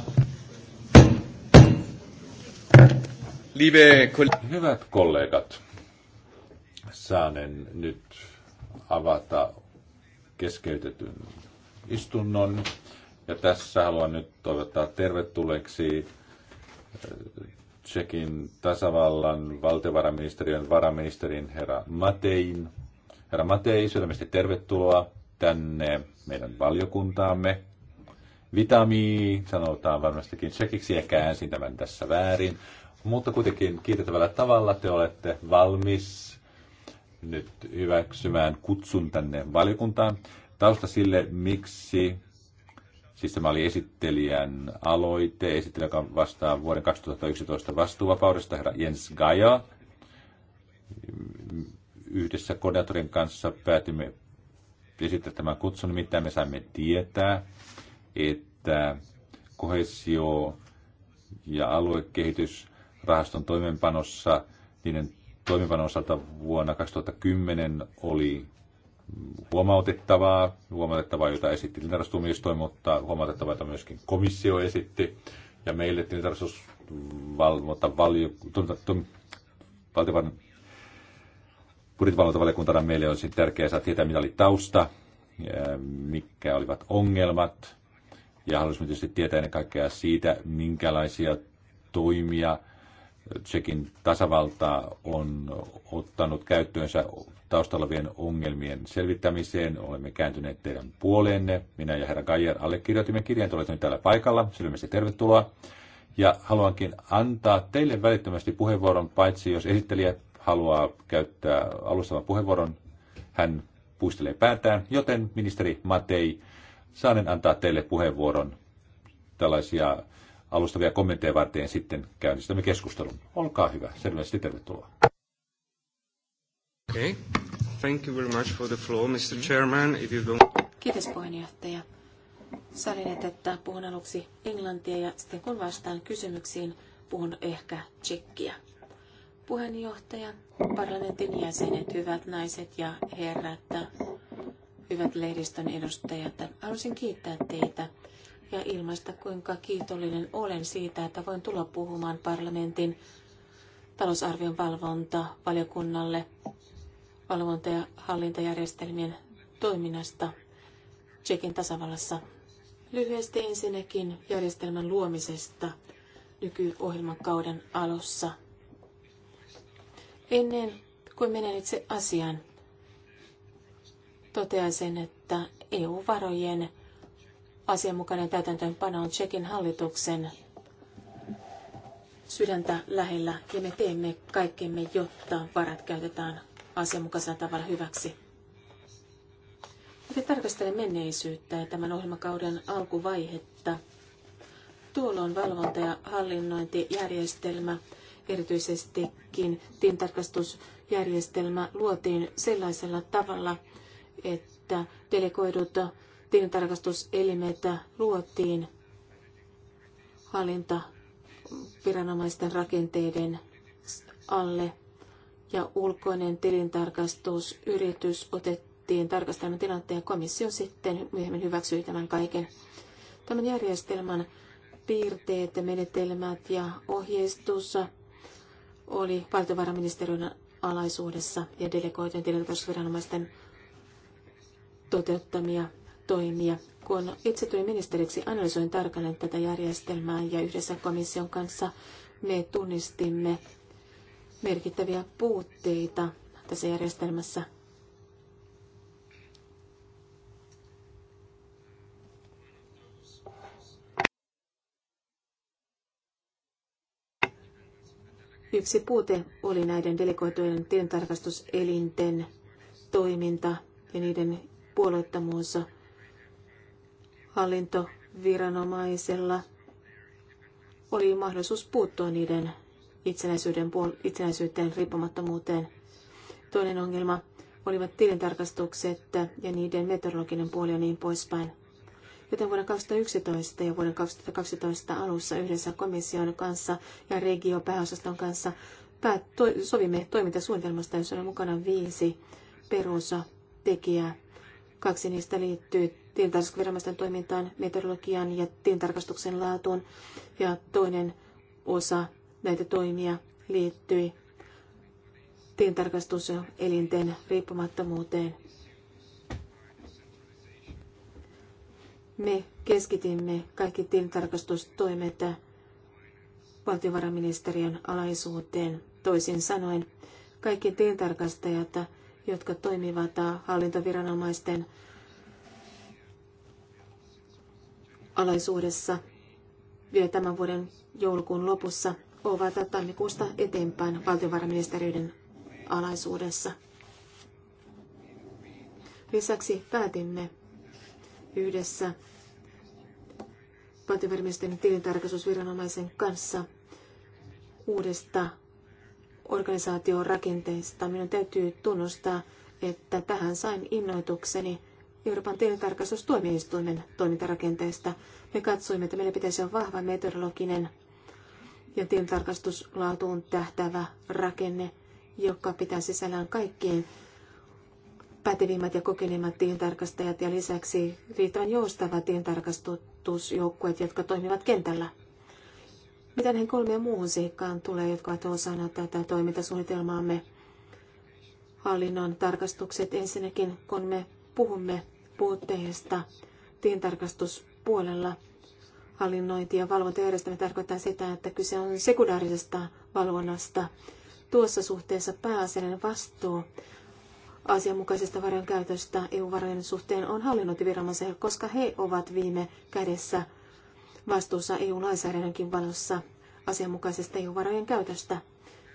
Hyvät kollegat, saanen nyt avata keskeytetyn istunnon. Ja tässä haluan nyt toivottaa tervetulleeksi äh, Tsekin tasavallan valtiovarainministeriön varaministerin herra Matein. Herra Matei, sydämesti tervetuloa tänne meidän valiokuntaamme. Vitami, sanotaan varmastikin tsekiksi, ehkä ensin tämän tässä väärin. Mutta kuitenkin kiitettävällä tavalla te olette valmis nyt hyväksymään kutsun tänne valiokuntaan. Tausta sille, miksi, siis tämä oli esittelijän aloite, esittelijä, joka vastaa vuoden 2011 vastuuvapaudesta, herra Jens Gaja. Yhdessä koordinaattorin kanssa päätimme esittää tämän kutsun, mitä me saimme tietää että kohesio- ja aluekehitysrahaston toimenpanossa, niiden toimenpanon osalta vuonna 2010 oli huomautettavaa, huomautettavaa, jota esitti tilintarkastustuomioistuin, mutta huomautettavaa, jota myöskin komissio esitti. Ja meille tilintarkastusvalvonta, valio, tuota, tuota, tuota, budjettivalvontavaliokuntana meille on tärkeää saada tietää, mitä oli tausta, mikä olivat ongelmat, ja haluaisimme tietysti tietää ennen kaikkea siitä, minkälaisia toimia Tsekin tasavalta on ottanut käyttöönsä taustalla olevien ongelmien selvittämiseen. Olemme kääntyneet teidän puoleenne. Minä ja herra Gajer allekirjoitimme kirjeen, te olette nyt täällä paikalla. Sydämessä tervetuloa. Ja haluankin antaa teille välittömästi puheenvuoron, paitsi jos esittelijä haluaa käyttää alustavan puheenvuoron, hän puistelee päätään. Joten ministeri Matei, saanen antaa teille puheenvuoron tällaisia alustavia kommentteja varten sitten käynnistämme keskustelun. Olkaa hyvä, selvästi tervetuloa. Okay. Thank you very much for the floor, Mr. Mm-hmm. Chairman. If you don't... Kiitos puheenjohtaja. Sallin, että puhun aluksi englantia ja sitten kun vastaan kysymyksiin, puhun ehkä tsekkiä. Puheenjohtaja, parlamentin jäsenet, hyvät naiset ja herrat, hyvät lehdistön edustajat. Haluaisin kiittää teitä ja ilmaista, kuinka kiitollinen olen siitä, että voin tulla puhumaan parlamentin talousarvion valvonta valiokunnalle valvonta- ja hallintajärjestelmien toiminnasta Tsekin tasavallassa. Lyhyesti ensinnäkin järjestelmän luomisesta nykyohjelmakauden alussa. Ennen kuin menen itse asiaan, toteaisin, että EU-varojen asianmukainen täytäntöönpano on Tsekin hallituksen sydäntä lähellä ja me teemme kaikkemme, jotta varat käytetään asianmukaisella tavalla hyväksi. Me tarkastelee menneisyyttä ja tämän ohjelmakauden alkuvaihetta? Tuolloin valvonta- ja hallinnointijärjestelmä, erityisestikin tilintarkastusjärjestelmä, luotiin sellaisella tavalla, että delegoidut tilintarkastuselimet luotiin hallintaviranomaisten rakenteiden alle ja ulkoinen tilintarkastusyritys otettiin tarkastelman tilanteen komissio sitten myöhemmin hyväksyi tämän kaiken. Tämän järjestelmän piirteet, menetelmät ja ohjeistus oli valtiovarainministeriön alaisuudessa ja delegoitujen tilintarkastusviranomaisten toteuttamia toimia. Kun itse tulin ministeriksi, analysoin tarkalleen tätä järjestelmää ja yhdessä komission kanssa me tunnistimme merkittäviä puutteita tässä järjestelmässä. Yksi puute oli näiden delegoitujen tilintarkastuselinten toiminta ja niiden puolueettomuus hallintoviranomaisella oli mahdollisuus puuttua niiden itsenäisyyden, puol- itsenäisyyteen, riippumattomuuteen. Toinen ongelma olivat tilintarkastukset ja niiden meteorologinen puoli ja niin poispäin. Joten vuoden 2011 ja vuoden 2012 alussa yhdessä komission kanssa ja regiopääosaston kanssa päät- to- sovimme toimintasuunnitelmasta, jossa oli mukana viisi perusa tekijää Kaksi niistä liittyy tilintarkastusviranomaisten toimintaan, meteorologian ja tilintarkastuksen laatuun. Ja toinen osa näitä toimia liittyi tilintarkastuselinten riippumattomuuteen. Me keskitimme kaikki tilintarkastustoimet valtiovarainministeriön alaisuuteen. Toisin sanoen, kaikki tilintarkastajat jotka toimivat äh, hallintoviranomaisten alaisuudessa vielä tämän vuoden joulukuun lopussa ovat tammikuusta eteenpäin valtiovarainministeriöiden alaisuudessa. Lisäksi päätimme yhdessä valtiovarainministeriön tilintarkastusviranomaisen kanssa uudesta organisaation rakenteista. Minun täytyy tunnustaa, että tähän sain innoitukseni Euroopan tilintarkastustuomioistuimen toimintarakenteesta. Me katsoimme, että meillä pitäisi olla vahva meteorologinen ja tilintarkastuslaatuun tähtävä rakenne, joka pitää sisällään kaikkien pätevimmät ja kokeneimmat tilintarkastajat ja lisäksi riittävän joustavat tilintarkastusjoukkueet, jotka toimivat kentällä. Mitä näihin kolmeen muuhun seikkaan tulee, jotka ovat osana tätä toimintasuunnitelmaamme? Hallinnon tarkastukset ensinnäkin, kun me puhumme puutteista tiintarkastuspuolella hallinnointi- ja valvontajärjestelmä tarkoittaa sitä, että kyse on sekundaarisesta valvonnasta. Tuossa suhteessa pääasiallinen vastuu asianmukaisesta varojen käytöstä EU-varojen suhteen on hallinnointiviranomaisille, koska he ovat viime kädessä vastuussa EU-lainsäädännönkin valossa asianmukaisesta EU-varojen käytöstä,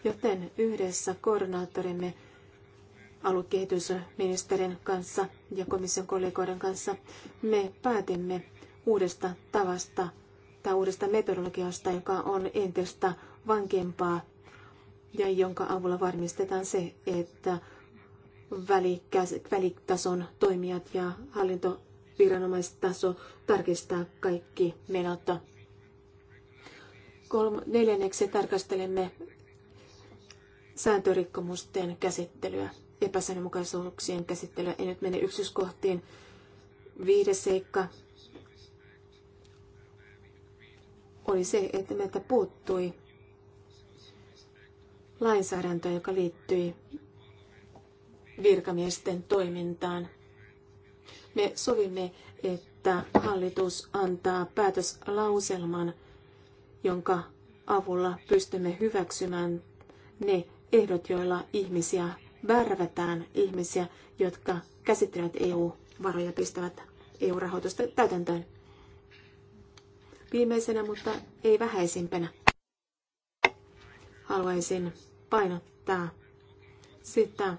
joten yhdessä koordinaattorimme aluekehitysministerin kanssa ja komission kollegoiden kanssa me päätimme uudesta tavasta tai uudesta metodologiasta, joka on entistä vankempaa ja jonka avulla varmistetaan se, että välitason toimijat ja hallinto viranomaistaso tarkistaa kaikki menot. neljänneksi tarkastelemme sääntörikkomusten käsittelyä, epäsäännönmukaisuuksien käsittelyä. En nyt mene yksityiskohtiin. Viides seikka oli se, että meiltä puuttui lainsäädäntö, joka liittyi virkamiesten toimintaan. Me sovimme, että hallitus antaa päätöslauselman, jonka avulla pystymme hyväksymään ne ehdot, joilla ihmisiä värvätään, ihmisiä, jotka käsittelevät EU-varoja, pistävät EU-rahoitusta täytäntöön. Viimeisenä, mutta ei vähäisimpänä, haluaisin painottaa sitä,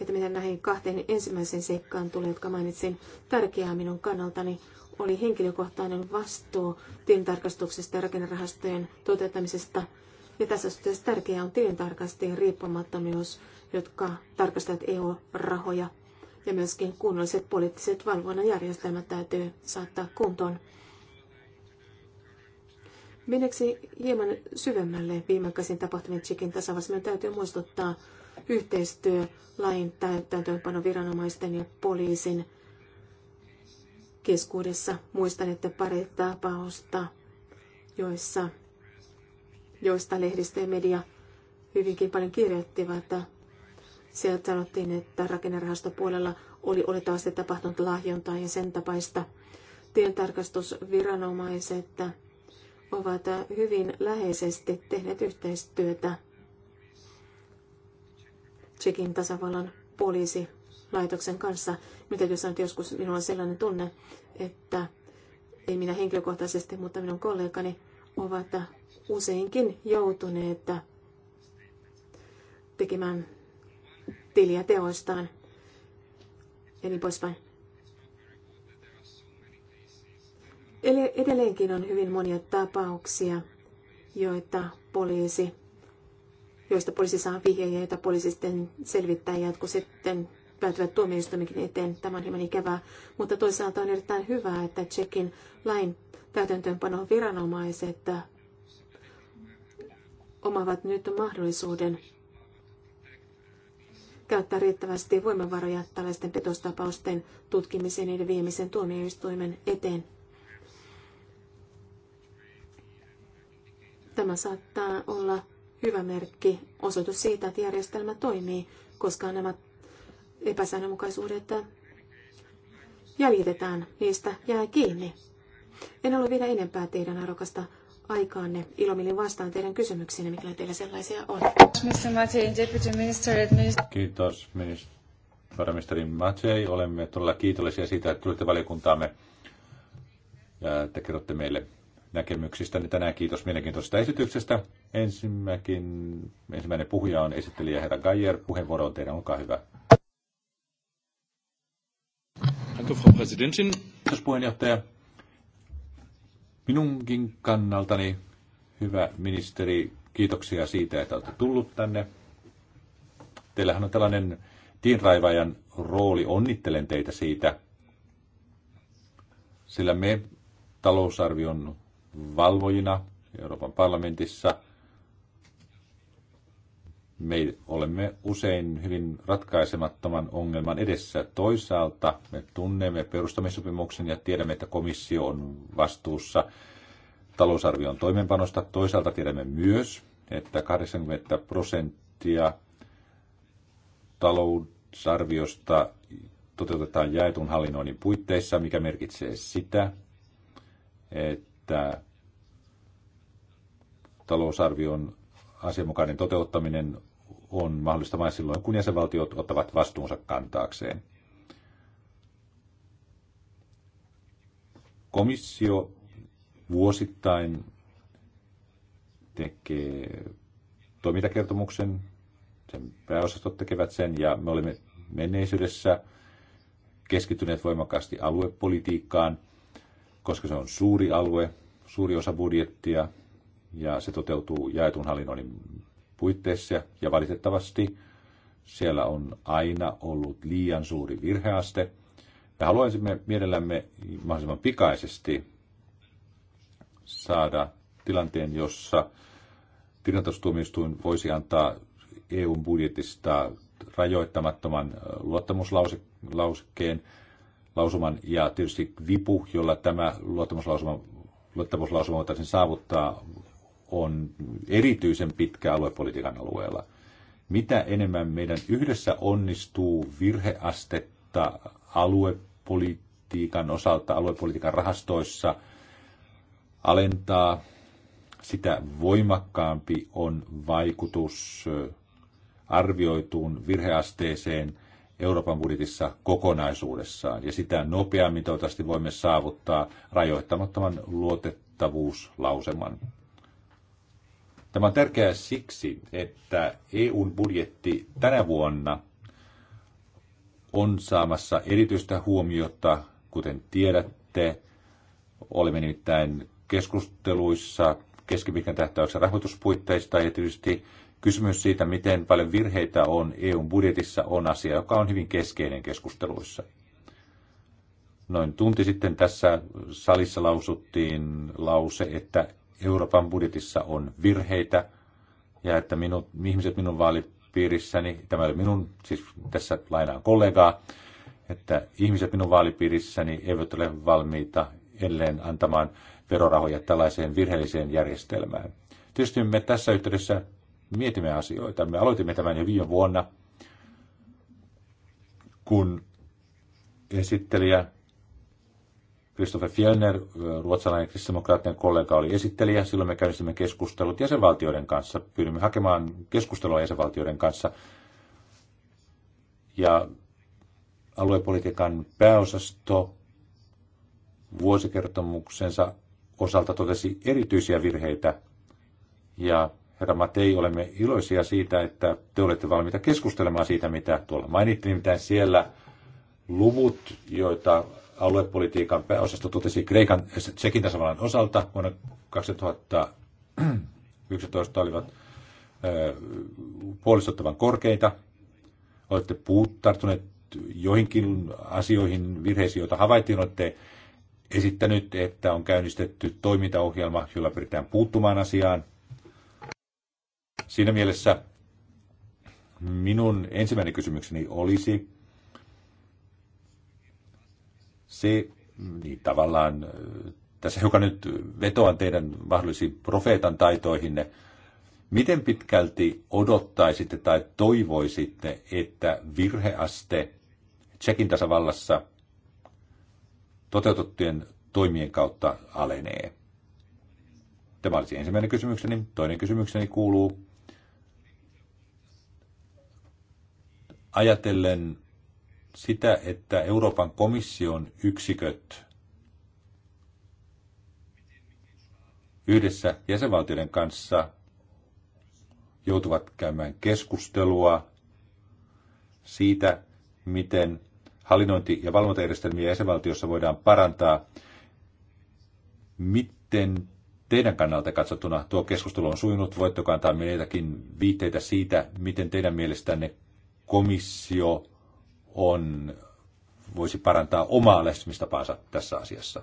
että miten näihin kahteen ensimmäiseen seikkaan tulee, jotka mainitsin. Tärkeää minun kannaltani oli henkilökohtainen vastuu tilintarkastuksesta ja rakennerahastojen toteuttamisesta. Ja tässä suhteessa tärkeää on tilintarkastajien riippumattomuus, jotka tarkastavat EU-rahoja. Ja myöskin kunnolliset poliittiset valvonnan järjestelmät täytyy saattaa kuntoon. Meneksi hieman syvemmälle viimeaikaisiin tapahtumien Tsekin tasavassa. Meidän täytyy muistuttaa yhteistyö lain täytäntöönpanoviranomaisten viranomaisten ja poliisin keskuudessa. Muistan, että pari tapausta, joissa, joista lehdistö ja media hyvinkin paljon kirjoittivat. Sieltä sanottiin, että rakennerahastopuolella oli oletavasti tapahtunut lahjontaa ja sen tapaista. Tilintarkastusviranomaiset ovat hyvin läheisesti tehneet yhteistyötä Tsekin tasavallan poliisilaitoksen kanssa. Mitä jos sanoa, joskus minulla on sellainen tunne, että ei minä henkilökohtaisesti, mutta minun kollegani ovat useinkin joutuneet tekemään tiliä teoistaan ja niin poispäin. Eli edelleenkin on hyvin monia tapauksia, joita poliisi joista poliisi saa vihjeen ja joita poliisi sitten selvittää ja jotka sitten päätyvät tuomioistuimikin eteen. Tämä on hieman ikävää, mutta toisaalta on erittäin hyvää, että Tsekin lain täytäntöönpano viranomaiset äh, omavat nyt mahdollisuuden käyttää riittävästi voimavaroja tällaisten petostapausten tutkimiseen niiden viimeisen tuomioistuimen eteen. Tämä saattaa olla hyvä merkki, osoitus siitä, että järjestelmä toimii, koska nämä epäsäännönmukaisuudet jäljitetään, niistä jää kiinni. En ole vielä enempää teidän arvokasta aikaanne. Ilomielin vastaan teidän kysymyksiinne, mikä teillä sellaisia on. Kiitos, ministeri. Varaministeri Matsei, olemme todella kiitollisia siitä, että tulitte valiokuntaamme ja että kerrotte meille näkemyksistäni niin tänään. Kiitos mielenkiintoisesta esityksestä. Ensimmäkin, ensimmäinen puhuja on esittelijä herra Gajer. Puheenvuoro on teidän, olkaa hyvä. Danke, Frau Präsidentin. Kiitos puheenjohtaja. Minunkin kannaltani, hyvä ministeri, kiitoksia siitä, että olette tullut tänne. Teillähän on tällainen tiinraivajan rooli. Onnittelen teitä siitä, sillä me talousarvion valvojina Euroopan parlamentissa me olemme usein hyvin ratkaisemattoman ongelman edessä. Toisaalta me tunnemme perustamissopimuksen ja tiedämme, että komissio on vastuussa talousarvion toimenpanosta. Toisaalta tiedämme myös, että 80 prosenttia talousarviosta toteutetaan jaetun hallinnoinnin puitteissa, mikä merkitsee sitä, että että talousarvion asianmukainen toteuttaminen on mahdollista vain silloin, kun jäsenvaltiot ottavat vastuunsa kantaakseen. Komissio vuosittain tekee toimintakertomuksen, sen pääosastot tekevät sen, ja me olemme menneisyydessä keskittyneet voimakkaasti aluepolitiikkaan – koska se on suuri alue, suuri osa budjettia ja se toteutuu jaetun hallinnoinnin puitteissa ja valitettavasti siellä on aina ollut liian suuri virheaste. Ja haluaisimme mielellämme mahdollisimman pikaisesti saada tilanteen, jossa tilintastuomioistuin voisi antaa EUn budjetista rajoittamattoman luottamuslausekkeen lausuman ja tietysti vipu, jolla tämä luottamuslausuma, luottamuslausuma voitaisiin saavuttaa, on erityisen pitkä aluepolitiikan alueella. Mitä enemmän meidän yhdessä onnistuu virheastetta aluepolitiikan osalta, aluepolitiikan rahastoissa alentaa, sitä voimakkaampi on vaikutus arvioituun virheasteeseen – Euroopan budjetissa kokonaisuudessaan, ja sitä nopeammin toivottavasti voimme saavuttaa rajoittamattoman luotettavuuslauseman. Tämä on tärkeää siksi, että EUn budjetti tänä vuonna on saamassa erityistä huomiota, kuten tiedätte. Olemme nimittäin keskusteluissa keskipitkän tähtäyksen rahoituspuitteista ja tietysti Kysymys siitä, miten paljon virheitä on EUn budjetissa, on asia, joka on hyvin keskeinen keskusteluissa. Noin tunti sitten tässä salissa lausuttiin lause, että Euroopan budjetissa on virheitä ja että minut, ihmiset minun vaalipiirissäni, tämä oli minun, siis tässä lainaan kollegaa, että ihmiset minun vaalipiirissäni eivät ole valmiita edelleen antamaan verorahoja tällaiseen virheelliseen järjestelmään. Tietysti me tässä yhteydessä mietimme asioita. Me aloitimme tämän jo viime vuonna, kun esittelijä Christopher Fjellner, ruotsalainen kristillisdemokraattinen kollega, oli esittelijä. Silloin me käynnistimme keskustelut jäsenvaltioiden kanssa. Pyydimme hakemaan keskustelua jäsenvaltioiden kanssa. Ja aluepolitiikan pääosasto vuosikertomuksensa osalta totesi erityisiä virheitä ja herra Matei, olemme iloisia siitä, että te olette valmiita keskustelemaan siitä, mitä tuolla mainittiin, mitä siellä luvut, joita aluepolitiikan pääosasto totesi Kreikan Tsekin tasavallan osalta vuonna 2011 olivat puolistuttavan korkeita. Olette puut, tarttuneet joihinkin asioihin, virheisiin, joita havaittiin, olette esittänyt, että on käynnistetty toimintaohjelma, jolla pyritään puuttumaan asiaan – Siinä mielessä minun ensimmäinen kysymykseni olisi se, niin tavallaan tässä joka nyt vetoan teidän mahdollisiin profeetan taitoihinne, miten pitkälti odottaisitte tai toivoisitte, että virheaste Tsekin tasavallassa toteutettujen toimien kautta alenee? Tämä olisi ensimmäinen kysymykseni. Toinen kysymykseni kuuluu, ajatellen sitä, että Euroopan komission yksiköt yhdessä jäsenvaltioiden kanssa joutuvat käymään keskustelua siitä, miten hallinnointi- ja valvontajärjestelmiä jäsenvaltiossa voidaan parantaa. Miten teidän kannalta katsottuna tuo keskustelu on sujunut? Voitteko antaa meille viitteitä siitä, miten teidän mielestänne komissio on, voisi parantaa omaa lähestymistapaansa tässä asiassa.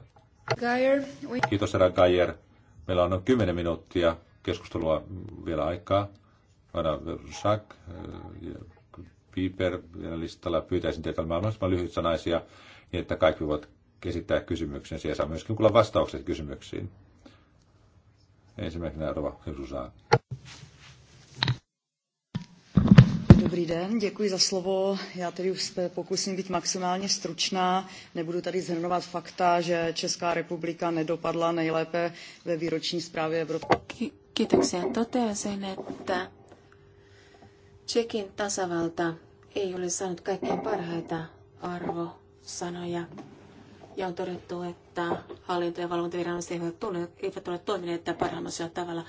Geyer, we... Kiitos, herra Geyer. Meillä on noin 10 minuuttia keskustelua vielä aikaa. Anna Sack, eh, Piper vielä listalla. Pyytäisin teitä olemaan mahdollisimman sanaisia, niin että kaikki voivat esittää kysymyksensä ja saa myöskin kuulla vastaukset kysymyksiin. Ensimmäisenä Rova Hesusaa. Dobrý den, děkuji za slovo. Já tedy už se pokusím být maximálně stručná. Nebudu tady zhrnovat fakta, že Česká republika nedopadla nejlépe ve výroční zprávě Evropy. kiitoksia. Totean sen, että Tsekin tasavalta ei ole saanut kaikkein parhaita arvosanoja. Ja on todettu, että hallinto- ja valvontaviranomaisia eivät ole toimineet parhaimmaisella tavalla.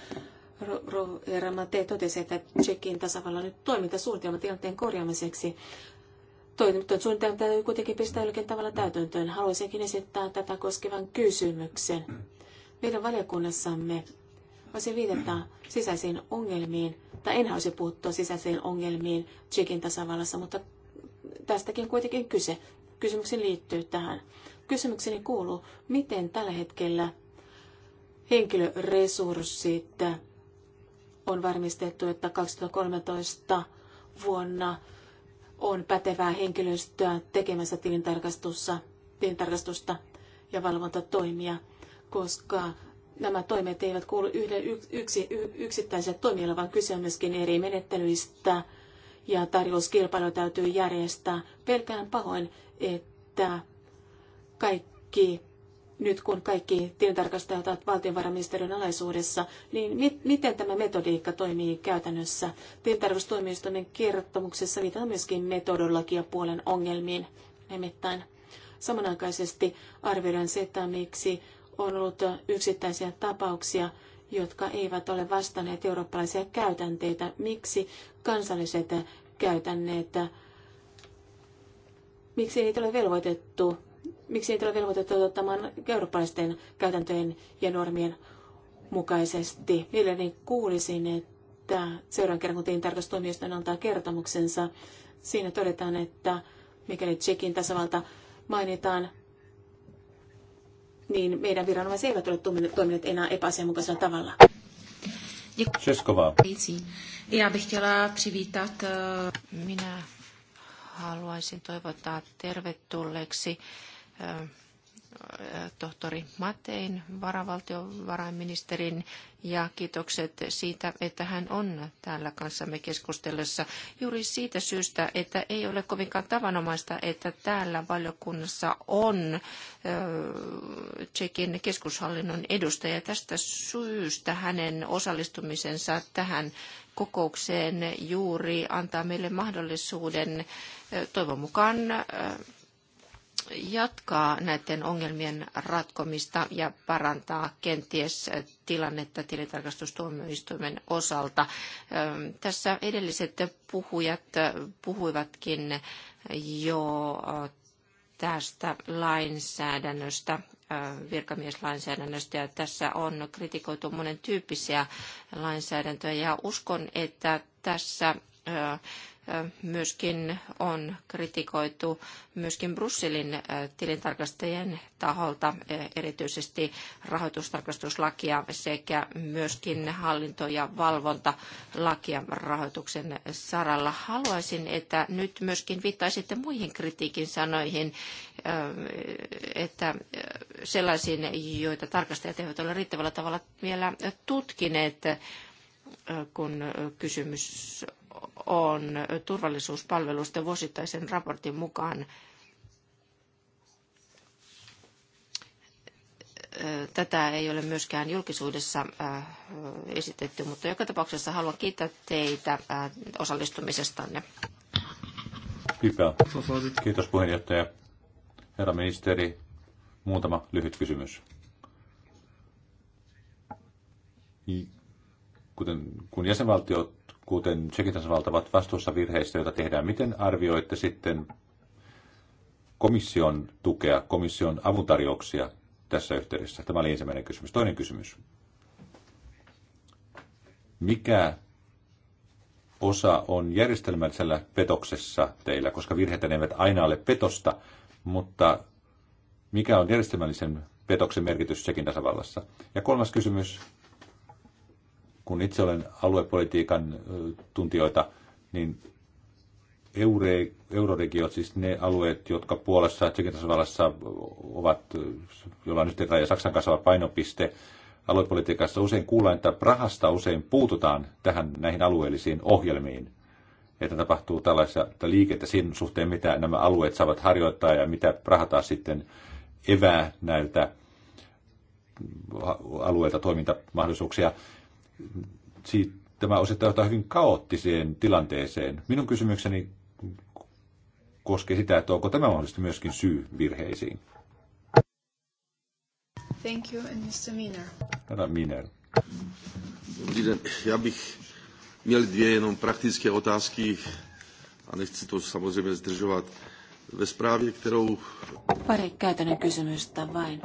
Ramate totesi, että Tsekin tasavalla nyt toimintasuunnitelma tilanteen korjaamiseksi. Toimintojen suunnitelma täytyy kuitenkin pistää jollakin tavalla täytäntöön. Haluaisinkin esittää tätä koskevan kysymyksen. Meidän valiokunnassamme voisin viitata sisäisiin ongelmiin, tai en haluaisi puuttua sisäisiin ongelmiin Tsekin tasavallassa, mutta tästäkin kuitenkin kyse. Kysymykseni liittyy tähän. Kysymykseni kuuluu, miten tällä hetkellä henkilöresurssit on varmistettu, että 2013 vuonna on pätevää henkilöstöä tekemässä tilintarkastusta, tilintarkastusta ja valvontatoimia, koska nämä toimet eivät kuulu yhden yksi, yksittäiselle toimijalle, vaan kyse on myöskin eri menettelyistä ja tarjouskilpailu täytyy järjestää. Pelkään pahoin, että kaikki nyt kun kaikki tilintarkastajat ovat valtionvarainministeriön alaisuudessa, niin miten tämä metodiikka toimii käytännössä? Tilintarkastustoimistoimen kertomuksessa viitataan myöskin metodologiapuolen ongelmiin nimittäin. Samanaikaisesti arvioidaan sitä, miksi on ollut yksittäisiä tapauksia, jotka eivät ole vastanneet eurooppalaisia käytänteitä. Miksi kansalliset käytänneet, miksi ei ole velvoitettu miksi ei ole velvoitettu ottamaan eurooppalaisten käytäntöjen ja normien mukaisesti. Mielelläni kuulisin, että seuraavan kerran, kun tarkastustoimijoista, antaa kertomuksensa, siinä todetaan, että mikäli Tsekin tasavalta mainitaan, niin meidän viranomaiset eivät ole toimineet enää epäasianmukaisella tavalla. Česková. Já chtěla přivítat... Eh, minä haluaisin toivottaa tervetulleeksi tohtori Matein, varavaltiovarainministerin, ja kiitokset siitä, että hän on täällä kanssamme keskustelussa juuri siitä syystä, että ei ole kovinkaan tavanomaista, että täällä valiokunnassa on Tsekin keskushallinnon edustaja. Tästä syystä hänen osallistumisensa tähän kokoukseen juuri antaa meille mahdollisuuden toivon mukaan jatkaa näiden ongelmien ratkomista ja parantaa kenties äh, tilannetta tilintarkastustuomioistuimen osalta. Ähm, tässä edelliset puhujat äh, puhuivatkin jo äh, tästä lainsäädännöstä, virkamieslainsäädännöstä, ja tässä on kritikoitu monen tyyppisiä lainsäädäntöjä, ja uskon, että tässä myöskin on kritikoitu myöskin Brysselin tilintarkastajien taholta, erityisesti rahoitustarkastuslakia sekä myöskin hallinto- ja valvontalakia rahoituksen saralla. Haluaisin, että nyt myöskin viittaisitte muihin kritiikin sanoihin, että sellaisiin, joita tarkastajat eivät ole riittävällä tavalla vielä tutkineet, kun kysymys on turvallisuuspalvelusten vuosittaisen raportin mukaan tätä ei ole myöskään julkisuudessa esitetty, mutta joka tapauksessa haluan kiittää teitä osallistumisestanne. Kiitos puheenjohtaja. Herra ministeri, muutama lyhyt kysymys. Kuten, kun jäsenvaltiot kuten Tsekin ovat vastuussa virheistä, joita tehdään. Miten arvioitte sitten komission tukea, komission avuntarjouksia tässä yhteydessä? Tämä oli ensimmäinen kysymys. Toinen kysymys. Mikä osa on järjestelmällisellä petoksessa teillä, koska virheet eivät aina ole petosta, mutta mikä on järjestelmällisen petoksen merkitys Tsekin tasavallassa? Ja kolmas kysymys, kun itse olen aluepolitiikan tuntijoita, niin eure, euroregiot, siis ne alueet, jotka Puolassa ja Tsekin tasavallassa ovat, joilla on yhteen ja Saksan kasvava painopiste, aluepolitiikassa usein kuullaan, että Prahasta usein puututaan tähän näihin alueellisiin ohjelmiin. Että tapahtuu tällaista liikettä siinä suhteen, mitä nämä alueet saavat harjoittaa ja mitä Praha taas sitten evää näiltä alueilta toimintamahdollisuuksia tämä osittaa jotain hyvin kaoottiseen tilanteeseen. Minun kysymykseni koskee sitä, että onko tämä mahdollisesti myöskin syy virheisiin. Thank you, and Mr. Miner. Herra Miner. Já bych měl dvě jenom praktické otázky a nechci to samozřejmě zdržovat. Ve zprávě, kterou... Pari käytännön kysymystä vain.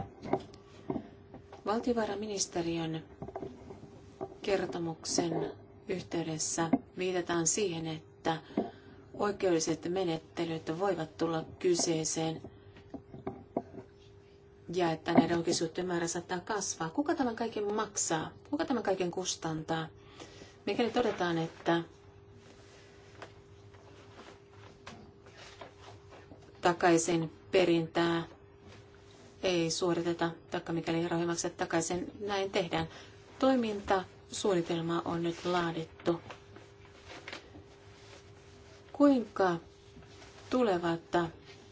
Valtiovarainministeriön kertomuksen yhteydessä viitataan siihen, että oikeudelliset menettelyt voivat tulla kyseeseen ja että näiden oikeusjuttujen määrä saattaa kasvaa. Kuka tämän kaiken maksaa? Kuka tämän kaiken kustantaa? Mikäli todetaan, että takaisin perintää ei suoriteta, taikka mikäli rahoja maksaa takaisin, näin tehdään. Toiminta Suunnitelma on nyt laadittu. Kuinka tulevat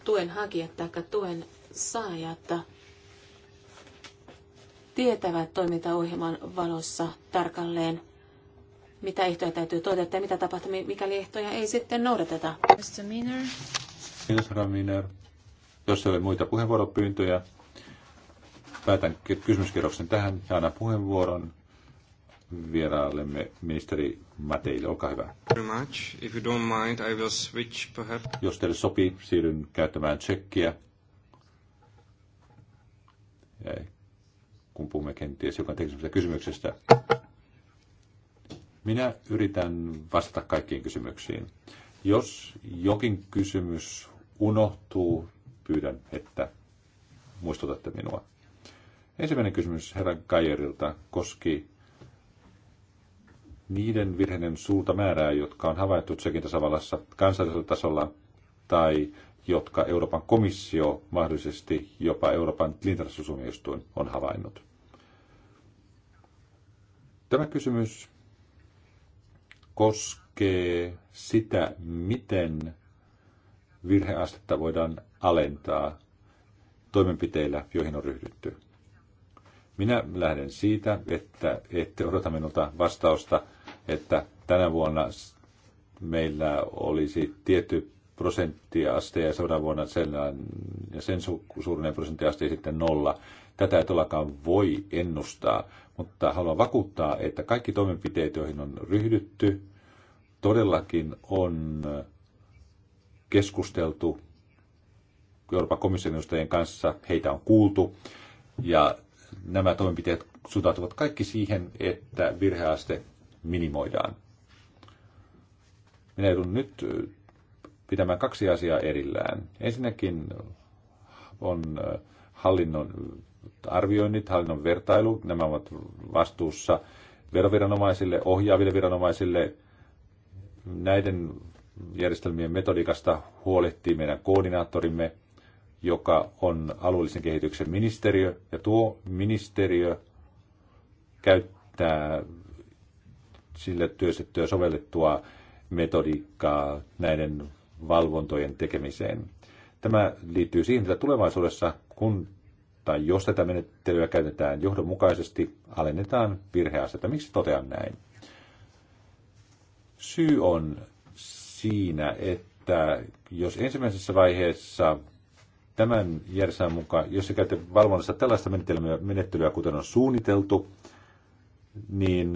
tuen hakijat tai tuen saajat tietävät toimintaohjelman valossa tarkalleen, mitä ehtoja täytyy toteuttaa ja mitä tapahtuu, mikäli ehtoja ei sitten noudateta. Mr. Miner. Kiitos, Raminer. Jos ei ole muita puheenvuoropyyntöjä, päätän kysymyskierroksen tähän ja annan puheenvuoron vieraallemme ministeri Mateille. Olkaa hyvä. If you don't mind, I will switch perhaps. Jos teille sopii, siirryn käyttämään tsekkiä. Kun puhumme kenties joka teknisestä kysymyksestä. Minä yritän vastata kaikkiin kysymyksiin. Jos jokin kysymys unohtuu, pyydän, että muistutatte minua. Ensimmäinen kysymys herra Kajerilta koski niiden virheiden suurta määrää, jotka on havaittu Tsekin tasavallassa kansallisella tasolla tai jotka Euroopan komissio, mahdollisesti jopa Euroopan tilintarkastusuomioistuin on havainnut. Tämä kysymys koskee sitä, miten virheastetta voidaan alentaa toimenpiteillä, joihin on ryhdytty. Minä lähden siitä, että ette odota minulta vastausta että tänä vuonna meillä olisi tietty prosenttiaste ja seuraavana vuonna sellainen, ja sen su- suurinen prosenttiaste ja sitten nolla. Tätä ei todellakaan voi ennustaa, mutta haluan vakuuttaa, että kaikki toimenpiteet, joihin on ryhdytty, todellakin on keskusteltu Euroopan komission edustajien kanssa, heitä on kuultu, ja nämä toimenpiteet suuntautuvat kaikki siihen, että virheaste minimoidaan. Minä joudun nyt pitämään kaksi asiaa erillään. Ensinnäkin on hallinnon arvioinnit, hallinnon vertailu. Nämä ovat vastuussa veroviranomaisille, ohjaaville viranomaisille. Näiden järjestelmien metodikasta huolehtii meidän koordinaattorimme, joka on alueellisen kehityksen ministeriö. Ja tuo ministeriö käyttää sille työstettyä sovellettua metodiikkaa näiden valvontojen tekemiseen. Tämä liittyy siihen, että tulevaisuudessa, kun tai jos tätä menettelyä käytetään johdonmukaisesti, alennetaan virheasetta. Miksi totean näin? Syy on siinä, että jos ensimmäisessä vaiheessa tämän järjestelmän mukaan, jos se käytetään valvonnassa tällaista menettelyä, menettelyä, kuten on suunniteltu, niin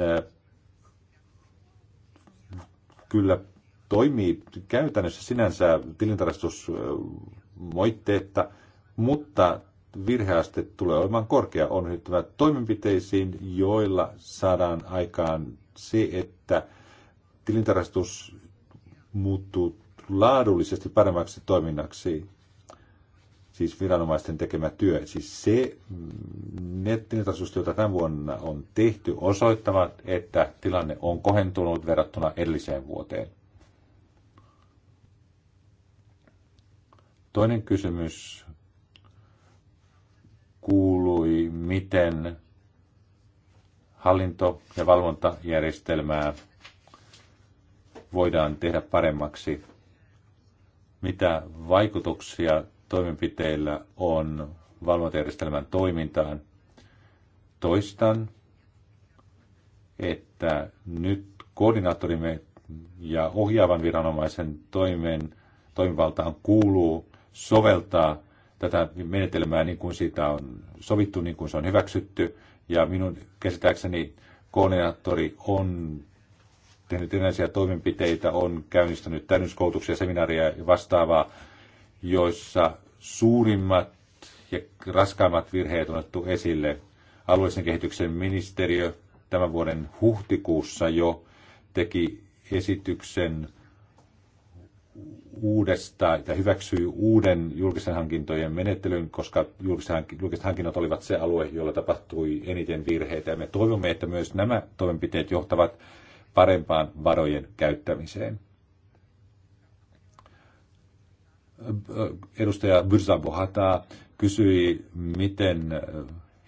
kyllä toimii käytännössä sinänsä tilintarkastus moitteetta, mutta virheaste tulee olemaan korkea. On hyvä toimenpiteisiin, joilla saadaan aikaan se, että tilintarastus muuttuu laadullisesti paremmaksi toiminnaksi siis viranomaisten tekemä työ. Siis se mm, nettinetasust, jota tämän vuonna on tehty, osoittavat, että tilanne on kohentunut verrattuna edelliseen vuoteen. Toinen kysymys kuului, miten hallinto- ja valvontajärjestelmää voidaan tehdä paremmaksi. Mitä vaikutuksia toimenpiteillä on valvontajärjestelmän toimintaan. Toistan, että nyt koordinaattorimme ja ohjaavan viranomaisen toimen, toimivaltaan kuuluu soveltaa tätä menetelmää niin kuin siitä on sovittu, niin kuin se on hyväksytty. Ja minun käsittääkseni koordinaattori on tehnyt erilaisia toimenpiteitä, on käynnistänyt täydennyskoulutuksia, seminaaria ja vastaavaa, joissa Suurimmat ja raskaimmat virheet on otettu esille. Alueellisen kehityksen ministeriö tämän vuoden huhtikuussa jo teki esityksen uudesta ja hyväksyi uuden julkisen hankintojen menettelyn, koska julkiset hankinnat olivat se alue, jolla tapahtui eniten virheitä. Ja me toivomme, että myös nämä toimenpiteet johtavat parempaan varojen käyttämiseen. edustaja Byrsa Bohata kysyi, miten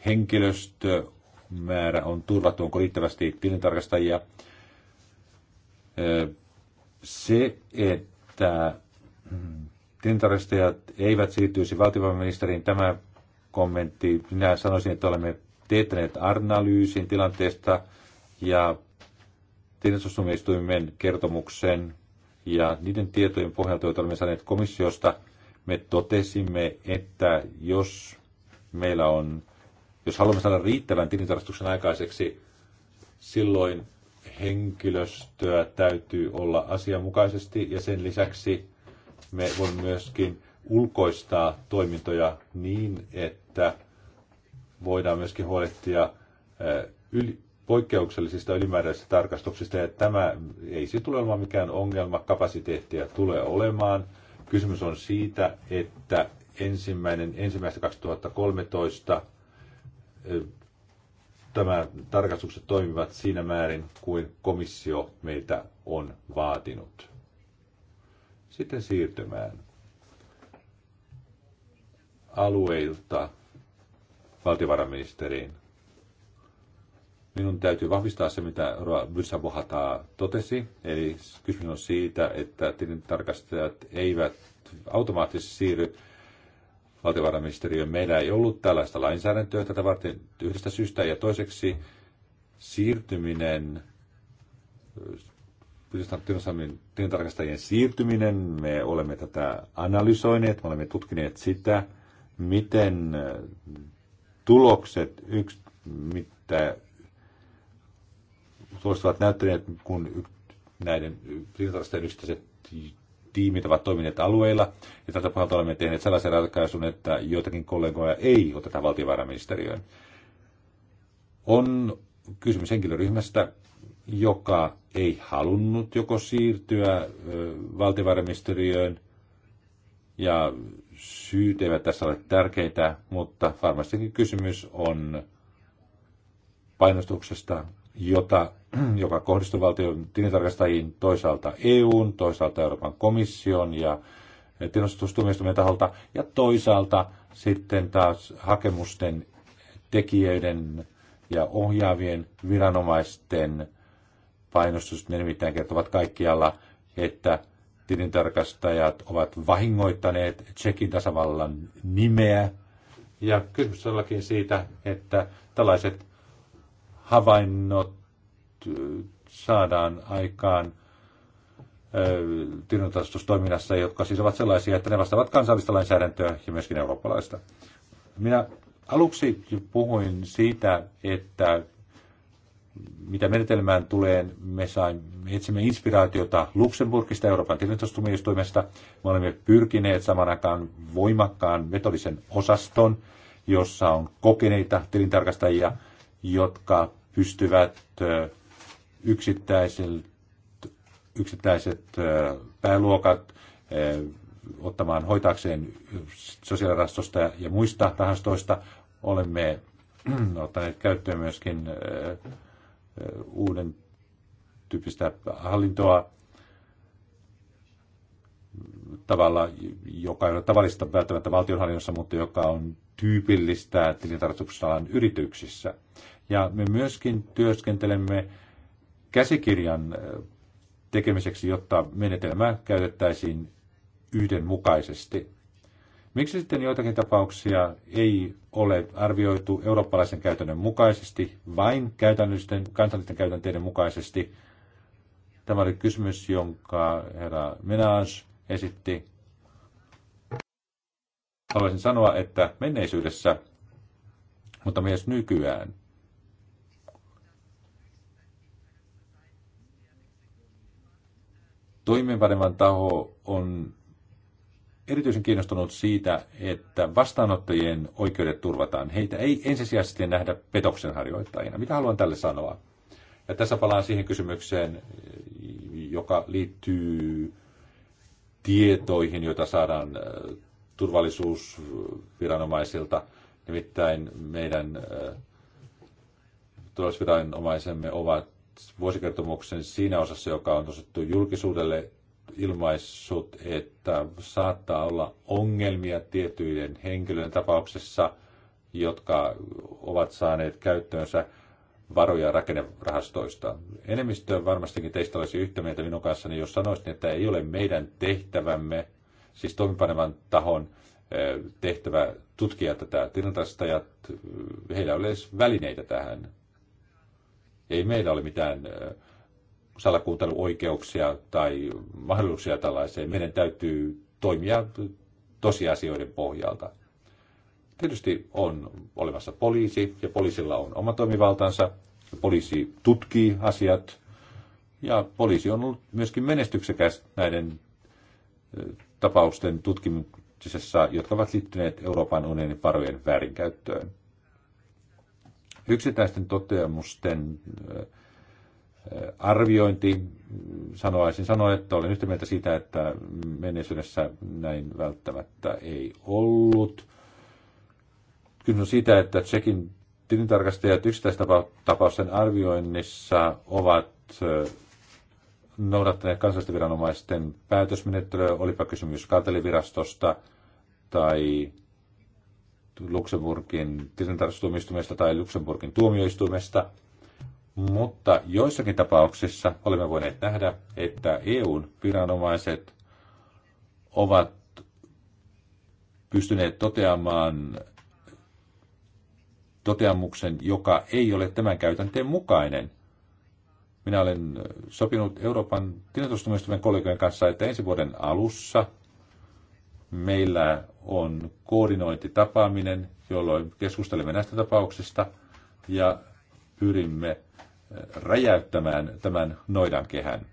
henkilöstömäärä on turvattu, onko riittävästi tilintarkastajia. Se, että mm, tilintarkastajat eivät siirtyisi valtiovarainministeriin, tämä kommentti, minä sanoisin, että olemme teettäneet analyysin tilanteesta ja tilintarkastustuomioistuimen kertomuksen ja niiden tietojen pohjalta, joita olemme saaneet komissiosta, me totesimme, että jos meillä on, jos haluamme saada riittävän tilintarkastuksen aikaiseksi, silloin henkilöstöä täytyy olla asianmukaisesti ja sen lisäksi me voimme myöskin ulkoistaa toimintoja niin, että voidaan myöskin huolehtia poikkeuksellisista ylimääräisistä tarkastuksista, ja tämä ei siis tule olemaan mikään ongelma, kapasiteettia tulee olemaan. Kysymys on siitä, että ensimmäinen, ensimmäistä 2013 tämä tarkastukset toimivat siinä määrin kuin komissio meitä on vaatinut. Sitten siirtymään alueilta valtiovarainministeriin Minun täytyy vahvistaa se, mitä Byssa Bohata totesi. Eli kysymys on siitä, että tilintarkastajat eivät automaattisesti siirry valtiovarainministeriöön. Meillä ei ollut tällaista lainsäädäntöä tätä varten yhdestä syystä. Ja toiseksi siirtyminen, tilintarkastajien siirtyminen, me olemme tätä analysoineet, me olemme tutkineet sitä, miten tulokset, yksi, mitä tulokset ovat näyttäneet, kun näiden tilintarkastajan ystäiset tiimit ovat toimineet alueilla. Ja tältä pohjalta olemme tehneet sellaisen ratkaisun, että joitakin kollegoja ei oteta valtiovarainministeriöön. On kysymys henkilöryhmästä, joka ei halunnut joko siirtyä valtiovarainministeriöön, ja syyt eivät tässä ole tärkeitä, mutta varmastikin kysymys on painostuksesta jota, [CLEARS THROAT] joka kohdistui valtion tilintarkastajiin toisaalta EUn, toisaalta Euroopan komission ja tilastustuomioistuimen taholta, ja toisaalta sitten taas hakemusten tekijöiden ja ohjaavien viranomaisten painostus, ne nimittäin kertovat kaikkialla, että tilintarkastajat ovat vahingoittaneet Tsekin tasavallan nimeä. Ja kysymys siitä, että tällaiset havainnot saadaan aikaan tilintarkastustoiminnassa, jotka siis ovat sellaisia, että ne vastaavat kansallista lainsäädäntöä ja myöskin eurooppalaista. Minä aluksi puhuin siitä, että mitä menetelmään tulee, me, sain, me etsimme inspiraatiota Luxemburgista, Euroopan tilintarkastustuomioistuimesta. Me olemme pyrkineet saman aikaan voimakkaan metodisen osaston, jossa on kokeneita tilintarkastajia, jotka pystyvät yksittäiset, yksittäiset pääluokat ottamaan hoitaakseen sosiaalirahastosta ja muista rahastoista. Olemme [CLEARS THROAT] ottaneet käyttöön myöskin uuden tyyppistä hallintoa tavalla, joka ei ole tavallista välttämättä valtionhallinnossa, mutta joka on tyypillistä tilintarkastusalan yrityksissä. Ja me myöskin työskentelemme käsikirjan äh, tekemiseksi, jotta menetelmää käytettäisiin yhdenmukaisesti. Miksi sitten joitakin tapauksia ei ole arvioitu eurooppalaisen käytännön mukaisesti, vain käytännöllisten, kansallisten käytänteiden mukaisesti? Tämä oli kysymys, jonka herra Menage esitti. Haluaisin sanoa, että menneisyydessä, mutta myös nykyään, Toimeenpanevan taho on erityisen kiinnostunut siitä, että vastaanottajien oikeudet turvataan. Heitä ei ensisijaisesti nähdä petoksen harjoittajina. Mitä haluan tälle sanoa? Ja tässä palaan siihen kysymykseen, joka liittyy tietoihin, joita saadaan äh, turvallisuusviranomaisilta. Nimittäin meidän äh, turvallisuusviranomaisemme ovat vuosikertomuksen siinä osassa, joka on osattu julkisuudelle ilmaissut, että saattaa olla ongelmia tietyiden henkilöiden tapauksessa, jotka ovat saaneet käyttöönsä varoja rakennerahastoista. Enemmistö varmastikin teistä olisi yhtä mieltä minun kanssani, jos sanoisin, että ei ole meidän tehtävämme, siis toimipanevan tahon tehtävä tutkia tätä ja heillä olisi välineitä tähän. Ei meillä ole mitään salakuunteluoikeuksia tai mahdollisuuksia tällaiseen. Meidän täytyy toimia tosiasioiden pohjalta. Tietysti on olemassa poliisi ja poliisilla on oma toimivaltansa. Poliisi tutkii asiat ja poliisi on ollut myöskin menestyksekäs näiden tapausten tutkimuksessa, jotka ovat liittyneet Euroopan unionin varojen väärinkäyttöön. Yksittäisten toteamusten äh, arviointi, mm, sanoisin sanoa, että olen yhtä mieltä siitä, että menneisyydessä näin välttämättä ei ollut. Kyllä on siitä, että Tsekin tilintarkastajat yksittäistapausten arvioinnissa ovat noudattaneet kansallisten viranomaisten päätösmenettelyä, olipa kysymys kartelivirastosta tai Luxemburgin tilintarkastustuomioistuimesta tai Luxemburgin tuomioistuimesta, mutta joissakin tapauksissa olemme voineet nähdä, että EUn viranomaiset ovat pystyneet toteamaan toteamuksen, joka ei ole tämän käytänteen mukainen. Minä olen sopinut Euroopan tilintarkastustuomioistuimen kollegojen kanssa, että ensi vuoden alussa – Meillä on koordinointitapaaminen, jolloin keskustelemme näistä tapauksista ja pyrimme eh, räjäyttämään tämän noidan kehän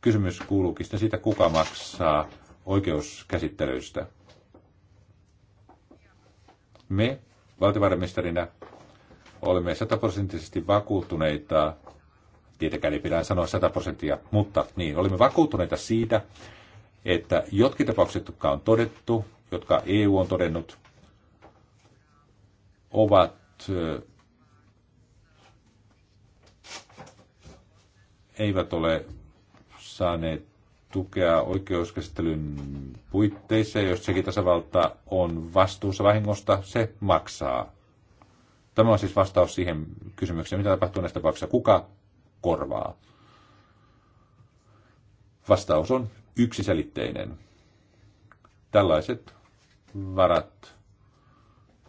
Kysymys kuuluukin sitten siitä, kuka maksaa oikeuskäsittelyistä. Me valtiovarainministerinä olemme sataprosenttisesti vakuuttuneita, tietenkään ei pidä sanoa sata prosenttia, mutta niin, olemme vakuuttuneita siitä, että jotkin tapaukset, jotka on todettu, jotka EU on todennut, ovat eivät ole saaneet tukea oikeuskäsittelyn puitteissa, jos sekin tasavalta on vastuussa vahingosta, se maksaa. Tämä on siis vastaus siihen kysymykseen, mitä tapahtuu näissä tapauksissa, kuka korvaa. Vastaus on yksiselitteinen. Tällaiset varat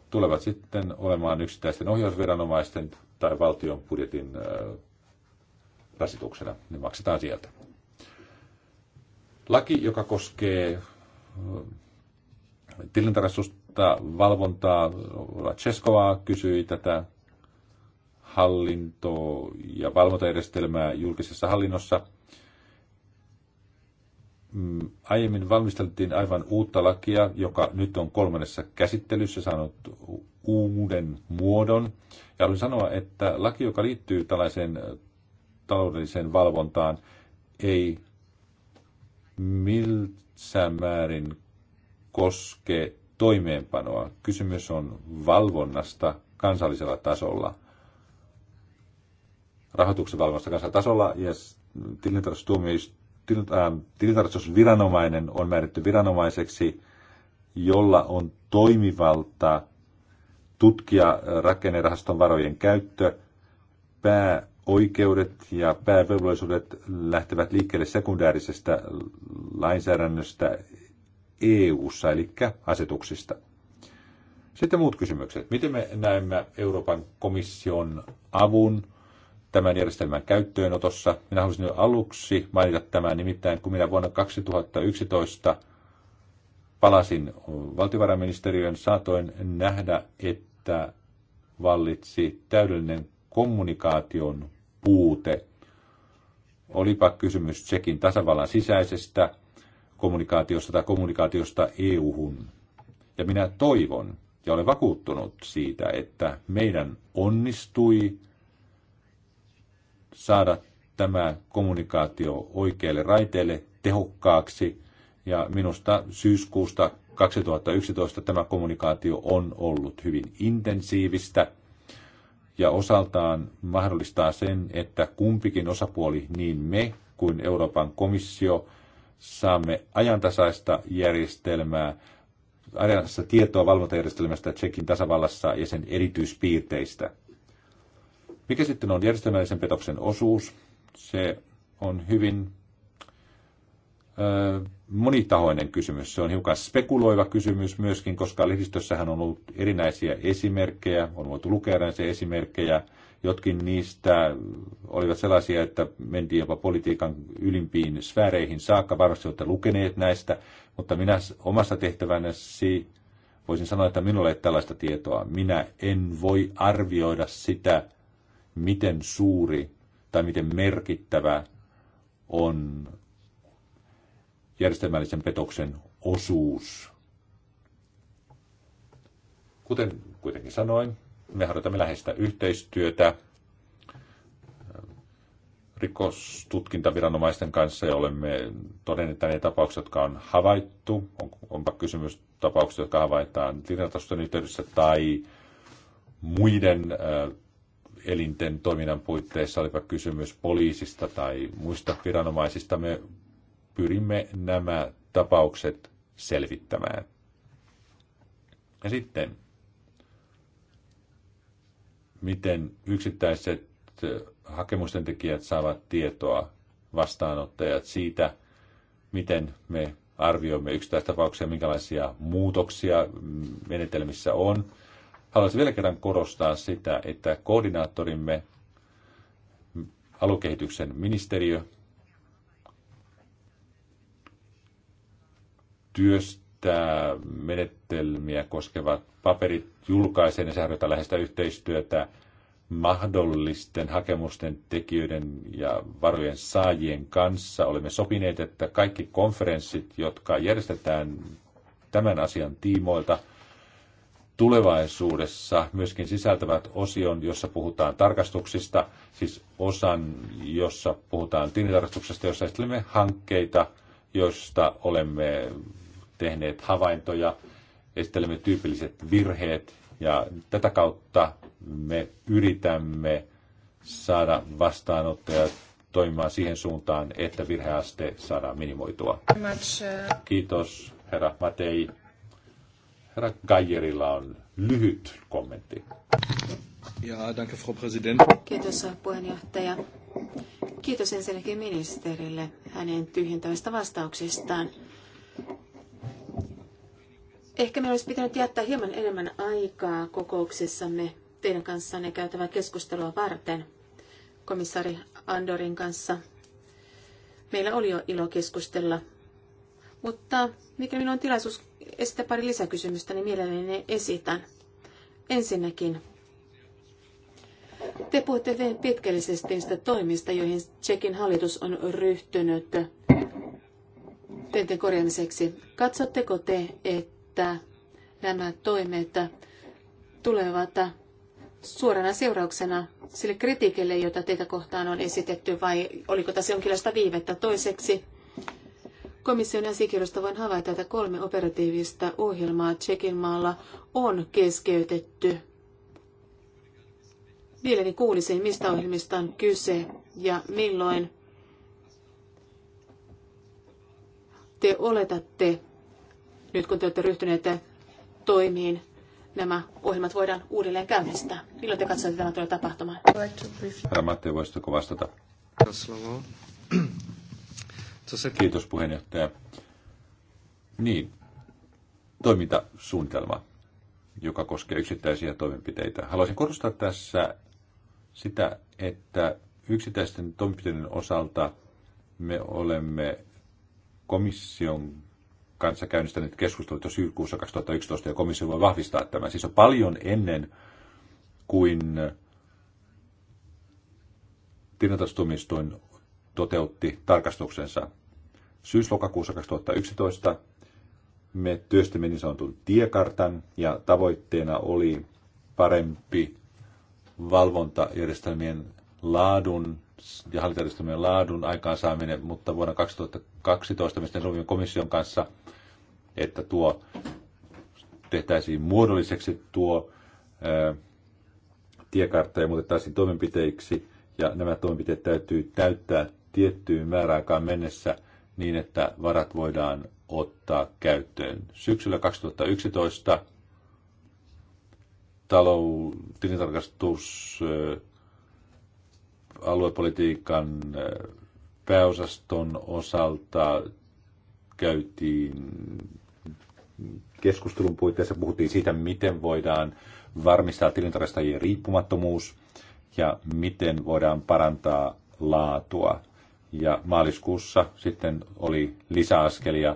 tulevat sitten olemaan yksittäisten ohjausviranomaisten tai valtion budjetin rasituksena. Ne maksetaan sieltä. Laki, joka koskee tilintarastusta valvontaa, Cheskovaa kysyi tätä hallinto- ja valvontajärjestelmää julkisessa hallinnossa – Mm, aiemmin valmisteltiin aivan uutta lakia, joka nyt on kolmannessa käsittelyssä saanut uuden muodon. Ja haluan sanoa, että laki, joka liittyy tällaiseen äh, taloudelliseen valvontaan, ei miltä määrin koske toimeenpanoa. Kysymys on valvonnasta kansallisella tasolla, rahoituksen valvonnasta kansallisella tasolla ja tilintarkastustuomioistuin Äh, tilintarkastusviranomainen on määritty viranomaiseksi, jolla on toimivalta tutkia äh, rakennerahaston varojen käyttö, pääoikeudet ja päävelvollisuudet lähtevät liikkeelle sekundäärisestä lainsäädännöstä EU-ssa, eli asetuksista. Sitten muut kysymykset. Miten me näemme Euroopan komission avun tämän järjestelmän käyttöönotossa. Minä haluaisin jo aluksi mainita tämän, nimittäin kun minä vuonna 2011 palasin valtiovarainministeriön, saatoin nähdä, että vallitsi täydellinen kommunikaation puute. Olipa kysymys Tsekin tasavallan sisäisestä kommunikaatiosta tai kommunikaatiosta EU-hun. Ja minä toivon ja olen vakuuttunut siitä, että meidän onnistui saada tämä kommunikaatio oikeille raiteille tehokkaaksi. Ja minusta syyskuusta 2011 tämä kommunikaatio on ollut hyvin intensiivistä ja osaltaan mahdollistaa sen, että kumpikin osapuoli, niin me kuin Euroopan komissio, saamme ajantasaista järjestelmää, ajantasaista tietoa valvontajärjestelmästä Tsekin tasavallassa ja sen erityispiirteistä. Mikä sitten on järjestelmällisen petoksen osuus? Se on hyvin ö, monitahoinen kysymys. Se on hiukan spekuloiva kysymys myöskin, koska lehdistössähän on ollut erinäisiä esimerkkejä, on voitu lukea erinäisiä esimerkkejä. Jotkin niistä olivat sellaisia, että mentiin jopa politiikan ylimpiin sfääreihin saakka. Varmasti olette lukeneet näistä, mutta minä omassa tehtävänäsi voisin sanoa, että minulla ei tällaista tietoa. Minä en voi arvioida sitä, miten suuri tai miten merkittävä on järjestelmällisen petoksen osuus. Kuten kuitenkin sanoin, me harjoitamme läheistä yhteistyötä rikostutkintaviranomaisten kanssa ja olemme todenneet ne tapaukset, jotka on havaittu. On, onpa kysymys tapauksista, jotka havaitaan linjatasojen yhteydessä tai muiden äh, elinten toiminnan puitteissa, olipa kysymys poliisista tai muista viranomaisista, me pyrimme nämä tapaukset selvittämään. Ja sitten, miten yksittäiset hakemusten tekijät saavat tietoa vastaanottajat siitä, miten me arvioimme yksittäistapauksia, minkälaisia muutoksia mm, menetelmissä on – Haluaisin vielä kerran korostaa sitä, että koordinaattorimme, alukehityksen ministeriö, työstää menettelmiä koskevat paperit julkaisee ja se harjoittaa läheistä yhteistyötä mahdollisten hakemusten tekijöiden ja varojen saajien kanssa. Olemme sopineet, että kaikki konferenssit, jotka järjestetään tämän asian tiimoilta – tulevaisuudessa myöskin sisältävät osion, jossa puhutaan tarkastuksista, siis osan, jossa puhutaan tilintarkastuksesta, jossa esittelemme hankkeita, joista olemme tehneet havaintoja, esittelemme tyypilliset virheet ja tätä kautta me yritämme saada vastaanottajat toimimaan siihen suuntaan, että virheaste saadaan minimoitua. Uh, Kiitos, herra Matei. Herra Gajerilla on lyhyt kommentti. Ja, danke, Frau President. Kiitos puheenjohtaja. Kiitos ensinnäkin ministerille hänen tyhjentävistä vastauksistaan. Ehkä meillä olisi pitänyt jättää hieman enemmän aikaa kokouksessamme teidän kanssanne käytävää keskustelua varten komissaari Andorin kanssa. Meillä oli jo ilo keskustella, mutta mikä minulla on tilaisuus esittää pari lisäkysymystä, niin mielelläni ne esitän. Ensinnäkin, te puhutte hyvin pitkällisesti niistä toimista, joihin Tsekin hallitus on ryhtynyt tenten korjaamiseksi. Katsotteko te, että nämä toimet tulevat suorana seurauksena sille kritiikille, jota teitä kohtaan on esitetty, vai oliko tässä jonkinlaista viivettä? Toiseksi, Komission asiakirjoista voin havaita, että kolme operatiivista ohjelmaa Tsekin maalla on keskeytetty. Mielelläni kuulisin, mistä ohjelmista on kyse ja milloin te oletatte, nyt kun te olette ryhtyneet toimiin, nämä ohjelmat voidaan uudelleen käynnistää. Milloin te katsotte, tämän tämä tulee tapahtumaan? Matti, voisitko vastata? Kiitos puheenjohtaja. Niin, toimintasuunnitelma, joka koskee yksittäisiä toimenpiteitä. Haluaisin korostaa tässä sitä, että yksittäisten toimenpiteiden osalta me olemme komission kanssa käynnistäneet keskustelut jo syyskuussa 2011 ja komissio voi vahvistaa tämän. Siis on paljon ennen kuin tilintarkastustuomioistuin toteutti tarkastuksensa. Syyslokakuussa 2011 me työstimme niin sanotun tiekartan ja tavoitteena oli parempi valvontajärjestelmien laadun ja hallintajärjestelmien laadun aikaansaaminen, mutta vuonna 2012 me sitten sovimme komission kanssa, että tuo tehtäisiin muodolliseksi tuo ää, tiekartta ja muutettaisiin toimenpiteiksi, ja nämä toimenpiteet täytyy täyttää tiettyyn määräaikaan mennessä niin, että varat voidaan ottaa käyttöön. Syksyllä 2011 talou, tilintarkastus, aluepolitiikan pääosaston osalta käytiin keskustelun puitteissa, puhuttiin siitä, miten voidaan varmistaa tilintarkastajien riippumattomuus ja miten voidaan parantaa laatua ja maaliskuussa sitten oli lisäaskelia.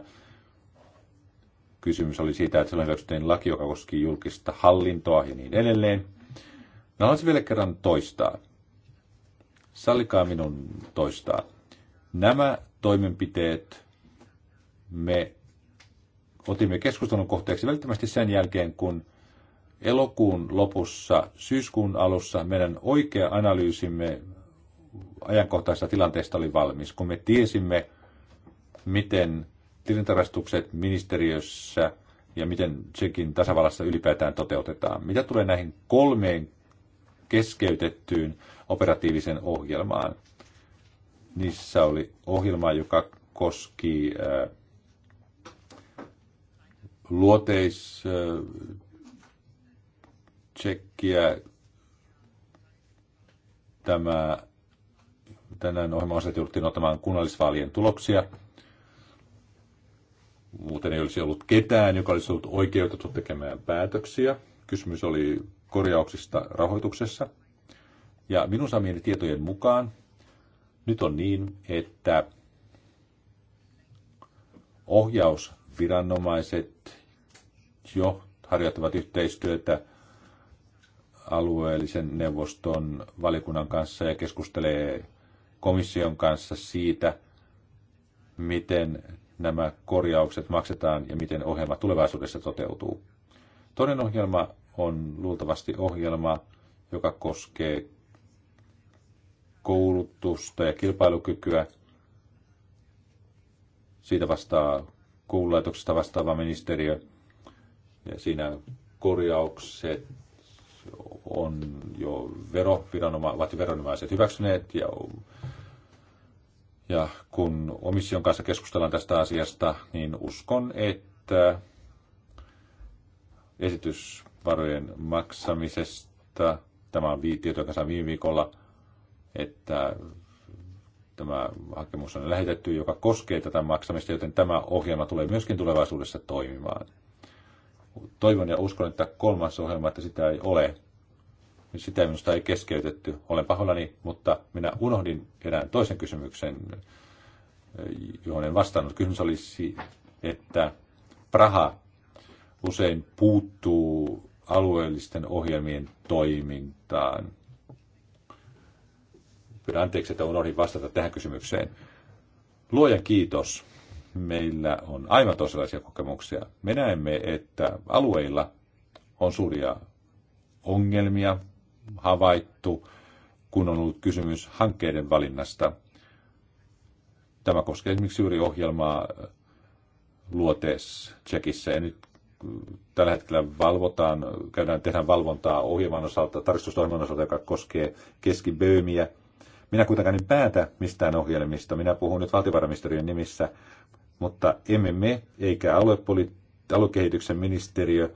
Kysymys oli siitä, että silloin hyväksyttiin laki, joka koski julkista hallintoa ja niin edelleen. Mä haluaisin vielä kerran toistaa. Sallikaa minun toistaa. Nämä toimenpiteet me otimme keskustelun kohteeksi välttämättä sen jälkeen, kun elokuun lopussa, syyskuun alussa meidän oikea analyysimme ajankohtaisesta tilanteesta oli valmis, kun me tiesimme, miten tilintarkastukset ministeriössä ja miten Tsekin tasavallassa ylipäätään toteutetaan. Mitä tulee näihin kolmeen keskeytettyyn operatiiviseen ohjelmaan? Niissä oli ohjelma, joka koski ää, äh, luoteis äh, tsekkiä tämä tänään ohjelmaosat jouduttiin ottamaan kunnallisvaalien tuloksia. Muuten ei olisi ollut ketään, joka olisi ollut oikeutettu tekemään päätöksiä. Kysymys oli korjauksista rahoituksessa. Ja minun saamieni tietojen mukaan nyt on niin, että ohjausviranomaiset jo harjoittavat yhteistyötä alueellisen neuvoston valikunnan kanssa ja keskustelee komission kanssa siitä, miten nämä korjaukset maksetaan ja miten ohjelma tulevaisuudessa toteutuu. Toinen ohjelma on luultavasti ohjelma, joka koskee koulutusta ja kilpailukykyä. Siitä vastaa koululaitoksesta vastaava ministeriö. Ja siinä korjaukset on jo veroviranoma, ovat viranomaiset hyväksyneet ja ja kun omission kanssa keskustellaan tästä asiasta, niin uskon, että esitysvarojen maksamisesta, tämä on tieto, joka saa viime viikolla, että tämä hakemus on lähetetty, joka koskee tätä maksamista, joten tämä ohjelma tulee myöskin tulevaisuudessa toimimaan. Toivon ja uskon, että kolmas ohjelma, että sitä ei ole, niin sitä minusta ei keskeytetty. Olen pahoillani, mutta minä unohdin erään toisen kysymyksen, johon en vastannut. Kysymys olisi, että Praha usein puuttuu alueellisten ohjelmien toimintaan. Pyydän anteeksi, että unohdin vastata tähän kysymykseen. Luojan kiitos. Meillä on aivan toisenlaisia kokemuksia. Me näemme, että alueilla on suuria ongelmia havaittu, kun on ollut kysymys hankkeiden valinnasta. Tämä koskee esimerkiksi juuri ohjelmaa äh, luotees Tsekissä ja nyt äh, tällä hetkellä valvotaan, käydään, tehdään valvontaa ohjelman osalta, tarkistusohjelman osalta, joka koskee keskiböymiä. Minä kuitenkaan en päätä mistään ohjelmista, minä puhun nyt valtiovarainministeriön nimissä, mutta emme me eikä aluepoli- aluekehityksen ministeriö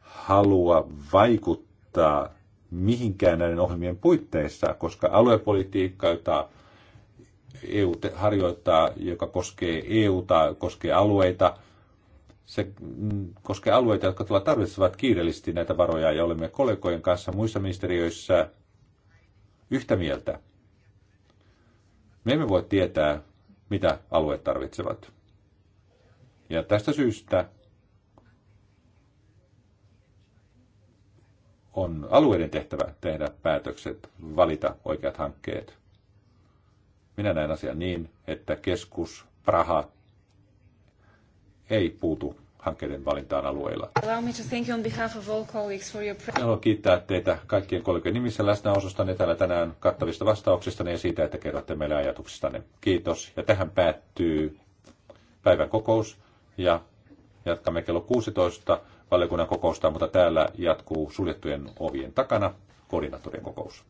halua vaikuttaa mihinkään näiden ohjelmien puitteissa, koska aluepolitiikka, jota EU harjoittaa, joka koskee EUta, koskee alueita, se mm, koskee alueita, jotka tarvitsevat kiireellisesti näitä varoja, ja olemme kollegojen kanssa muissa ministeriöissä yhtä mieltä. Me emme voi tietää, mitä alueet tarvitsevat. Ja tästä syystä on alueiden tehtävä tehdä päätökset, valita oikeat hankkeet. Minä näen asian niin, että keskus, Praha ei puutu hankkeiden valintaan alueilla. Allow me to thank on behalf of all colleagues for your... Haluan kiittää teitä kaikkien kollegojen nimissä läsnäosostanne täällä tänään kattavista vastauksistanne ja siitä, että kerrotte meille ajatuksistanne. Kiitos. Ja tähän päättyy päivän kokous ja jatkamme kello 16 valiokunnan kokousta, mutta täällä jatkuu suljettujen ovien takana koordinaattorien kokous.